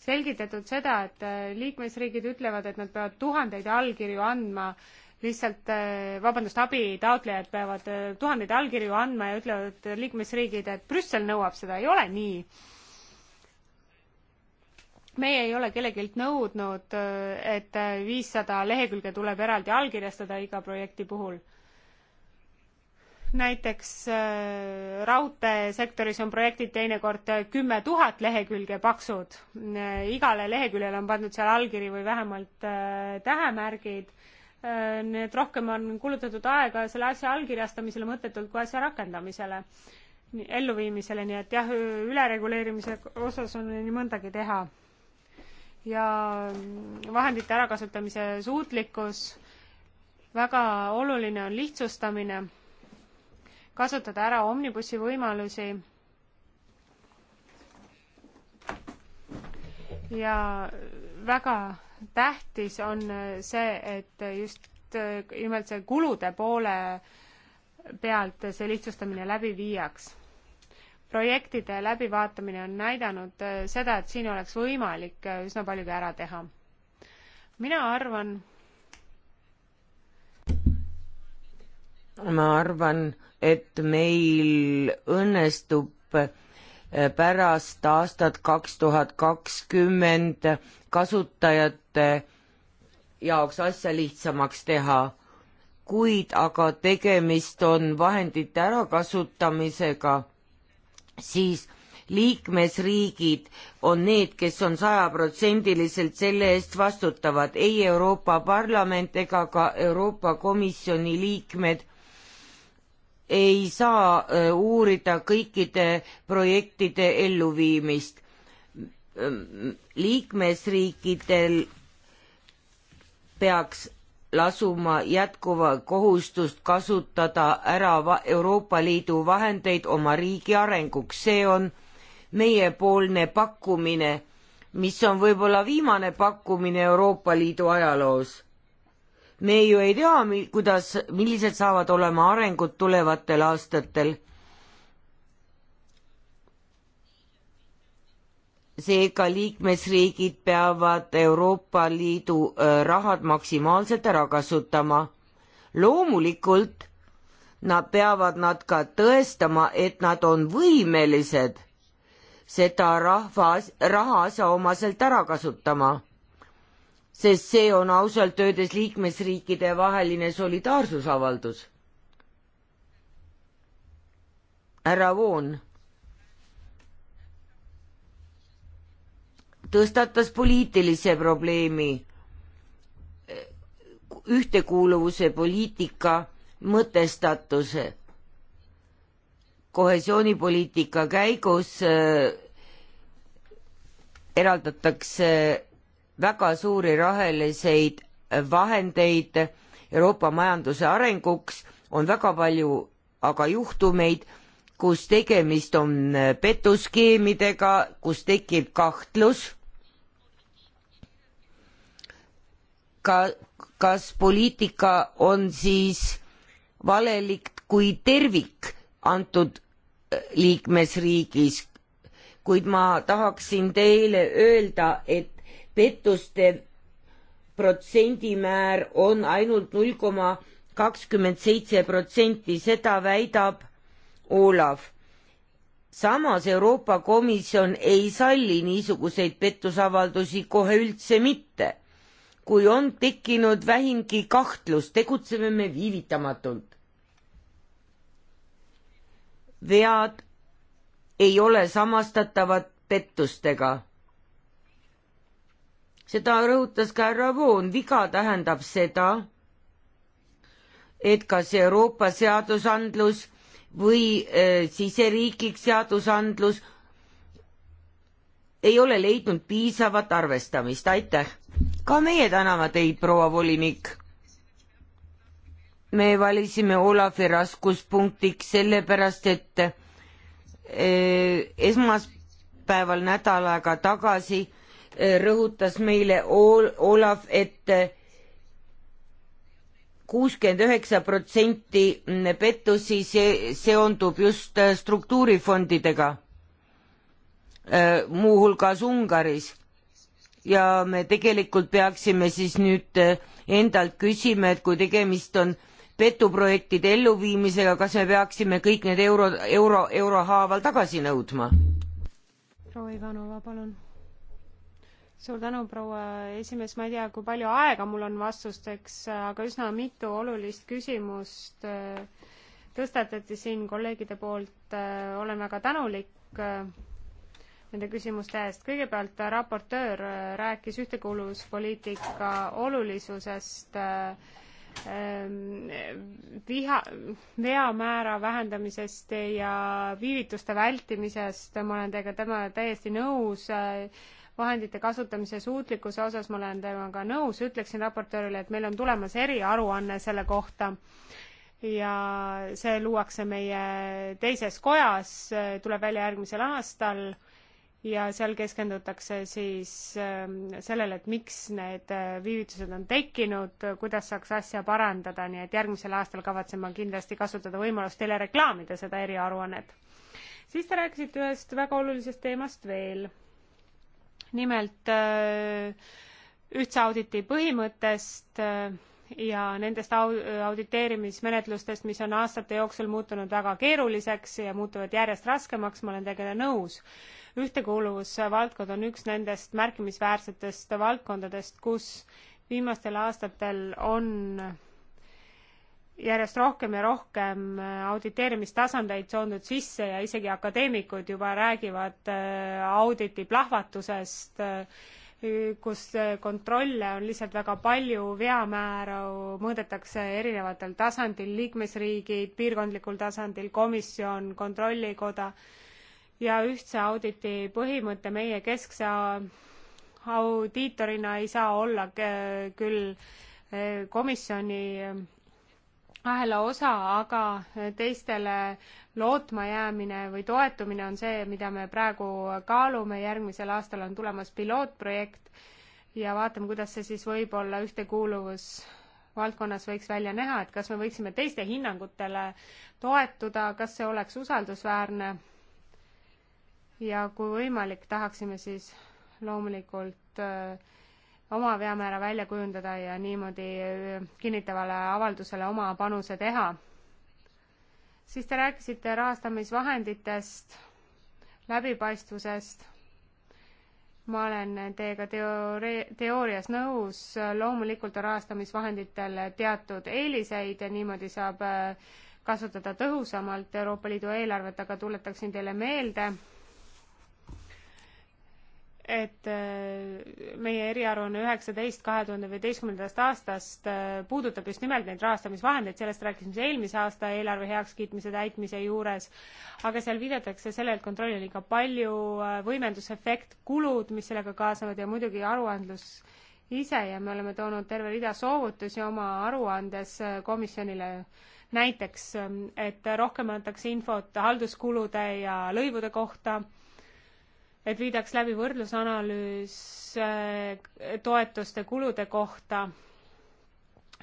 selgitatud seda, et äh, liikmesriigid ütlevad, et nad peavad tuhandeid allkirju andma äh, lihtsalt äh, vabandust, abitaotlejad peavad äh, tuhandeid allkirju andma ja ütlevad liikmesriigid, et Brüssel nõuab seda, ei ole nii. meie ei ole kellegilt nõudnud, äh, et viissada lehekülge tuleb eraldi allkirjastada iga projekti puhul näiteks äh, raudteesektoris on projektid teinekord kümme tuhat lehekülge paksud. igale leheküljele on pandud seal allkiri või vähemalt äh, tähemärgid Äh, nii et rohkem on kulutatud aega selle asja allkirjastamisele mõttetult kui asja rakendamisele, elluviimisele, nii et jah, ülereguleerimise osas on nii mõndagi teha. ja vahendite ärakasutamise suutlikkus, väga oluline on lihtsustamine, kasutada ära omnibussi võimalusi ja väga tähtis on äh, see, et äh, just äh, nimelt see kulude poole pealt see lihtsustamine läbi viiaks. projektide läbivaatamine on näidanud seda, et siin oleks võimalik üsna palju ka ära teha. mina arvan, ma arvan, et meil õnnestub pärast aastat kaks tuhat kakskümmend kasutajad ettevõtete jaoks asja lihtsamaks teha, kuid aga tegemist on vahendite ärakasutamisega, siis liikmesriigid on need, kes on sajaprotsendiliselt selle eest vastutavad, ei Euroopa Parlament ega ka Euroopa Komisjoni liikmed ei saa äh, uurida kõikide projektide elluviimist. liikmesriikidel peaks lasuma jätkuva kohustust kasutada ära Euroopa Liidu vahendeid oma riigi arenguks, see on meiepoolne pakkumine, mis on võib-olla viimane pakkumine Euroopa Liidu ajaloos. me ju ei tea, kuidas, millised saavad olema arengud tulevatel aastatel seega liikmesriigid peavad Euroopa Liidu äh, rahad maksimaalselt ära kasutama. loomulikult nad peavad nad ka tõestama, et nad on võimelised seda rahva, raha asjaomaselt ära kasutama. sest see on ausalt öeldes liikmesriikide vaheline solidaarsusavaldus. härra Voon tõstatas poliitilise probleemi ühtekuuluvuse poliitika mõtestatuse. kohesioonipoliitika käigus äh, eraldatakse väga suuri rahaliseid vahendeid Euroopa majanduse arenguks, on väga palju aga juhtumeid, kus tegemist on petuskeemidega, kus tekib kahtlus ka, kas poliitika on siis valelik kui tervik antud äh, liikmesriigis, kuid ma tahaksin teile öelda, et pettuste protsendimäär on ainult null koma kakskümmend seitse protsenti, seda väidab Olav. samas Euroopa Komisjon ei salli niisuguseid pettusavaldusi kohe üldse mitte kui on tekkinud vähimgi kahtlus, tegutseme me viivitamatult. vead ei ole samastatavad pettustega. seda rõhutas ka härra Voon, viga tähendab seda, et kas Euroopa seadusandlus või äh, siseriiklik seadusandlus ei ole leidnud piisavat arvestamist, aitäh! ka meie täname teid, proua volinik. me valisime Olavi raskuspunktiks sellepärast, et e, esmaspäeval nädal aega tagasi e, rõhutas meile Olav, et kuuskümmend üheksa protsenti pettusi see seondub just struktuurifondidega, e, muuhulgas Ungaris ja me tegelikult peaksime siis nüüd eh, endalt küsima, et kui tegemist on petuprojektide elluviimisega, kas me peaksime kõik need euro, euro, eurohaaval tagasi nõudma? proua Ivanova, palun. suur tänu, proua esimees, ma ei tea, kui palju aega mul on vastusteks, aga üsna mitu olulist küsimust eh, tõstatati siin kolleegide poolt, eh, olen väga tänulik nende küsimuste eest. kõigepealt äh, raportöör äh, rääkis ühtekuuluvuspoliitika olulisusest äh, ähm, viha, veamäära vähendamisest ja viivituste vältimisest, ma olen teiega tema täiesti nõus, vahendite kasutamise suutlikkuse osas ma olen temaga nõus, ütleksin raportöörile, et meil on tulemas eriaruanne selle kohta ja see luuakse meie teises kojas, tuleb välja järgmisel aastal ja seal keskendutakse siis ähm, sellele, et miks need äh, viivitused on tekkinud, kuidas saaks asja parandada, nii et järgmisel aastal kavatsen ma kindlasti kasutada võimalust teile reklaamida seda eriaruannet. siis te rääkisite ühest väga olulisest teemast veel. nimelt äh, ühtse auditi põhimõttest äh, ja nendest auditeerimismenetlustest, mis on aastate jooksul muutunud väga keeruliseks ja muutuvad järjest raskemaks, ma olen teiega nõus ühtekuuluvusvaldkond on üks nendest märkimisväärsetest valdkondadest, kus viimastel aastatel on järjest rohkem ja rohkem auditeerimistasandeid soondunud sisse ja isegi akadeemikud juba räägivad äh, auditi plahvatusest, äh, kus äh, kontrolle on lihtsalt väga palju, veamääru mõõdetakse erinevatel tasandil, liikmesriigid, piirkondlikul tasandil, komisjon, kontrollikoda ja ühtse auditi põhimõte meie keskse audiitorina ei saa olla äh, küll äh, komisjoni äh, ahela osa, aga teistele lootma jäämine või toetumine on see, mida me praegu kaalume, järgmisel aastal on tulemas pilootprojekt ja vaatame, kuidas see siis võib-olla ühtekuuluvusvaldkonnas võiks välja näha, et kas me võiksime teiste hinnangutele toetuda, kas see oleks usaldusväärne ja kui võimalik, tahaksime siis loomulikult äh, oma veamäära välja kujundada ja niimoodi äh, kinnitavale avaldusele oma panuse teha. siis te rääkisite rahastamisvahenditest, läbipaistvusest ma olen teiega teore-, teoorias nõus, loomulikult on rahastamisvahenditel teatud eeliseid ja niimoodi saab äh, kasutada tõhusamalt Euroopa Liidu eelarvet, aga tuletaksin teile meelde, et äh, meie eriaruanne üheksateist kahe tuhande viieteistkümnendast aastast äh, puudutab just nimelt neid rahastamisvahendeid, sellest rääkisime eelmise aasta eelarve heakskiitmise täitmise juures, aga seal viidatakse sellele, et kontrolli on liiga palju, äh, võimendusefekt, kulud, mis sellega kaasnevad ja muidugi aruandlus ise ja me oleme toonud terve rida soovutusi oma aruandes komisjonile, näiteks ähm, et rohkem antakse infot halduskulude ja lõivude kohta et viidaks läbi võrdlusanalüüs äh, toetuste kulude kohta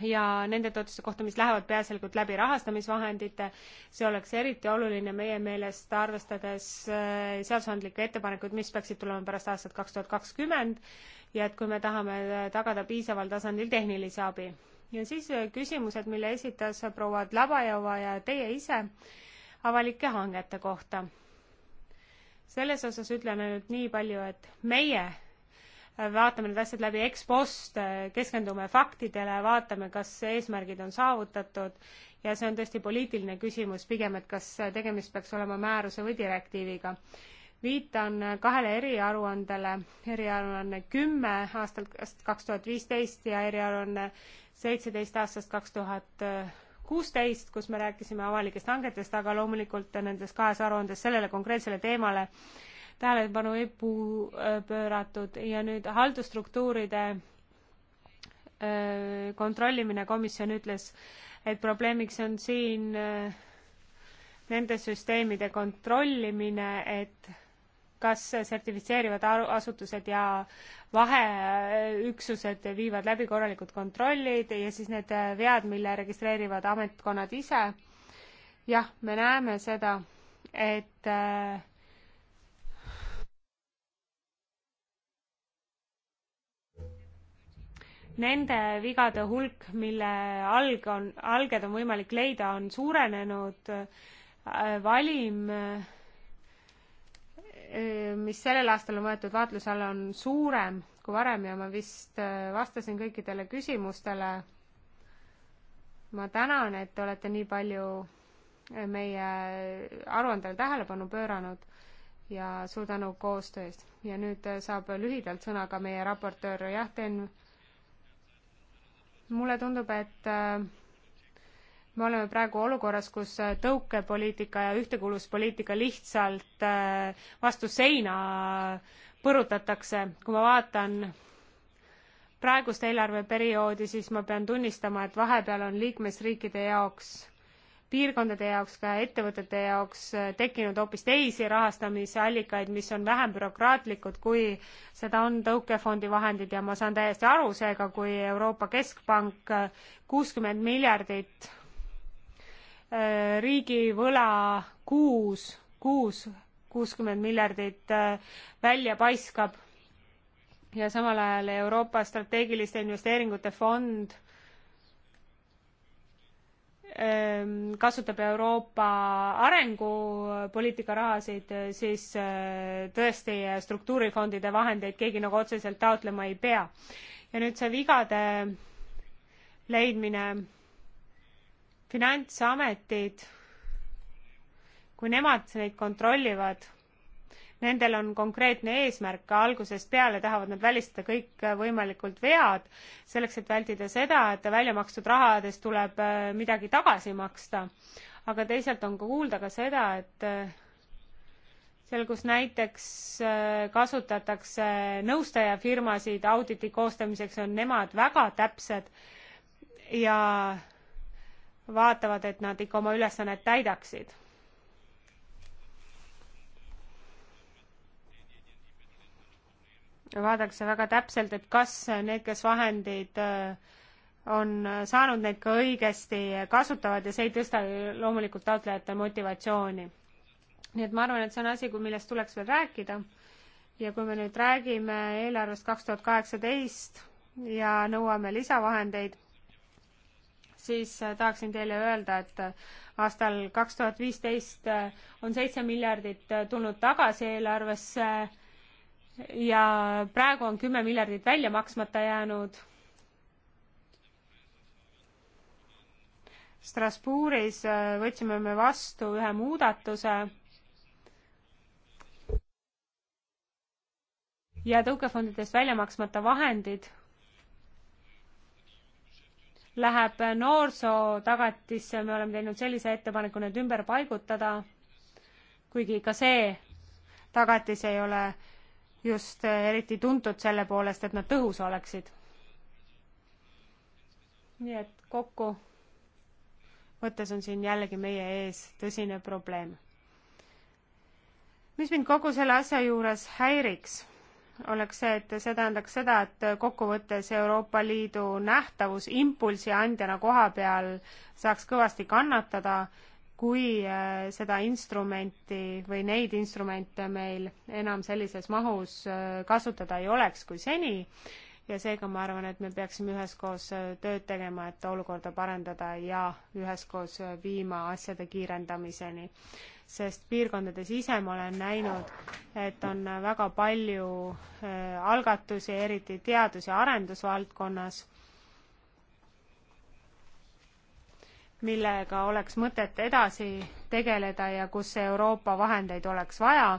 ja nende toetuste kohta, mis lähevad peaasjalikult läbi rahastamisvahendite. see oleks eriti oluline meie meelest, arvestades äh, seadusandlikke ettepanekuid, mis peaksid tulema pärast aastat kaks tuhat kakskümmend ja et kui me tahame äh, tagada piisaval tasandil tehnilise abi. ja siis küsimused, mille esitas proua Dlabajova ja teie ise avalike hangete kohta selles osas ütlen ainult nii palju, et meie äh, vaatame need asjad läbi ekspost, äh, keskendume faktidele, vaatame, kas eesmärgid on saavutatud ja see on tõesti poliitiline küsimus pigem, et kas äh, tegemist peaks olema määruse või direktiiviga. viitan kahele eriaruandele, eriaruanne kümme aastalt kaks tuhat viisteist ja eriaruanne seitseteist aastast kaks tuhat 2000 kuusteist, kus me rääkisime avalikest hangetest, aga loomulikult nendes kahes aruandes sellele konkreetsele teemale tähelepanu ei puu-, äh, pööratud ja nüüd haldusstruktuuride äh, kontrollimine, komisjon ütles, et probleemiks on siin äh, nende süsteemide kontrollimine, et kas sertifitseerivad asutused ja vaheüksused viivad läbi korralikud kontrollid ja siis need vead, mille registreerivad ametkonnad ise. jah, me näeme seda, et äh, nende vigade hulk, mille alg on, alged on võimalik leida, on suurenenud. Äh, valim äh, Eh, mis sellel aastal on võetud vaatluse alla, on suurem kui varem ja ma vist eh, vastasin kõikidele küsimustele. ma tänan, et te olete nii palju eh, meie aruandele tähelepanu pööranud ja suur tänu koostöö eest. ja nüüd saab lühidalt sõna ka meie raportöör, jah, teen mulle tundub, et äh, me oleme praegu olukorras, kus äh, tõukepoliitika ja ühtekuuluvuspoliitika lihtsalt äh, vastu seina põrutatakse. kui ma vaatan praegust eelarveperioodi, siis ma pean tunnistama, et vahepeal on liikmesriikide jaoks piirkondade jaoks, ka ettevõtete jaoks äh, tekkinud hoopis teisi rahastamisallikaid, mis on vähem bürokraatlikud, kui seda on tõukefondi vahendid ja ma saan täiesti aru seega, kui Euroopa Keskpank kuuskümmend miljardit Äh, riigivõla kuus, kuus, kuuskümmend miljardit äh, välja paiskab. ja samal ajal Euroopa strateegiliste investeeringute fond ähm, kasutab Euroopa arengupoliitika rahasid, äh, siis tõesti struktuurifondide vahendeid keegi nagu otseselt taotlema ei pea. ja nüüd see vigade leidmine finantsametid, kui nemad neid kontrollivad, nendel on konkreetne eesmärk, algusest peale tahavad nad välistada kõik võimalikud vead, selleks et vältida seda, et välja makstud rahadest tuleb äh, midagi tagasi maksta. aga teisalt on ka kuulda ka seda, et äh, seal, kus näiteks äh, kasutatakse nõustajafirmasid auditi koostamiseks, on nemad väga täpsed ja vaatavad, et nad ikka oma ülesannet täidaksid. vaadatakse väga täpselt, et kas need, kes vahendid äh, on saanud, neid ka õigesti kasutavad ja see ei tõsta loomulikult taotlejate motivatsiooni. nii et ma arvan, et see on asi, millest tuleks veel rääkida ja kui me nüüd räägime eelarvest kaks tuhat kaheksateist ja nõuame lisavahendeid siis äh, tahaksin teile öelda, et äh, aastal kaks tuhat viisteist äh, on seitse miljardit tulnud tagasi eelarvesse ja praegu on kümme miljardit välja maksmata jäänud. Strasbourgis võtsime me vastu ühe muudatuse ja tõukefondidest välja maksmata vahendid läheb noorsootagatisse, me oleme teinud sellise ettepaneku need ümber paigutada, kuigi ka see tagatis ei ole just eriti tuntud selle poolest, et nad tõhus oleksid. nii et kokku võttes on siin jällegi meie ees tõsine probleem. mis mind kogu selle asja juures häiriks oleks see, et see tähendaks seda, et kokkuvõttes Euroopa Liidu nähtavus impulsi andjana koha peal saaks kõvasti kannatada, kui äh, seda instrumenti või neid instrumente meil enam sellises mahus äh, kasutada ei oleks kui seni ja seega ma arvan, et me peaksime üheskoos äh, tööd tegema, et olukorda parendada ja üheskoos viima asjade kiirendamiseni sest piirkondades ise ma olen näinud, et on väga palju äh, algatusi, eriti teadus- ja arendusvaldkonnas, millega oleks mõtet edasi tegeleda ja kus Euroopa vahendeid oleks vaja.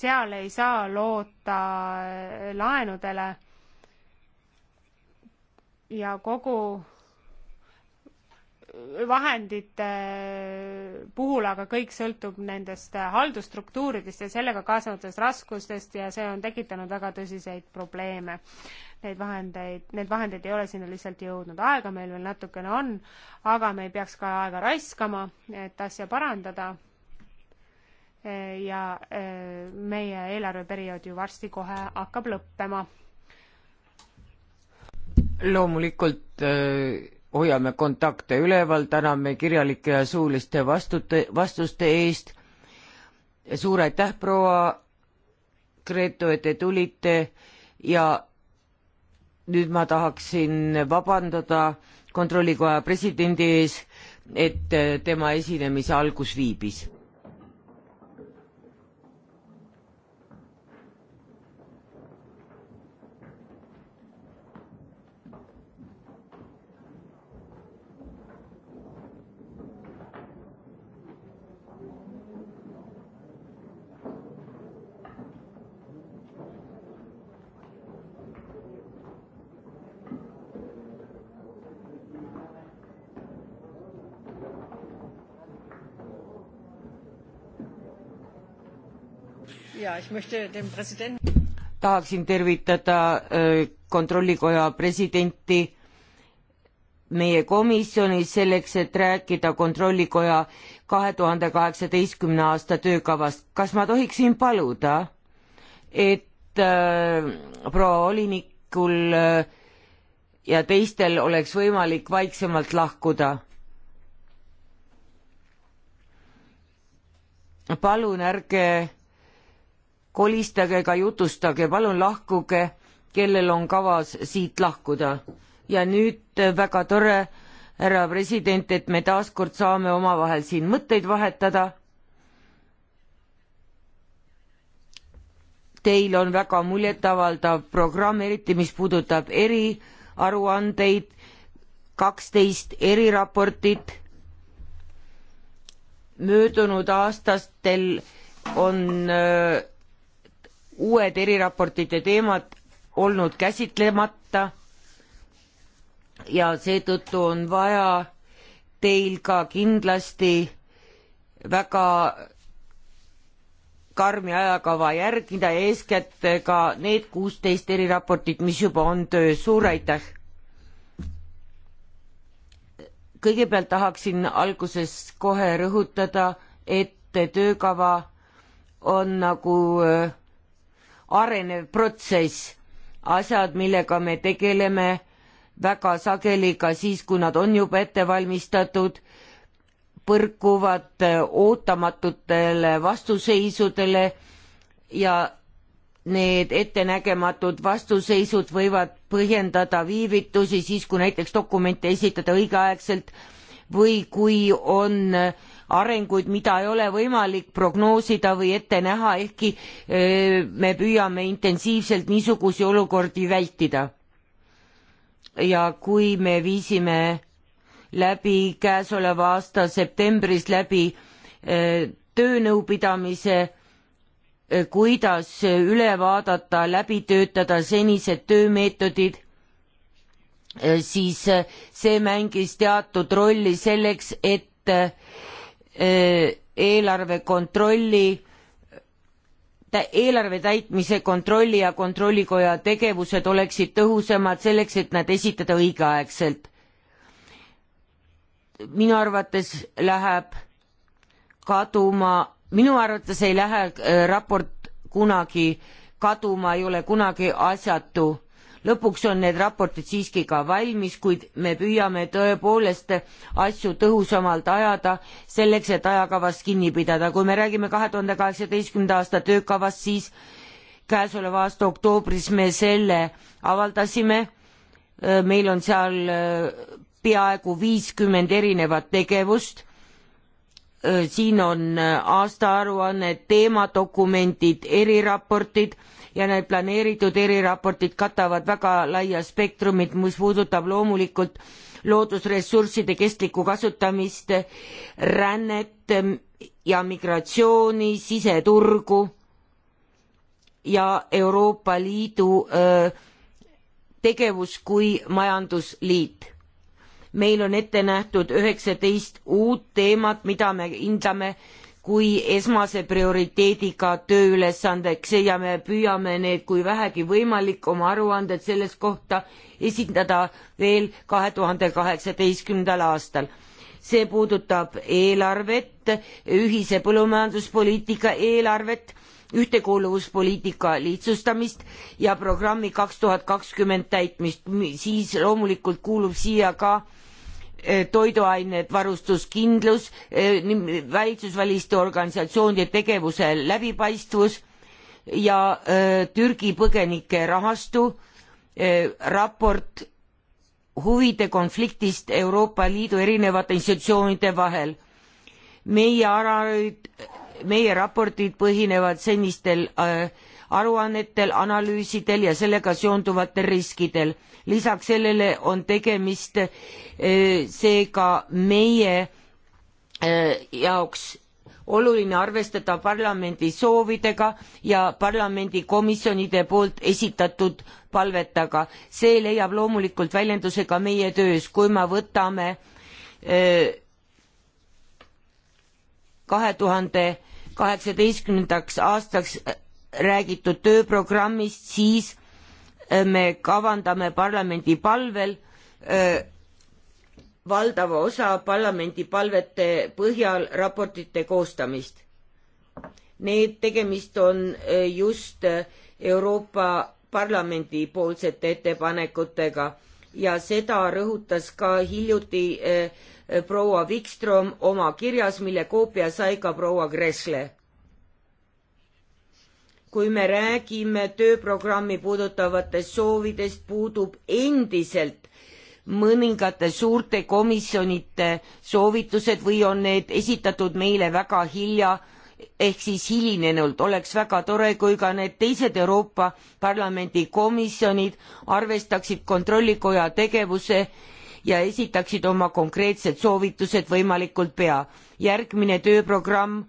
seal ei saa loota äh, laenudele ja kogu vahendite puhul aga kõik sõltub nendest haldusstruktuuridest ja sellega kaasnevatest raskustest ja see on tekitanud väga tõsiseid probleeme. Neid vahendeid, need vahendid ei ole sinna lihtsalt jõudnud, aega meil veel natukene on, aga me ei peaks ka aega raiskama, et asja parandada. ja e, meie eelarveperiood ju varsti kohe hakkab lõppema. loomulikult öö e, hoiame kontakte üleval, täname kirjalike ja suuliste vastute, vastuste eest. suur aitäh, proua Gretu, et te tulite ja nüüd ma tahaksin vabandada kontrollikoja presidendi ees, et tema esinemise algus viibis tahaksin tervitada äh, kontrollikoja presidenti meie komisjonis selleks, et rääkida kontrollikoja kahe tuhande kaheksateistkümne aasta töökavast. kas ma tohiksin paluda, et äh, proua volinikul äh, ja teistel oleks võimalik vaiksemalt lahkuda? palun ärge kolistage ega jutustage, palun lahkuge, kellel on kavas siit lahkuda. ja nüüd väga tore, härra president, et me taaskord saame omavahel siin mõtteid vahetada. Teil on väga muljetavaldav programm, eriti mis puudutab eriaruandeid, kaksteist eriraportit. möödunud aastastel on öö, uued eriraportite teemad olnud käsitlemata ja seetõttu on vaja teil ka kindlasti väga karmi ajakava järgida ja eeskätt ka need kuusteist eriraportit, mis juba on töös, suur aitäh! kõigepealt tahaksin alguses kohe rõhutada, et töökava on nagu äh, arenev protsess, asjad, millega me tegeleme väga sageli ka siis, kui nad on juba ette valmistatud, põrkuvad äh, ootamatutele vastuseisudele ja need ettenägematud vastuseisud võivad põhjendada viivitusi siis, kui näiteks dokumente esitada õigeaegselt või kui on äh, arenguid, mida ei ole võimalik prognoosida või ette näha, ehkki me püüame intensiivselt niisugusi olukordi vältida. ja kui me viisime läbi käesoleva aasta septembris läbi töönõupidamise, kuidas üle vaadata, läbi töötada senised töömeetodid siis see mängis teatud rolli selleks, et Äh, eelarve kontrolli, eelarve täitmise kontrolli ja kontrollikoja tegevused oleksid tõhusamad selleks, et nad esitada õigeaegselt. minu arvates läheb kaduma, minu arvates ei lähe äh, raport kunagi kaduma, ei ole kunagi asjatu lõpuks on need raportid siiski ka valmis, kuid me püüame tõepoolest asju tõhusamalt ajada selleks, et ajakavast kinni pidada. kui me räägime kahe tuhande kaheksateistkümnenda aasta töökavast, siis käesoleva aasta oktoobris me selle avaldasime. meil on seal äh, peaaegu viiskümmend erinevat tegevust äh, siin on äh, aastaaruanne, teemadokumendid, eriraportid ja need planeeritud eriraportid katavad väga laia spektrumit, mis puudutab loomulikult loodusressursside kestlikku kasutamist, rännet ja migratsiooni, siseturgu ja Euroopa Liidu öö, tegevus kui majandusliit. meil on ette nähtud üheksateist uut teemat, mida me hindame kui esmase prioriteediga tööülesandeks ja me püüame need, kui vähegi võimalik, oma aruanded selles kohta esindada veel kahe tuhande kaheksateistkümnendal aastal. see puudutab eelarvet, ühise põllumajanduspoliitika eelarvet, ühtekuuluvuspoliitika lihtsustamist ja programmi kaks tuhat kakskümmend täitmist, siis loomulikult kuulub siia ka E, toiduained, varustuskindlus, e, valitsusväliste organisatsioonide tegevuse läbipaistvus ja e, Türgi põgenike rahastu raport huvide konfliktist Euroopa Liidu erinevate institutsioonide vahel. meie analüüs, meie raportid põhinevad senistel äh, aruannetel, analüüsidel ja sellega seonduvatel riskidel. lisaks sellele on tegemist eh, seega meie eh, jaoks oluline arvestada parlamendi soovidega ja parlamendi komisjonide poolt esitatud palvetega. see leiab loomulikult väljenduse ka meie töös, kui me võtame eh, kahe tuhande kaheksateistkümnendaks aastaks räägitud tööprogrammist, siis äh, me kavandame parlamendi palvel öö, äh, valdava osa parlamendi palvete põhjal raportite koostamist. Need, tegemist on äh, just Euroopa Parlamendi poolsete ettepanekutega ja seda rõhutas ka hiljuti proua Wikström oma kirjas, mille koopia sai ka proua Gressle kui me räägime tööprogrammi puudutavatest soovidest, puudub endiselt mõningate suurte komisjonite soovitused või on need esitatud meile väga hilja ehk siis hilinenult. oleks väga tore, kui ka need teised Euroopa Parlamendi komisjonid arvestaksid Kontrollikoja tegevuse ja esitaksid oma konkreetsed soovitused võimalikult pea. järgmine tööprogramm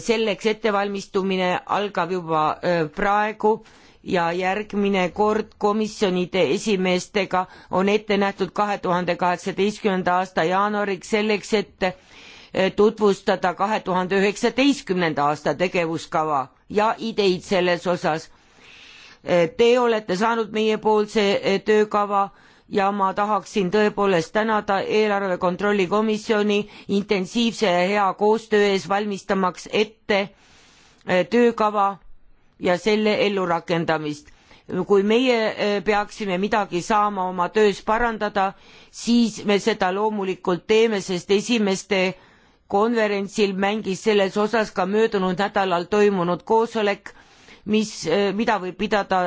selleks ettevalmistumine algab juba praegu ja järgmine kord komisjonide esimeestega on ette nähtud kahe tuhande kaheksateistkümnenda aasta jaanuariks selleks, et tutvustada kahe tuhande üheksateistkümnenda aasta tegevuskava ja ideid selles osas. Te olete saanud meie poolt see töökava ja ma tahaksin tõepoolest tänada eelarve kontrolli komisjoni intensiivse ja hea koostöö ees valmistamaks ette eh, töökava ja selle ellurakendamist kui meie eh, peaksime midagi saama oma töös parandada siis me seda loomulikult teeme sest esimeste konverentsil mängis selles osas ka möödunud nädalal toimunud koosolek mis eh, mida võib pidada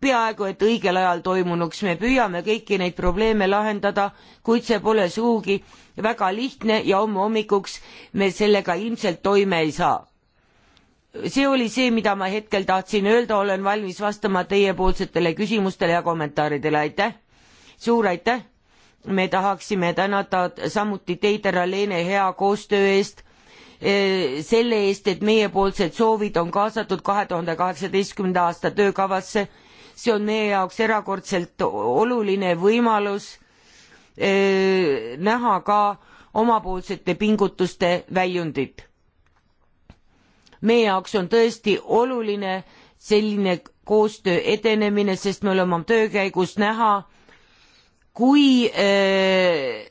peaaegu et õigel ajal toimunuks, me püüame kõiki neid probleeme lahendada, kuid see pole sugugi väga lihtne ja homme hommikuks me sellega ilmselt toime ei saa. see oli see, mida ma hetkel tahtsin öelda, olen valmis vastama teiepoolsetele küsimustele ja kommentaaridele, aitäh! suur aitäh! me tahaksime tänada samuti teid, härra Leene, hea koostöö eest e, selle eest, et meiepoolsed soovid on kaasatud kahe tuhande kaheksateistkümnenda aasta töökavasse see on meie jaoks erakordselt oluline võimalus eh, näha ka omapoolsete pingutuste väljundit. meie jaoks on tõesti oluline selline koostöö edenemine, sest me oleme oma töö käigus näha, kui eh,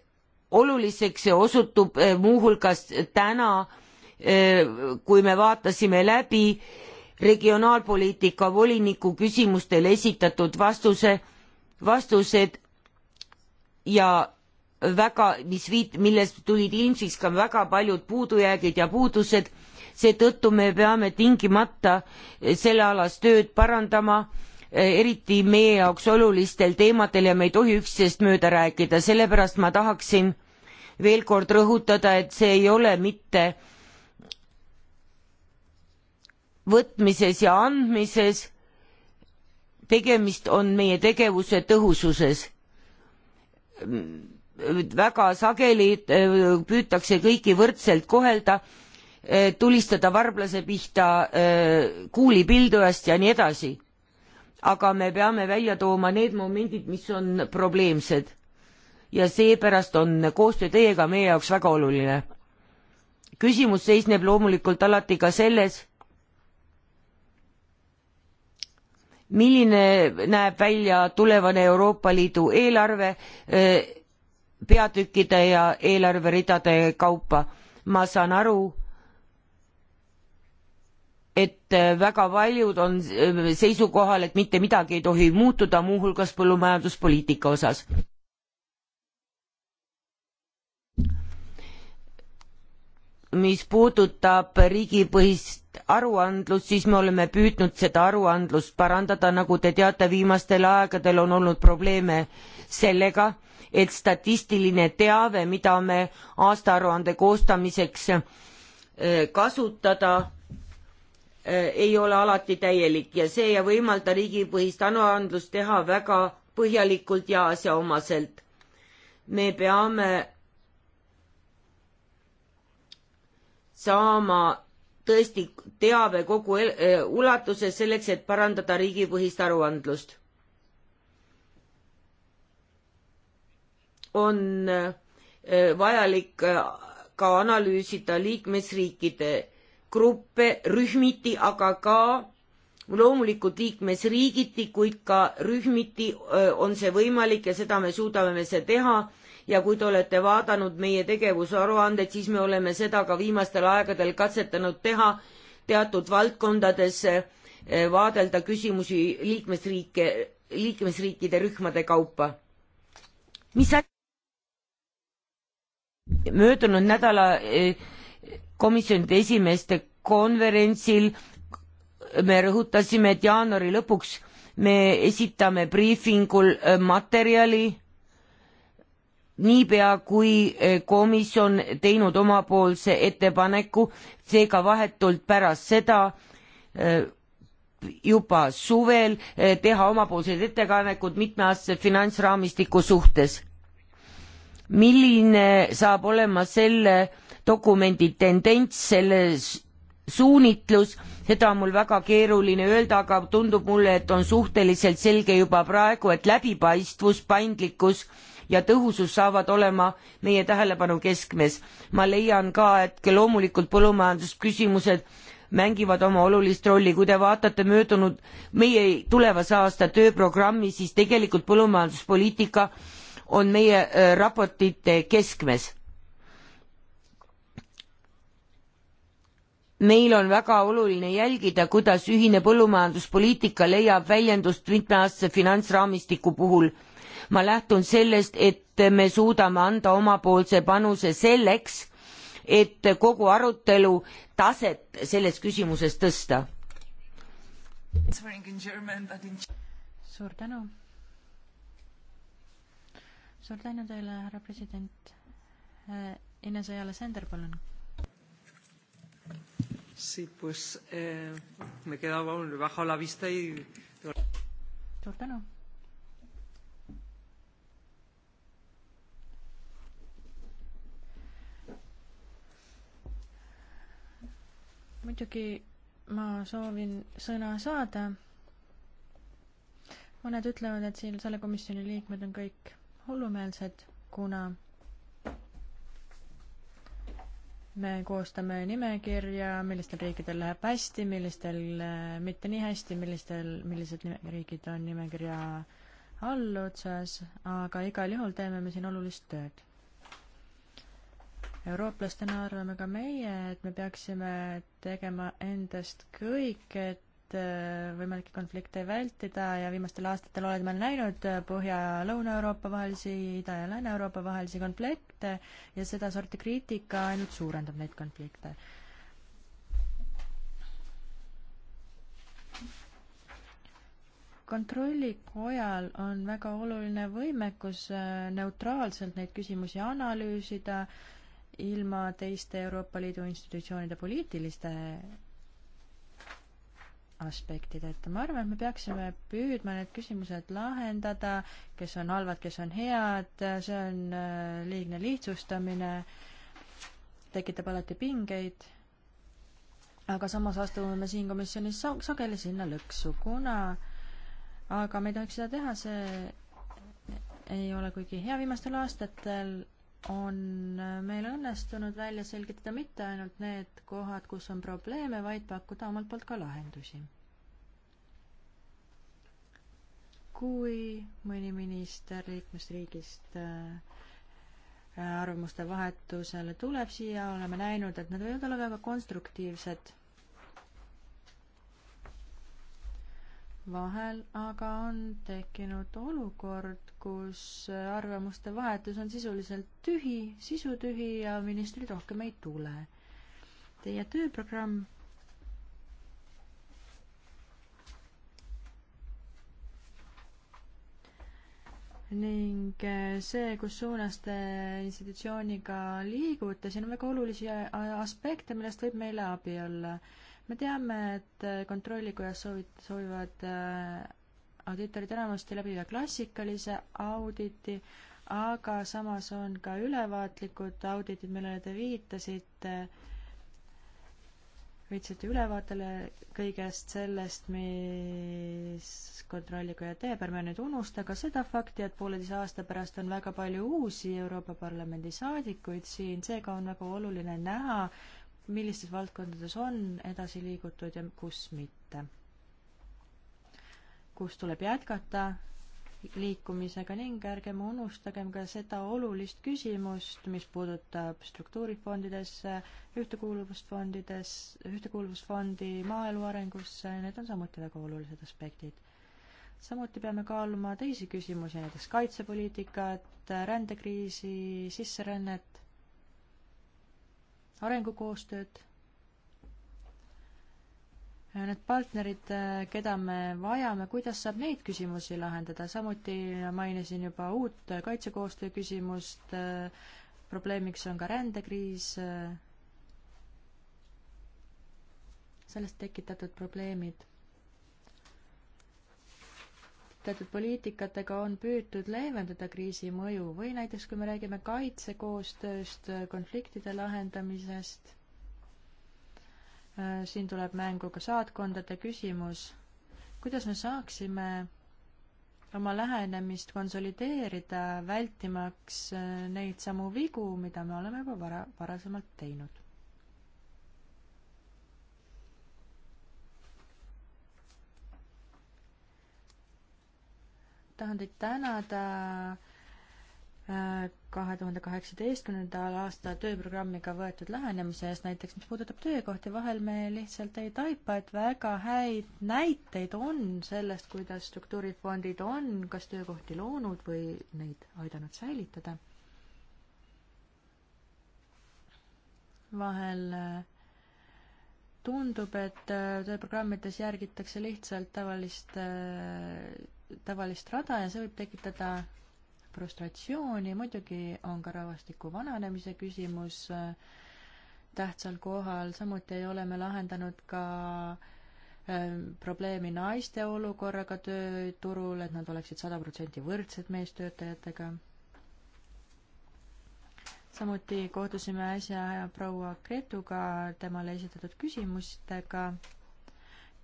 oluliseks see osutub eh, muuhulgas täna, eh, kui me vaatasime läbi eh, regionaalpoliitika voliniku küsimustele esitatud vastuse, vastused ja väga, mis viit-, millest tulid ilmsiks ka väga paljud puudujäägid ja puudused, seetõttu me peame tingimata sellealast tööd parandama, eriti meie jaoks olulistel teemadel ja me ei tohi üksteisest mööda rääkida, sellepärast ma tahaksin veel kord rõhutada, et see ei ole mitte äh, võtmises ja andmises, tegemist on meie tegevuse tõhususes. väga sageli äh, püütakse kõiki võrdselt kohelda, äh, tulistada varblase pihta äh, kuulipildujast ja nii edasi. aga me peame välja tooma need momendid, mis on probleemsed. ja seepärast on koostöö teiega meie jaoks väga oluline. küsimus seisneb loomulikult alati ka selles, milline näeb välja tulevane Euroopa Liidu eelarve eh, peatükkide ja eelarveridade kaupa. ma saan aru, et eh, väga paljud on eh, seisukohal, et mitte midagi ei tohi muutuda, muuhulgas põllumajanduspoliitika osas mis puudutab riigipõhist aruandlust, siis me oleme püüdnud seda aruandlust parandada, nagu te teate, viimastel aegadel on olnud probleeme sellega, et statistiline teave, mida me aastaaruande koostamiseks äh, kasutada, äh, ei ole alati täielik ja see ei võimalda riigipõhist aruandlust teha väga põhjalikult ja asjaomaselt. me peame saama tõesti teave kogu e, ulatuses selleks, et parandada riigipõhist aruandlust. on e, vajalik e, ka analüüsida liikmesriikide gruppe rühmiti, aga ka loomulikult liikmesriigiti, kuid ka rühmiti on see võimalik ja seda me suudame me see teha ja kui te olete vaadanud meie tegevusaruanded, siis me oleme seda ka viimastel aegadel katsetanud teha teatud valdkondades eh, vaadelda küsimusi liikmesriike, liikmesriikide rühmade kaupa. mis asja? möödunud nädala eh, komisjonide esimeeste konverentsil me rõhutasime, et jaanuari lõpuks me esitame briifingul eh, materjali niipea kui eh, komisjon teinud omapoolse ettepaneku, seega vahetult pärast seda eh, juba suvel eh, teha omapoolsed ettepanekud mitmeaastase finantsraamistiku suhtes. milline saab olema selle dokumendi tendents, selle suunitlus, seda on mul väga keeruline öelda, aga tundub mulle, et on suhteliselt selge juba praegu, et läbipaistvus, paindlikkus äh, ja tõhusus saavad olema meie tähelepanu keskmes. ma leian ka, et loomulikult põllumajandusküsimused mängivad oma olulist rolli, kui te vaatate möödunud meie tulevase aasta tööprogrammi, siis tegelikult põllumajanduspoliitika on meie äh, raportite keskmes meil on väga oluline jälgida, kuidas ühine põllumajanduspoliitika leiab väljendust mitmeaastase finantsraamistiku puhul. ma lähtun sellest, et me suudame anda omapoolse panuse selleks, et kogu arutelu taset selles küsimuses tõsta. suur tänu. suur tänu teile, härra president. Äh, Ines Ojala-Sender, palun Sí, pues eh, me he quedado, vamos, he bajado la vista y... suur tänu. muidugi ma soovin sõna saada. mõned ütlevad, et siin selle komisjoni liikmed on kõik hullumeelsed, kuna me koostame nimekirja, millistel riikidel läheb hästi, millistel äh, mitte nii hästi, millistel, millised riigid on nimekirja allotsas, aga igal juhul teeme me siin olulist tööd. eurooplastena arvame ka meie, et me peaksime tegema endast kõik, et Äh, võimalikke konflikte vältida ja viimastel aastatel oleme näinud äh, Põhja-Lõuna-Euroopa vahelisi, Ida- ja Lääne-Euroopa vahelisi konflikte ja sedasorti kriitika ainult suurendab neid konflikte. kontrollikojal on väga oluline võimekus äh, neutraalselt neid küsimusi analüüsida ilma teiste Euroopa Liidu institutsioonide poliitiliste aspektid, et ma arvan, et me peaksime püüdma need küsimused lahendada, kes on halvad, kes on head, see on äh, liigne lihtsustamine, tekitab alati pingeid, aga samas astume me siin komisjonis sa-, sageli sinna lõksu, kuna aga me ei tohiks seda teha, see ei ole kuigi hea, viimastel aastatel on äh, meil õnnestunud välja selgitada mitte ainult need kohad, kus on probleeme, vaid pakkuda omalt poolt ka lahendusi. kui mõni minister liikmesriigist äh, äh, arvamuste vahetusele tuleb siia, oleme näinud, et nad võivad olla väga konstruktiivsed. vahel aga on tekkinud olukord, kus arvamuste vahetus on sisuliselt tühi, sisutühi ja ministrid rohkem ei tule. Teie tööprogramm ning eh, see, kus suunas te institutsiooniga liigute, siin on väga olulisi aspekte, millest võib meile abi olla. me teame, et eh, kontrollikojas soovid, soovivad eh, audiitorid enamasti läbi viia klassikalise auditi, aga samas on ka ülevaatlikud auditid, millele te viitasite võtsite ülevaatele kõigest sellest, mis kontrollikoja teeb, ärme nüüd unusta ka seda fakti, et pooleteise aasta pärast on väga palju uusi Euroopa Parlamendi saadikuid siin, seega on väga oluline näha, millistes valdkondades on edasi liigutud ja kus mitte. kus tuleb jätkata liikumisega ning ärgem unustagem ka seda olulist küsimust, mis puudutab struktuurifondidesse, ühtekuuluvusfondides, ühtekuuluvusfondi maaelu arengusse, need on samuti väga olulised aspektid. samuti peame kaaluma teisi küsimusi, näiteks kaitsepoliitikat, rändekriisi, sisserännet, arengukoostööd need partnerid, keda me vajame, kuidas saab neid küsimusi lahendada, samuti mainisin juba uut kaitsekoostöö küsimust, probleemiks on ka rändekriis, sellest tekitatud probleemid. teatud poliitikatega on püütud leevendada kriisi mõju või näiteks kui me räägime kaitsekoostööst, konfliktide lahendamisest Äh, siin tuleb mängu ka saatkondade küsimus. kuidas me saaksime oma lähenemist konsolideerida, vältimaks äh, neid samu vigu, mida me oleme juba vara, varasemalt teinud? tahan teid tänada kahe tuhande kaheksateistkümnendal aasta tööprogrammiga võetud lähenemise eest, näiteks mis puudutab töökohti, vahel me lihtsalt ei taipa, et väga häid näiteid on sellest, kuidas struktuurifondid on kas töökohti loonud või neid aidanud säilitada. vahel äh, tundub, et äh, tööprogrammides järgitakse lihtsalt tavalist, äh, tavalist rada ja see võib tekitada frustratsiooni, muidugi on ka rahvastiku vananemise küsimus äh, tähtsal kohal, samuti ei ole me lahendanud ka äh, probleemi naiste olukorraga tööturul, et nad oleksid sada protsenti võrdsed meestöötajatega. samuti kohtusime äsja proua Gretuga temale esitatud küsimustega.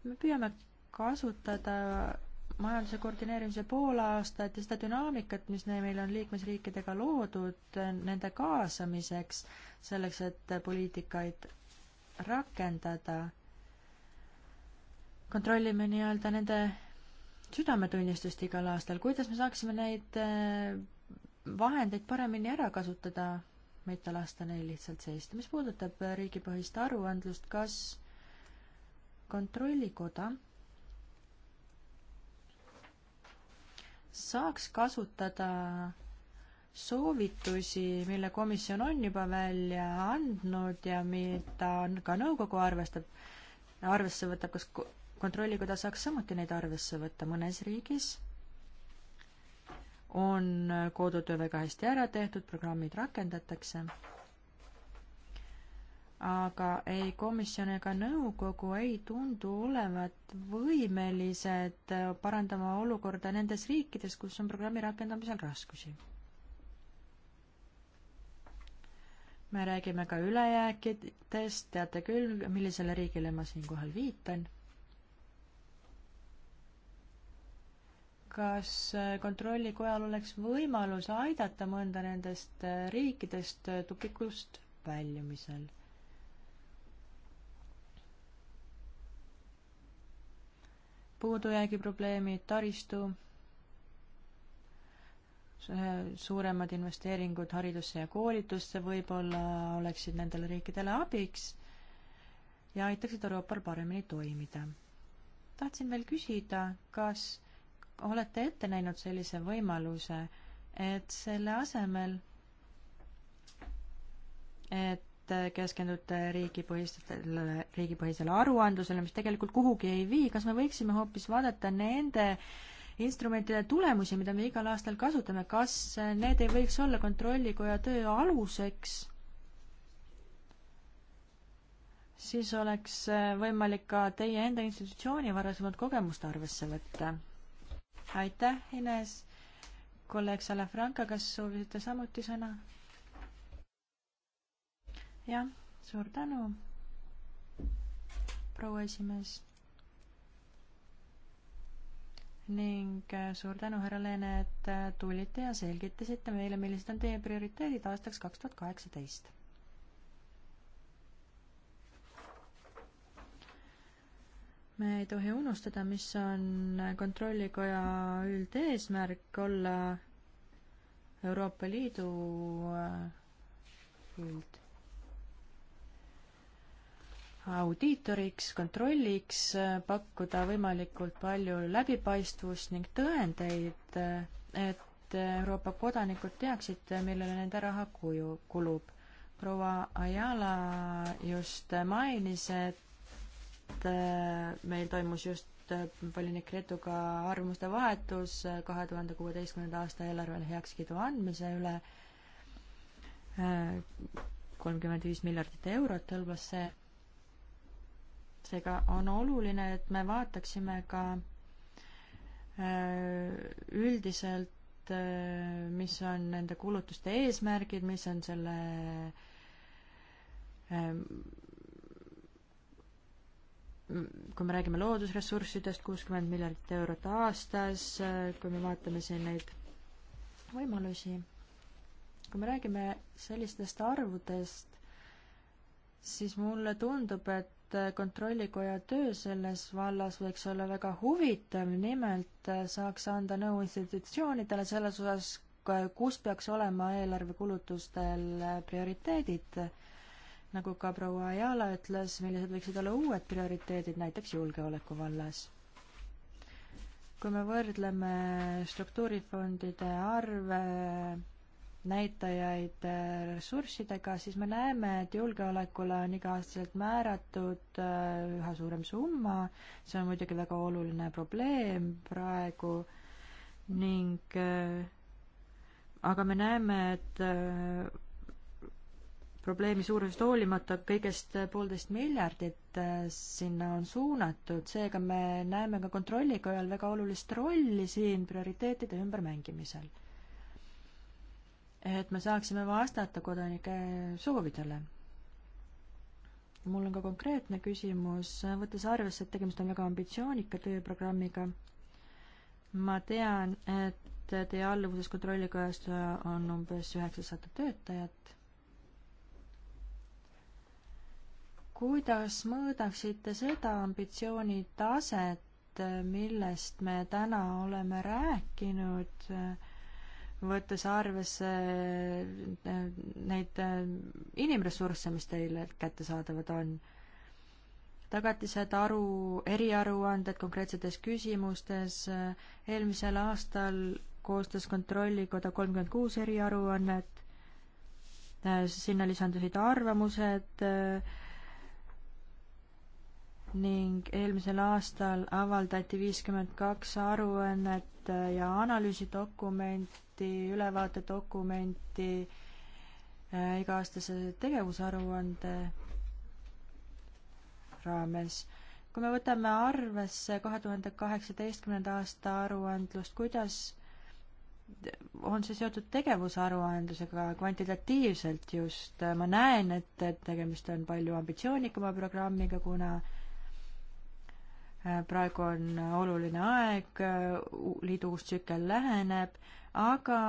me püüame kasutada majanduse koordineerimise poolaastat ja seda dünaamikat, mis meil on liikmesriikidega loodud nende kaasamiseks, selleks, et poliitikaid rakendada. kontrollime nii-öelda nende südametunnistust igal aastal, kuidas me saaksime neid äh, vahendeid paremini ära kasutada, mitte lasta neil lihtsalt seista. mis puudutab riigipõhist aruandlust, kas kontrollikoda saaks kasutada soovitusi, mille komisjon on juba välja andnud ja mida on ka nõukogu arvestab, arvesse võtab, kas kontrollikoda saaks samuti neid arvesse võtta mõnes riigis? on kodutöö väga hästi ära tehtud, programmid rakendatakse aga ei komisjon ega nõukogu ei tundu olevat võimelised parandama olukorda nendes riikides, kus on programmi rakendamisel raskusi. me räägime ka ülejääkidest, teate küll, millisele riigile ma siinkohal viitan kas kontrollikojal oleks võimalus aidata mõnda nendest riikidest tupikust väljumisel? puudujäägi probleemid, taristu, suuremad investeeringud haridusse ja koolitusse võib-olla oleksid nendele riikidele abiks ja aitaksid Euroopal paremini toimida. tahtsin veel küsida, kas olete ette näinud sellise võimaluse, et selle asemel, et keskendute riigipõhistele, riigipõhisele aruandlusele, mis tegelikult kuhugi ei vii, kas me võiksime hoopis vaadata nende instrumentide tulemusi, mida me igal aastal kasutame, kas need ei võiks olla Kontrollikoja töö aluseks? siis oleks võimalik ka teie enda institutsiooni varasemat kogemust arvesse võtta. aitäh, Ines! kolleeg Salafranca, kas soovisite samuti sõna? jah, suur tänu, proua esimees. ning äh, suur tänu, härra Leene, et äh, tulite ja selgitasite meile, millised on teie prioriteedid aastaks kaks tuhat kaheksateist. me ei tohi unustada, mis on äh, Kontrollikoja üldeesmärk olla Euroopa Liidu üld audiitoriks, kontrolliks, pakkuda võimalikult palju läbipaistvust ning tõendeid, et Euroopa kodanikud teaksid, millele nende raha kuju, kulub. proua Ajala just mainis, et äh, meil toimus just äh, volinik Reetuga arvamuste vahetus äh, kahe tuhande kuueteistkümnenda aasta eelarvele heakskiidu andmise üle. kolmkümmend viis miljardit eurot hõlmas see seega on oluline, et me vaataksime ka äh, üldiselt, äh, mis on nende kulutuste eesmärgid, mis on selle äh, kui me räägime loodusressurssidest, kuuskümmend miljardit eurot aastas, kui me vaatame siin neid võimalusi, kui me räägime sellistest arvudest, siis mulle tundub, et et Kontrollikoja töö selles vallas võiks olla väga huvitav, nimelt äh, saaks anda nõu institutsioonidele selles osas, kus peaks olema eelarvekulutustel äh, prioriteedid, nagu ka proua Ajala ütles, millised võiksid olla uued prioriteedid näiteks julgeoleku vallas kui me võrdleme struktuurifondide arve näitajaid äh, ressurssidega, siis me näeme, et julgeolekule on iga-aastaselt määratud äh, üha suurem summa, see on muidugi väga oluline probleem praegu ning äh, aga me näeme, et probleemi suurusest hoolimata kõigest poolteist miljardit sinna on suunatud, seega me näeme ka kontrollikojal väga olulist rolli siin prioriteetide ümbermängimisel et me saaksime vastata kodanike soovidele. mul on ka konkreetne küsimus, võttes arvesse, et tegemist on väga ambitsioonika tööprogrammiga, ma tean, et teie alluvuses kontrollikojas on umbes üheksasada töötajat kuidas mõõdaksite seda ambitsioonitaset, millest me täna oleme rääkinud äh, võttes arvesse äh, neid äh, inimressursse, mis teile kättesaadavad on. tagatised, aru, eriaruanded konkreetsetes küsimustes, eelmisel aastal koostas Kontrollikoda kolmkümmend kuus eriaruannet, äh, sinna lisandusid arvamused ning eelmisel aastal avaldati viiskümmend kaks aruannet uuringut ja analüüsidokumenti, ülevaatedokumenti, äh, iga-aastase tegevusaruande raames. kui me võtame arvesse kahe tuhande kaheksateistkümnenda aasta aruandlust, kuidas on see seotud tegevusaruandlusega kvantitatiivselt just, ma näen, et, et tegemist on palju ambitsioonikama programmiga, kuna äh, praegu on oluline aeg, liidu uus tsükkel läheneb, aga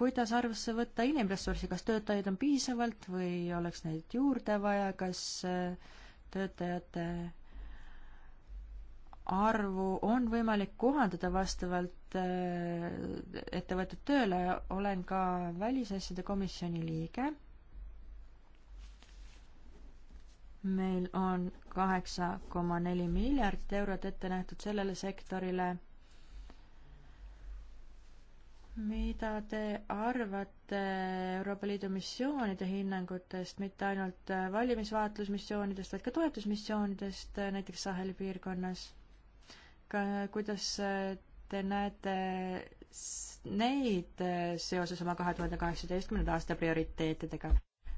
kuidas arvesse võtta inimressurssi, kas töötajaid on piisavalt või oleks neid juurde vaja, kas äh, töötajate arvu on võimalik kohandada vastavalt äh, ettevõtted tööle, olen ka Välisasjade komisjoni liige meil on kaheksa koma neli miljardit eurot ette nähtud sellele sektorile. mida te arvate Euroopa Liidu missioonide hinnangutest, mitte ainult valimisvaatlusmissioonidest, vaid ka toetusmissioonidest näiteks Saheli piirkonnas? ka kuidas te näete neid seoses oma kahe tuhande kaheksateistkümnenda aasta prioriteetidega?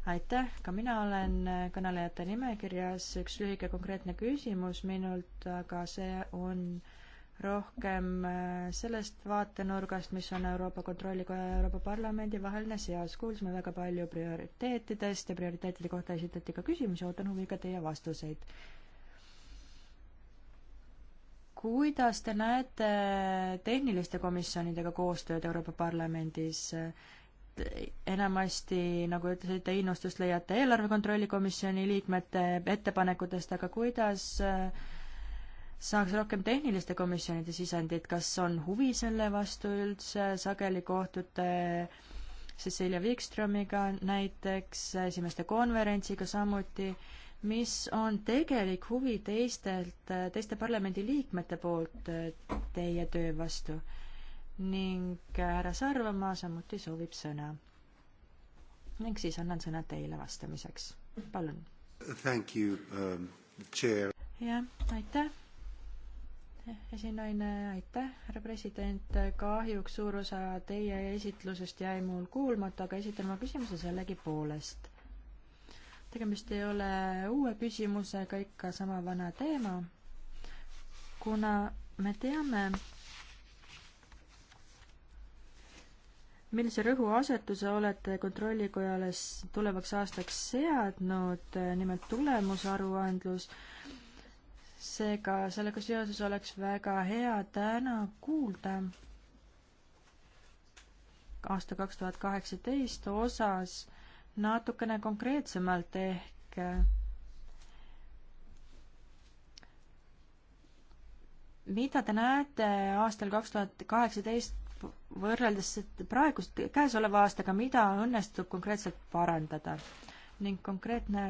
aitäh, ka mina olen äh, kõnelejate nimekirjas, üks lühike konkreetne küsimus minult, aga see on rohkem äh, sellest vaatenurgast, mis on Euroopa Kontrollikoja ja Euroopa Parlamendi vaheline seos. kuulsime väga palju prioriteetidest ja prioriteetide kohta esitati ka küsimusi, ootan huviga teie vastuseid. kuidas te näete tehniliste komisjonidega koostööd Euroopa Parlamendis äh, enamasti, nagu ütlesite, innustust leiate eelarve kontrolli komisjoni liikmete ettepanekutest, aga kuidas äh, saaks rohkem tehniliste komisjonide sisendit, kas on huvi selle vastu üldse, sageli kohtute Cecilia Wikströmiga näiteks, esimeste konverentsiga samuti, mis on tegelik huvi teistelt, teiste parlamendiliikmete poolt äh, teie töö vastu? ning härra Sarvamaa samuti soovib sõna. ning siis annan sõna teile vastamiseks, palun. Um, jah, aitäh esinaine, aitäh, härra president, kahjuks suur osa teie esitlusest jäi mul kuulmata, aga esitan oma küsimuse sellegipoolest. tegemist ei ole uue küsimusega, ikka sama vana teema. kuna me teame, millise rõhuasetuse olete Kontrollikojale tulevaks aastaks seadnud, nimelt tulemusaruandlus? seega sellega seoses oleks väga hea täna kuulda aasta kaks tuhat kaheksateist osas natukene konkreetsemalt ehk mida te näete aastal kaks tuhat kaheksateist võrreldes praegust, käesoleva aastaga, mida õnnestub konkreetselt parandada ning konkreetne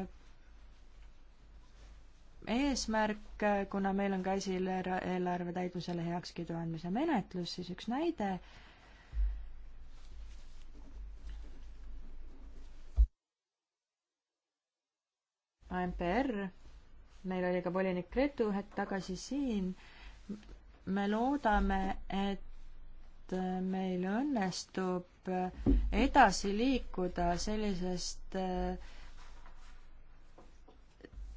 eesmärk, kuna meil on ka esil eelarve täidusele heakskiidu andmise menetlus, siis üks näide. ANPR, meil oli ka volinik Gretu hetk tagasi siin. me loodame, et Äh, meil õnnestub äh, edasi liikuda sellisest äh,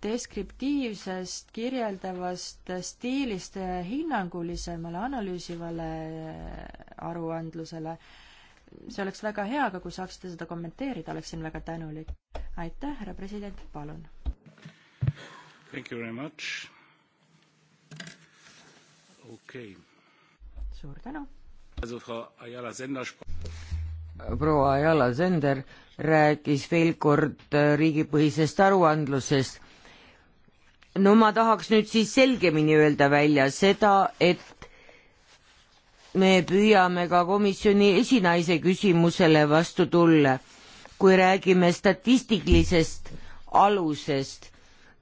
deskriptiivsest kirjeldavast stiilist hinnangulisemale analüüsivale aruandlusele. see oleks väga hea, aga kui saaksite seda kommenteerida, oleksin väga tänulik. aitäh, härra president, palun. Thank you very much. okei okay.. suur tänu proua Ajala Sender rääkis veel kord äh, riigipõhisest aruandlusest. no ma tahaks nüüd siis selgemini öelda välja seda, et me püüame ka komisjoni esinaise küsimusele vastu tulla, kui räägime statistikilisest alusest,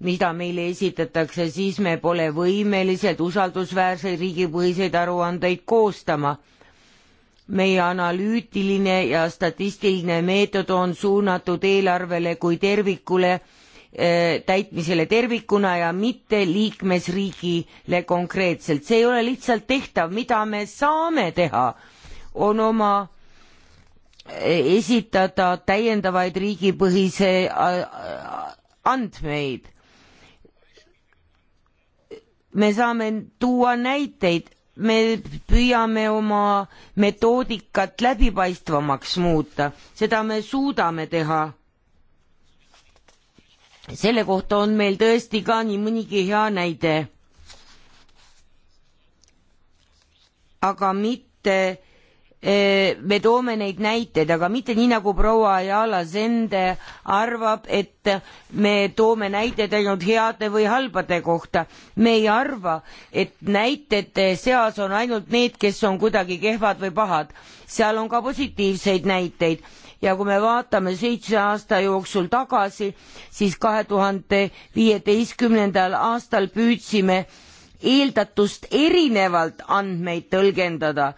mida meile esitatakse, siis me pole võimelised usaldusväärseid riigipõhiseid aruandeid koostama meie analüütiline ja statistiline meetod on suunatud eelarvele kui tervikule, eh, täitmisele tervikuna ja mitte liikmesriigile konkreetselt. see ei ole lihtsalt tehtav, mida me saame teha, on oma eh, esitada täiendavaid riigipõhise eh, andmeid. me saame tuua näiteid me püüame oma metoodikat läbipaistvamaks muuta, seda me suudame teha. selle kohta on meil tõesti ka nii mõnigi hea näide. aga mitte Eh, me toome neid näiteid, aga mitte nii, nagu proua Ayala Sende arvab, et me toome näiteid ainult heade või halbade kohta. me ei arva, et näitete seas on ainult need, kes on kuidagi kehvad või pahad. seal on ka positiivseid näiteid ja kui me vaatame seitse aasta jooksul tagasi, siis kahe tuhande viieteistkümnendal aastal püüdsime eeldatust erinevalt andmeid tõlgendada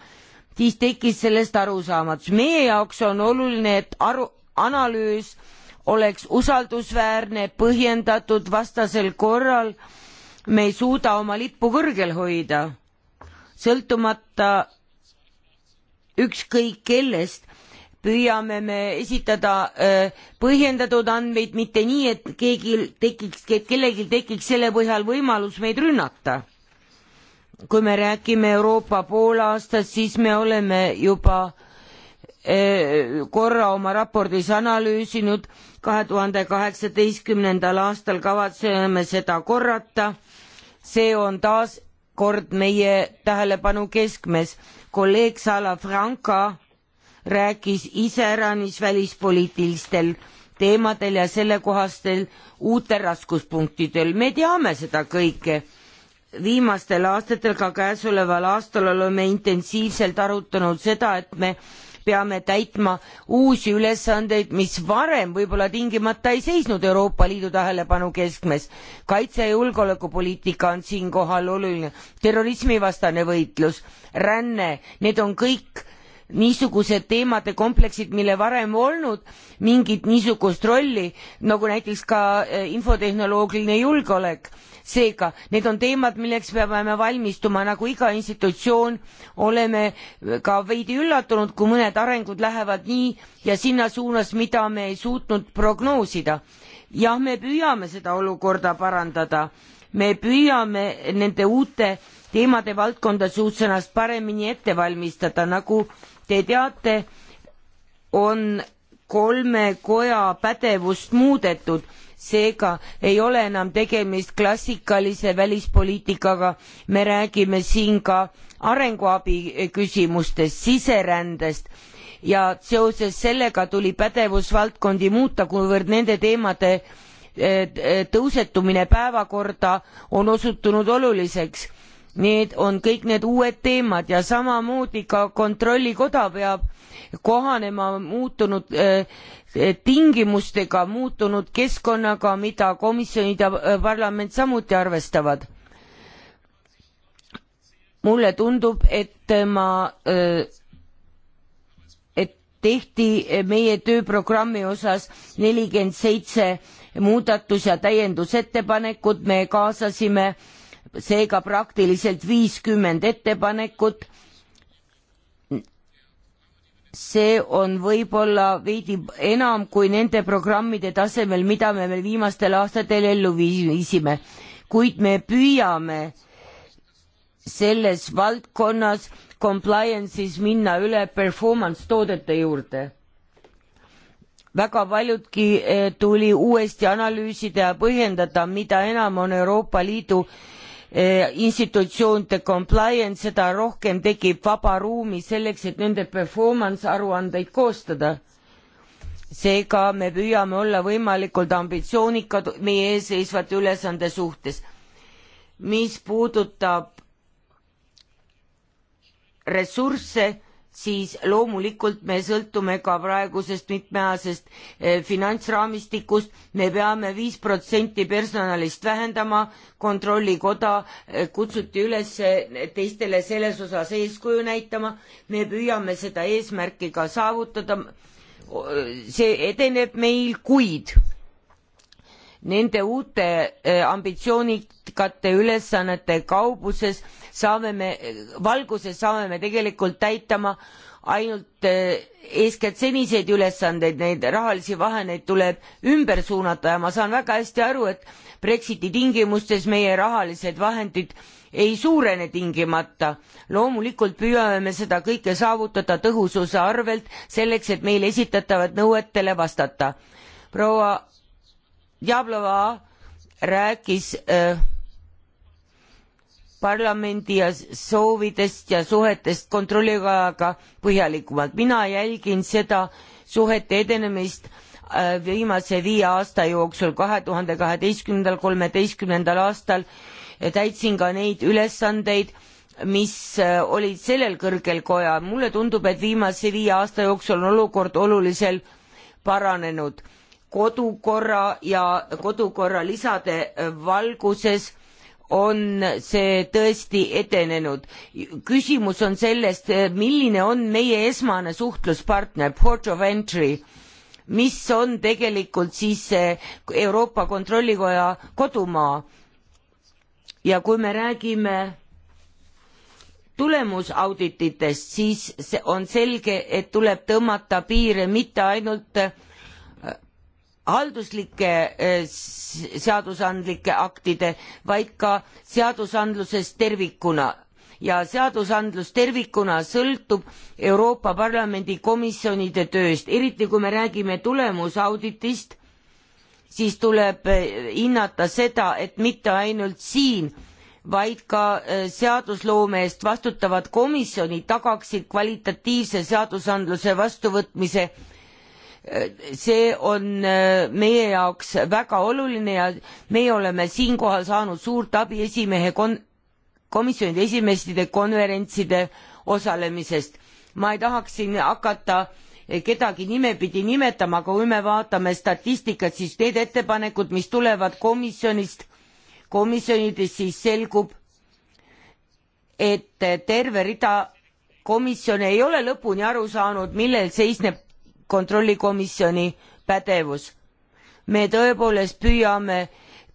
siis tekkis sellest arusaamatus. meie jaoks on oluline, et aru, analüüs oleks usaldusväärne, põhjendatud, vastasel korral me ei suuda oma lippu kõrgel hoida, sõltumata ükskõik kellest, püüame me esitada äh, põhjendatud andmeid, mitte nii, et keegi tekiks, kellelgi tekiks selle põhjal võimalus meid rünnata kui me räägime Euroopa poolaastast, siis me oleme juba eh, korra oma raportis analüüsinud, kahe tuhande kaheksateistkümnendal aastal kavatseme seda korrata. see on taas kord meie tähelepanu keskmes. kolleeg Salafranca rääkis iseäranis välispoliitilistel teemadel ja sellekohastel uutel raskuspunktidel. me teame seda kõike viimastel aastatel, ka käesoleval aastal oleme intensiivselt arutanud seda, et me peame täitma uusi ülesandeid, mis varem võib-olla tingimata ei seisnud Euroopa Liidu tähelepanu keskmes. kaitse- ja julgeolekupoliitika on siinkohal oluline, terrorismivastane võitlus, ränne, need on kõik niisugused teemade kompleksid, mille varem olnud mingit niisugust rolli, nagu näiteks ka äh, infotehnoloogiline julgeolek. seega need on teemad, milleks peame valmistuma, nagu iga institutsioon oleme ka veidi üllatunud, kui mõned arengud lähevad nii ja sinna suunas, mida me ei suutnud prognoosida. jah, me püüame seda olukorda parandada, me püüame nende uute teemade valdkonda suutnud ennast paremini ette valmistada, nagu te teate, on kolme koja pädevust muudetud, seega ei ole enam tegemist klassikalise välispoliitikaga, me räägime siin ka arenguabi küsimustest, siserändest ja seoses sellega tuli pädevusvaldkondi muuta, kuivõrd nende teemade eh, eh, tõusetumine päevakorda on osutunud oluliseks Need on kõik need uued teemad ja samamoodi ka kontrollikoda peab kohanema muutunud eh, tingimustega, muutunud keskkonnaga, mida komisjonid ja eh, parlament samuti arvestavad. mulle tundub, et eh, ma tehti meie tööprogrammi osas nelikümmend seitse muudatus ja täiendusettepanekut, me kaasasime seega praktiliselt viiskümmend ettepanekut. see on võib-olla veidi enam kui nende programmide tasemel, mida me veel viimastel aastatel ellu viisime, kuid me püüame selles valdkonnas compliance'is minna üle performance toodete juurde väga paljudki eh, tuli uuesti analüüsida ja põhjendada mida enam on euroopa liidu Eh, institutsioonide compliance, seda rohkem tekib vaba ruumi selleks, et nende performance aruandeid koostada. seega me püüame olla võimalikult ambitsioonikad meie eesseisvate ülesande suhtes. mis puudutab ressursse siis loomulikult me sõltume ka praegusest mitmeaasest eh, finantsraamistikust, me peame viis protsenti personalist vähendama, kontrollikoda eh, kutsuti üles eh, teistele selles osas eeskuju näitama, me püüame seda eesmärki ka saavutada, see edeneb meil kuid nende uute äh, ambitsioonikate ülesannete kaubuses saame me, valguses saame me tegelikult täitama ainult äh, eeskätt seniseid ülesandeid, neid rahalisi vahendeid tuleb ümber suunata ja ma saan väga hästi aru, et Brexiti tingimustes meie rahalised vahendid ei suurene tingimata. loomulikult püüame me seda kõike saavutada tõhususe arvelt, selleks et meile esitatavad nõuetele vastata. proua Jablova rääkis äh, parlamendi ja soovidest ja suhetest kontrollikojaga põhjalikumalt. mina jälgin seda suhete edenemist äh, viimase viie aasta jooksul, kahe tuhande kaheteistkümnendal, kolmeteistkümnendal aastal täitsin ka neid ülesandeid, mis äh, olid sellel kõrgel koja. mulle tundub, et viimase viie aasta jooksul on olukord olulisel paranenud kodukorra ja kodukorra lisade valguses on see tõesti edenenud. küsimus on sellest, milline on meie esmane suhtluspartner, port of entry, mis on tegelikult siis Euroopa Kontrollikoja kodumaa. ja kui me räägime tulemusaudititest, siis on selge, et tuleb tõmmata piire mitte ainult halduslike eh, seadusandlike aktide, vaid ka seadusandlusest tervikuna ja seadusandlus tervikuna sõltub Euroopa Parlamendi komisjonide tööst, eriti kui me räägime tulemusauditist, siis tuleb eh, hinnata seda, et mitte ainult siin, vaid ka eh, seadusloome eest vastutavad komisjonid tagaksid kvalitatiivse seadusandluse vastuvõtmise see on äh, meie jaoks väga oluline ja meie oleme siinkohal saanud suurt abi esimehe kon- komisjonide esimeestide konverentside osalemisest ma ei tahaks siin hakata kedagi nimepidi nimetama aga kui me vaatame statistikat siis need ettepanekud mis tulevad komisjonist komisjonidest siis selgub et terve rida komisjone ei ole lõpuni aru saanud millel seisneb kontrollikomisjoni pädevus. me tõepoolest püüame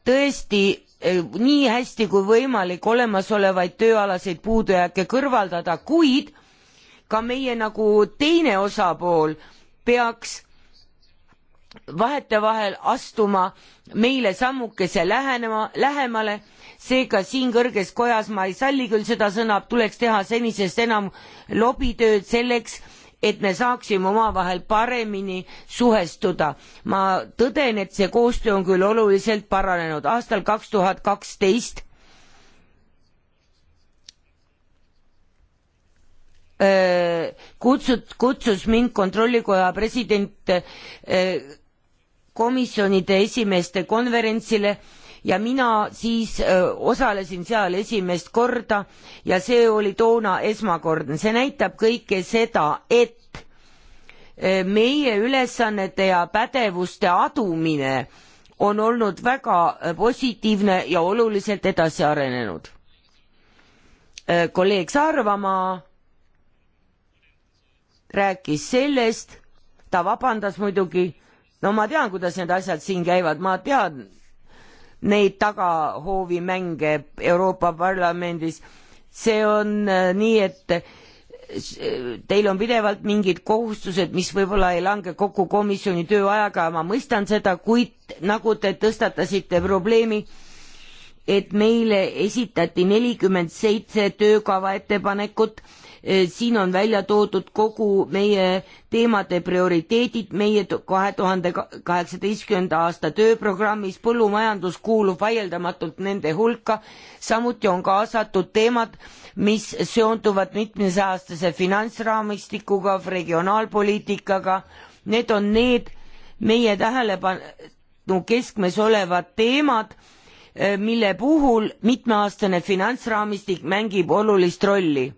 tõesti eh, nii hästi kui võimalik olemasolevaid tööalaseid puudujääke kõrvaldada, kuid ka meie nagu teine osapool peaks vahetevahel astuma meile sammukese lähenema, lähemale, seega siin kõrges kojas ma ei salli küll seda sõna, tuleks teha senisest enam lobitööd selleks, et me saaksime omavahel paremini suhestuda. ma tõden, et see koostöö on küll oluliselt paranenud. aastal kaks tuhat kaksteist kutsut-, kutsus mind kontrollikoja president komisjonide esimeeste konverentsile ja mina siis äh, osalesin seal esimest korda ja see oli toona esmakordne. see näitab kõike seda, et äh, meie ülesannete ja pädevuste adumine on olnud väga äh, positiivne ja oluliselt edasi arenenud. kolleeg Sarvamaa rääkis sellest, ta vabandas muidugi, no ma tean, kuidas need asjad siin käivad, ma tean, neid tagahoovimänge Euroopa Parlamendis. see on äh, nii, et äh, teil on pidevalt mingid kohustused, mis võib-olla ei lange kokku komisjoni tööajaga ja ma mõistan seda, kuid nagu te tõstatasite probleemi, et meile esitati nelikümmend seitse töökava ettepanekut Äh, siin on välja toodud kogu meie teemade prioriteedid meie kahe tuhande kaheksateistkümnenda aasta tööprogrammis, põllumajandus kuulub vaieldamatult nende hulka, samuti on kaasatud teemad, mis seonduvad mitmesaastase finantsraamistikuga, regionaalpoliitikaga, need on need meie tähelepanu keskmes olevad teemad, äh, mille puhul mitmeaastane finantsraamistik mängib olulist rolli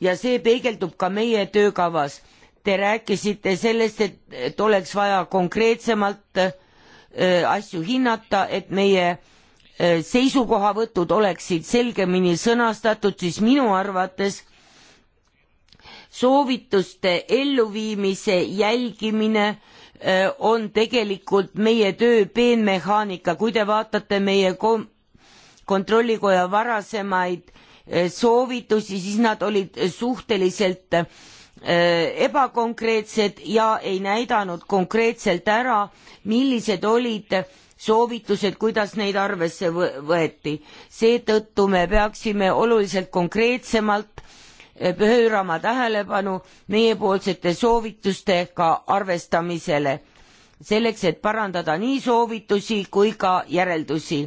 ja see peegeldub ka meie töökavas. Te rääkisite sellest, et, et oleks vaja konkreetsemalt äh, asju hinnata, et meie äh, seisukohavõtud oleksid selgemini sõnastatud, siis minu arvates soovituste elluviimise jälgimine äh, on tegelikult meie töö peenmehaanika, kui te vaatate meie kom-, kontrollikoja varasemaid äh, Eh, soovitusi, siis nad olid suhteliselt eh, ebakonkreetsed ja ei näidanud konkreetselt ära, millised olid soovitused, kuidas neid arvesse võeti. seetõttu me peaksime oluliselt konkreetsemalt eh, pöörama tähelepanu meiepoolsete soovitustega arvestamisele, selleks et parandada nii soovitusi kui ka järeldusi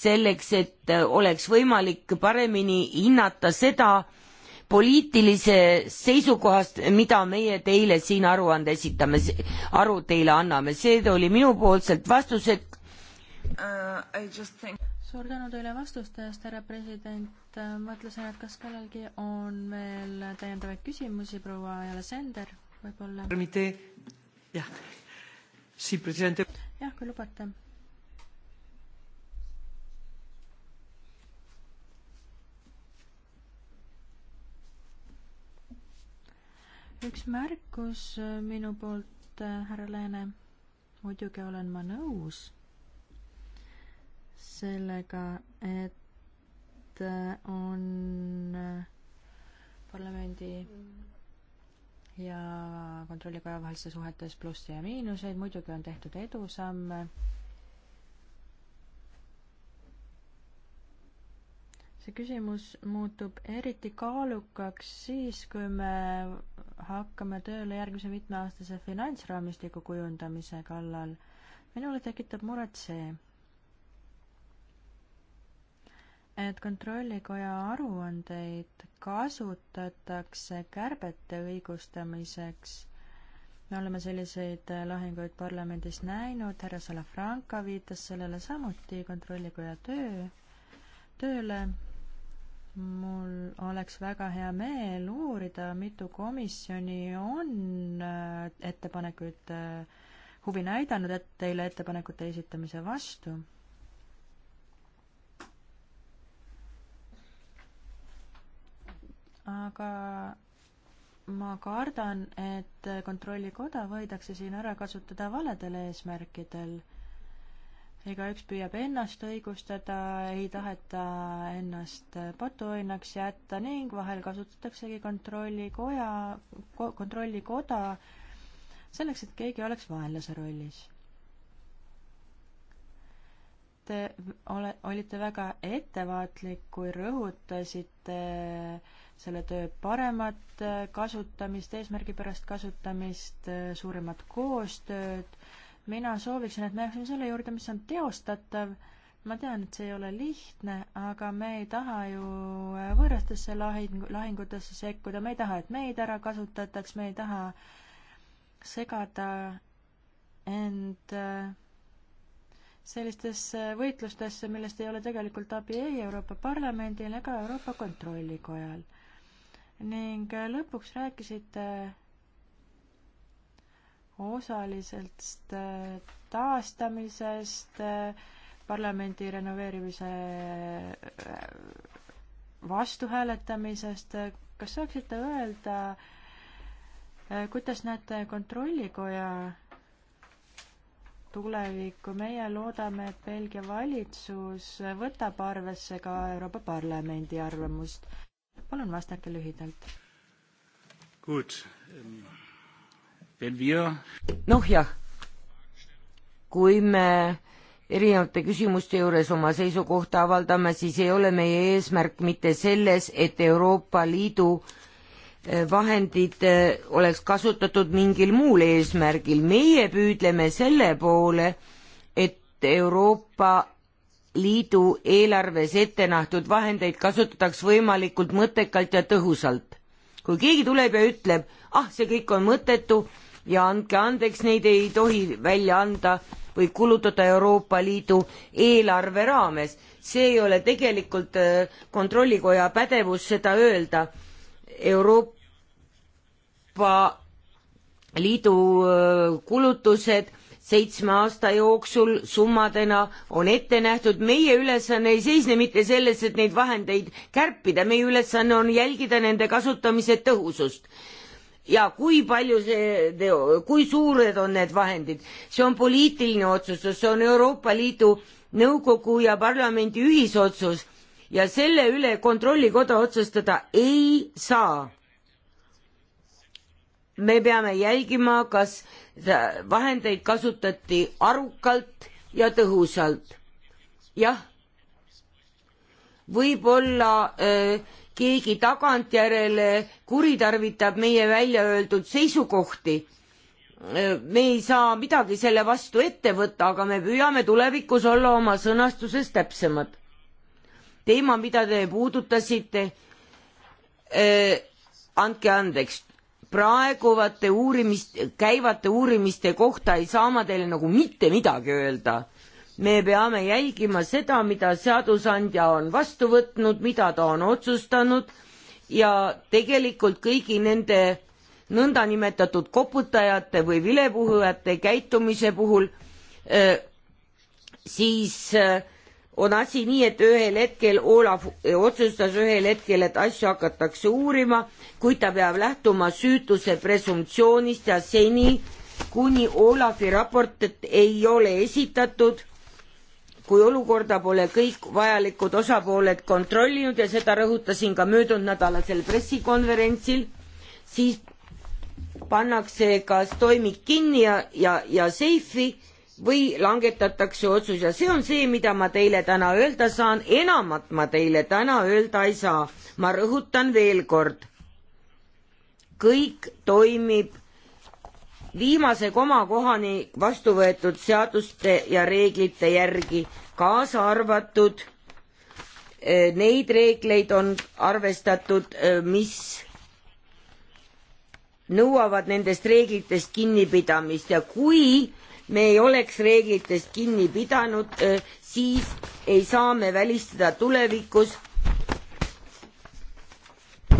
selleks, et äh, oleks võimalik paremini hinnata seda poliitilise seisukohast, mida meie teile siin aruande esitame, aru teile anname, see oli minupoolselt vastused uh,. Think... suur tänu teile vastuste eest, härra president. Äh, mõtlesin, et kas kellelgi on veel täiendavaid küsimusi, proua Alessander, võib-olla. jah, kui lubate üks märkus äh, minu poolt, äh, härra Lääne. muidugi olen ma nõus sellega, et äh, on parlamendi ja kontrollikoja vahelistes suhetes plusse ja miinuseid, muidugi on tehtud edusamme see küsimus muutub eriti kaalukaks siis, kui me hakkame tööle järgmise mitmeaastase finantsraamistiku kujundamise kallal. minule tekitab muret see, et Kontrollikoja aruandeid kasutatakse kärbete õigustamiseks. me oleme selliseid lahinguid parlamendis näinud, härra Salafranca viitas sellele samuti Kontrollikoja töö, tööle mul oleks väga hea meel uurida, mitu komisjoni on äh, ettepanekuid äh, huvi näidanud, et teile ettepanekute esitamise vastu. aga ma kardan, et Kontrollikoda võidakse siin ära kasutada valedel eesmärkidel igaüks püüab ennast õigustada, ei taheta ennast patuoinaks jätta ning vahel kasutataksegi kontrollikoja ko,, kontrollikoda selleks, et keegi oleks vaenlase rollis. Te ole, olite väga ettevaatlik, kui rõhutasite selle töö paremat kasutamist, eesmärgipärast kasutamist, suuremat koostööd mina sooviksin, et me jääksime selle juurde, mis on teostatav. ma tean, et see ei ole lihtne, aga me ei taha ju võõrastesse lahing, lahingutesse sekkuda, me ei taha, et meid ära kasutataks, me ei taha segada end äh, sellistesse võitlustesse, millest ei ole tegelikult abi ei Euroopa Parlamendil ega Euroopa Kontrollikojal. ning äh, lõpuks rääkisite osalisest äh, taastamisest, äh, parlamendi renoveerimise äh, vastuhääletamisest, kas saaksite öelda, kuidas näete Kontrollikoja tulevikku, meie loodame, et Belgia valitsus võtab arvesse ka Euroopa Parlamendi arvamust. palun vastake lühidalt. Gut ähm noh, jah, kui me erinevate küsimuste juures oma seisukohta avaldame, siis ei ole meie eesmärk mitte selles, et Euroopa Liidu eh, vahendid eh, oleks kasutatud mingil muul eesmärgil, meie püüdleme selle poole, et Euroopa Liidu eelarves ette nähtud vahendeid kasutataks võimalikult mõttekalt ja tõhusalt. kui keegi tuleb ja ütleb, ah, see kõik on mõttetu, ja andke andeks, neid ei tohi välja anda või kulutada Euroopa Liidu eelarve raames. see ei ole tegelikult äh, Kontrollikoja pädevus seda öelda. Euroopa Liidu äh, kulutused seitsme aasta jooksul summadena on ette nähtud, meie ülesanne ei seisne mitte selles, et neid vahendeid kärpida, meie ülesanne on jälgida nende kasutamise tõhusust ja kui palju see, kui suured on need vahendid, see on poliitiline otsustus, see on Euroopa Liidu Nõukogu ja parlamendi ühisotsus ja selle üle Kontrollikoda otsustada ei saa. me peame jälgima, kas vahendeid kasutati arukalt ja tõhusalt. jah, võib-olla öö, äh, keegi tagantjärele kuritarvitab meie välja öeldud seisukohti. me ei saa midagi selle vastu ette võtta, aga me püüame tulevikus olla oma sõnastuses täpsemad. teema, mida te puudutasite, eh, andke andeks, praeguvate uurimist, käivate uurimiste kohta ei saa ma teile nagu mitte midagi öelda me peame jälgima seda, mida seadusandja on vastu võtnud, mida ta on otsustanud ja tegelikult kõigi nende nõndanimetatud koputajate või vilepuhujate käitumise puhul äh, siis äh, on asi nii, et ühel hetkel Olav äh, otsustas ühel hetkel, et asju hakatakse uurima, kuid ta peab lähtuma süütuse presumptsioonist ja seni, kuni Olavi raportit ei ole esitatud, kui olukorda pole kõik vajalikud osapooled kontrollinud ja seda rõhutasin ka möödunud nädalasel pressikonverentsil, siis pannakse kas toimik kinni ja, ja, ja seifi või langetatakse otsus ja see on see, mida ma teile täna öelda saan, enamat ma teile täna öelda ei saa. ma rõhutan veel kord, kõik toimib viimase komakohani vastu võetud seaduste ja reeglite järgi, kaasa arvatud e, neid reegleid on arvestatud, e, mis nõuavad nendest reeglitest kinnipidamist ja kui me ei oleks reeglitest kinni pidanud, e, siis ei saa me välistada tulevikus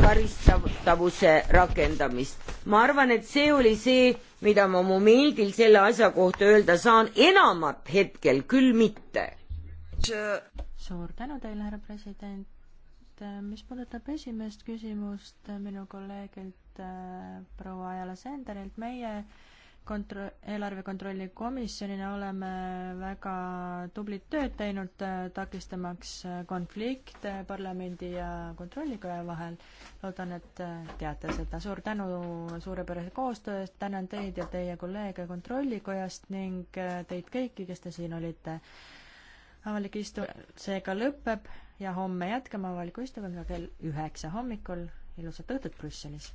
karistatavuse rakendamist. ma arvan, et see oli see mida ma momendil selle asja kohta öelda saan, enamat hetkel küll mitte. suur tänu teile, härra president. mis puudutab esimest küsimust minu kolleegilt äh, proua Ajala Senderilt, meie äh, kontro-, eelarve kontrolli komisjonina oleme väga tublit tööd teinud, äh, takistamaks äh, konflikte parlamendi ja kontrollikoja vahel. loodan, et äh, teate seda. suur tänu suurepärase koostöö eest, tänan teid ja teie kolleege kontrollikojast ning teid kõiki, kes te siin olite. avalik istu-, seega lõpeb ja homme jätkame avaliku istungiga kell üheksa hommikul. ilusat õhtut Brüsselis!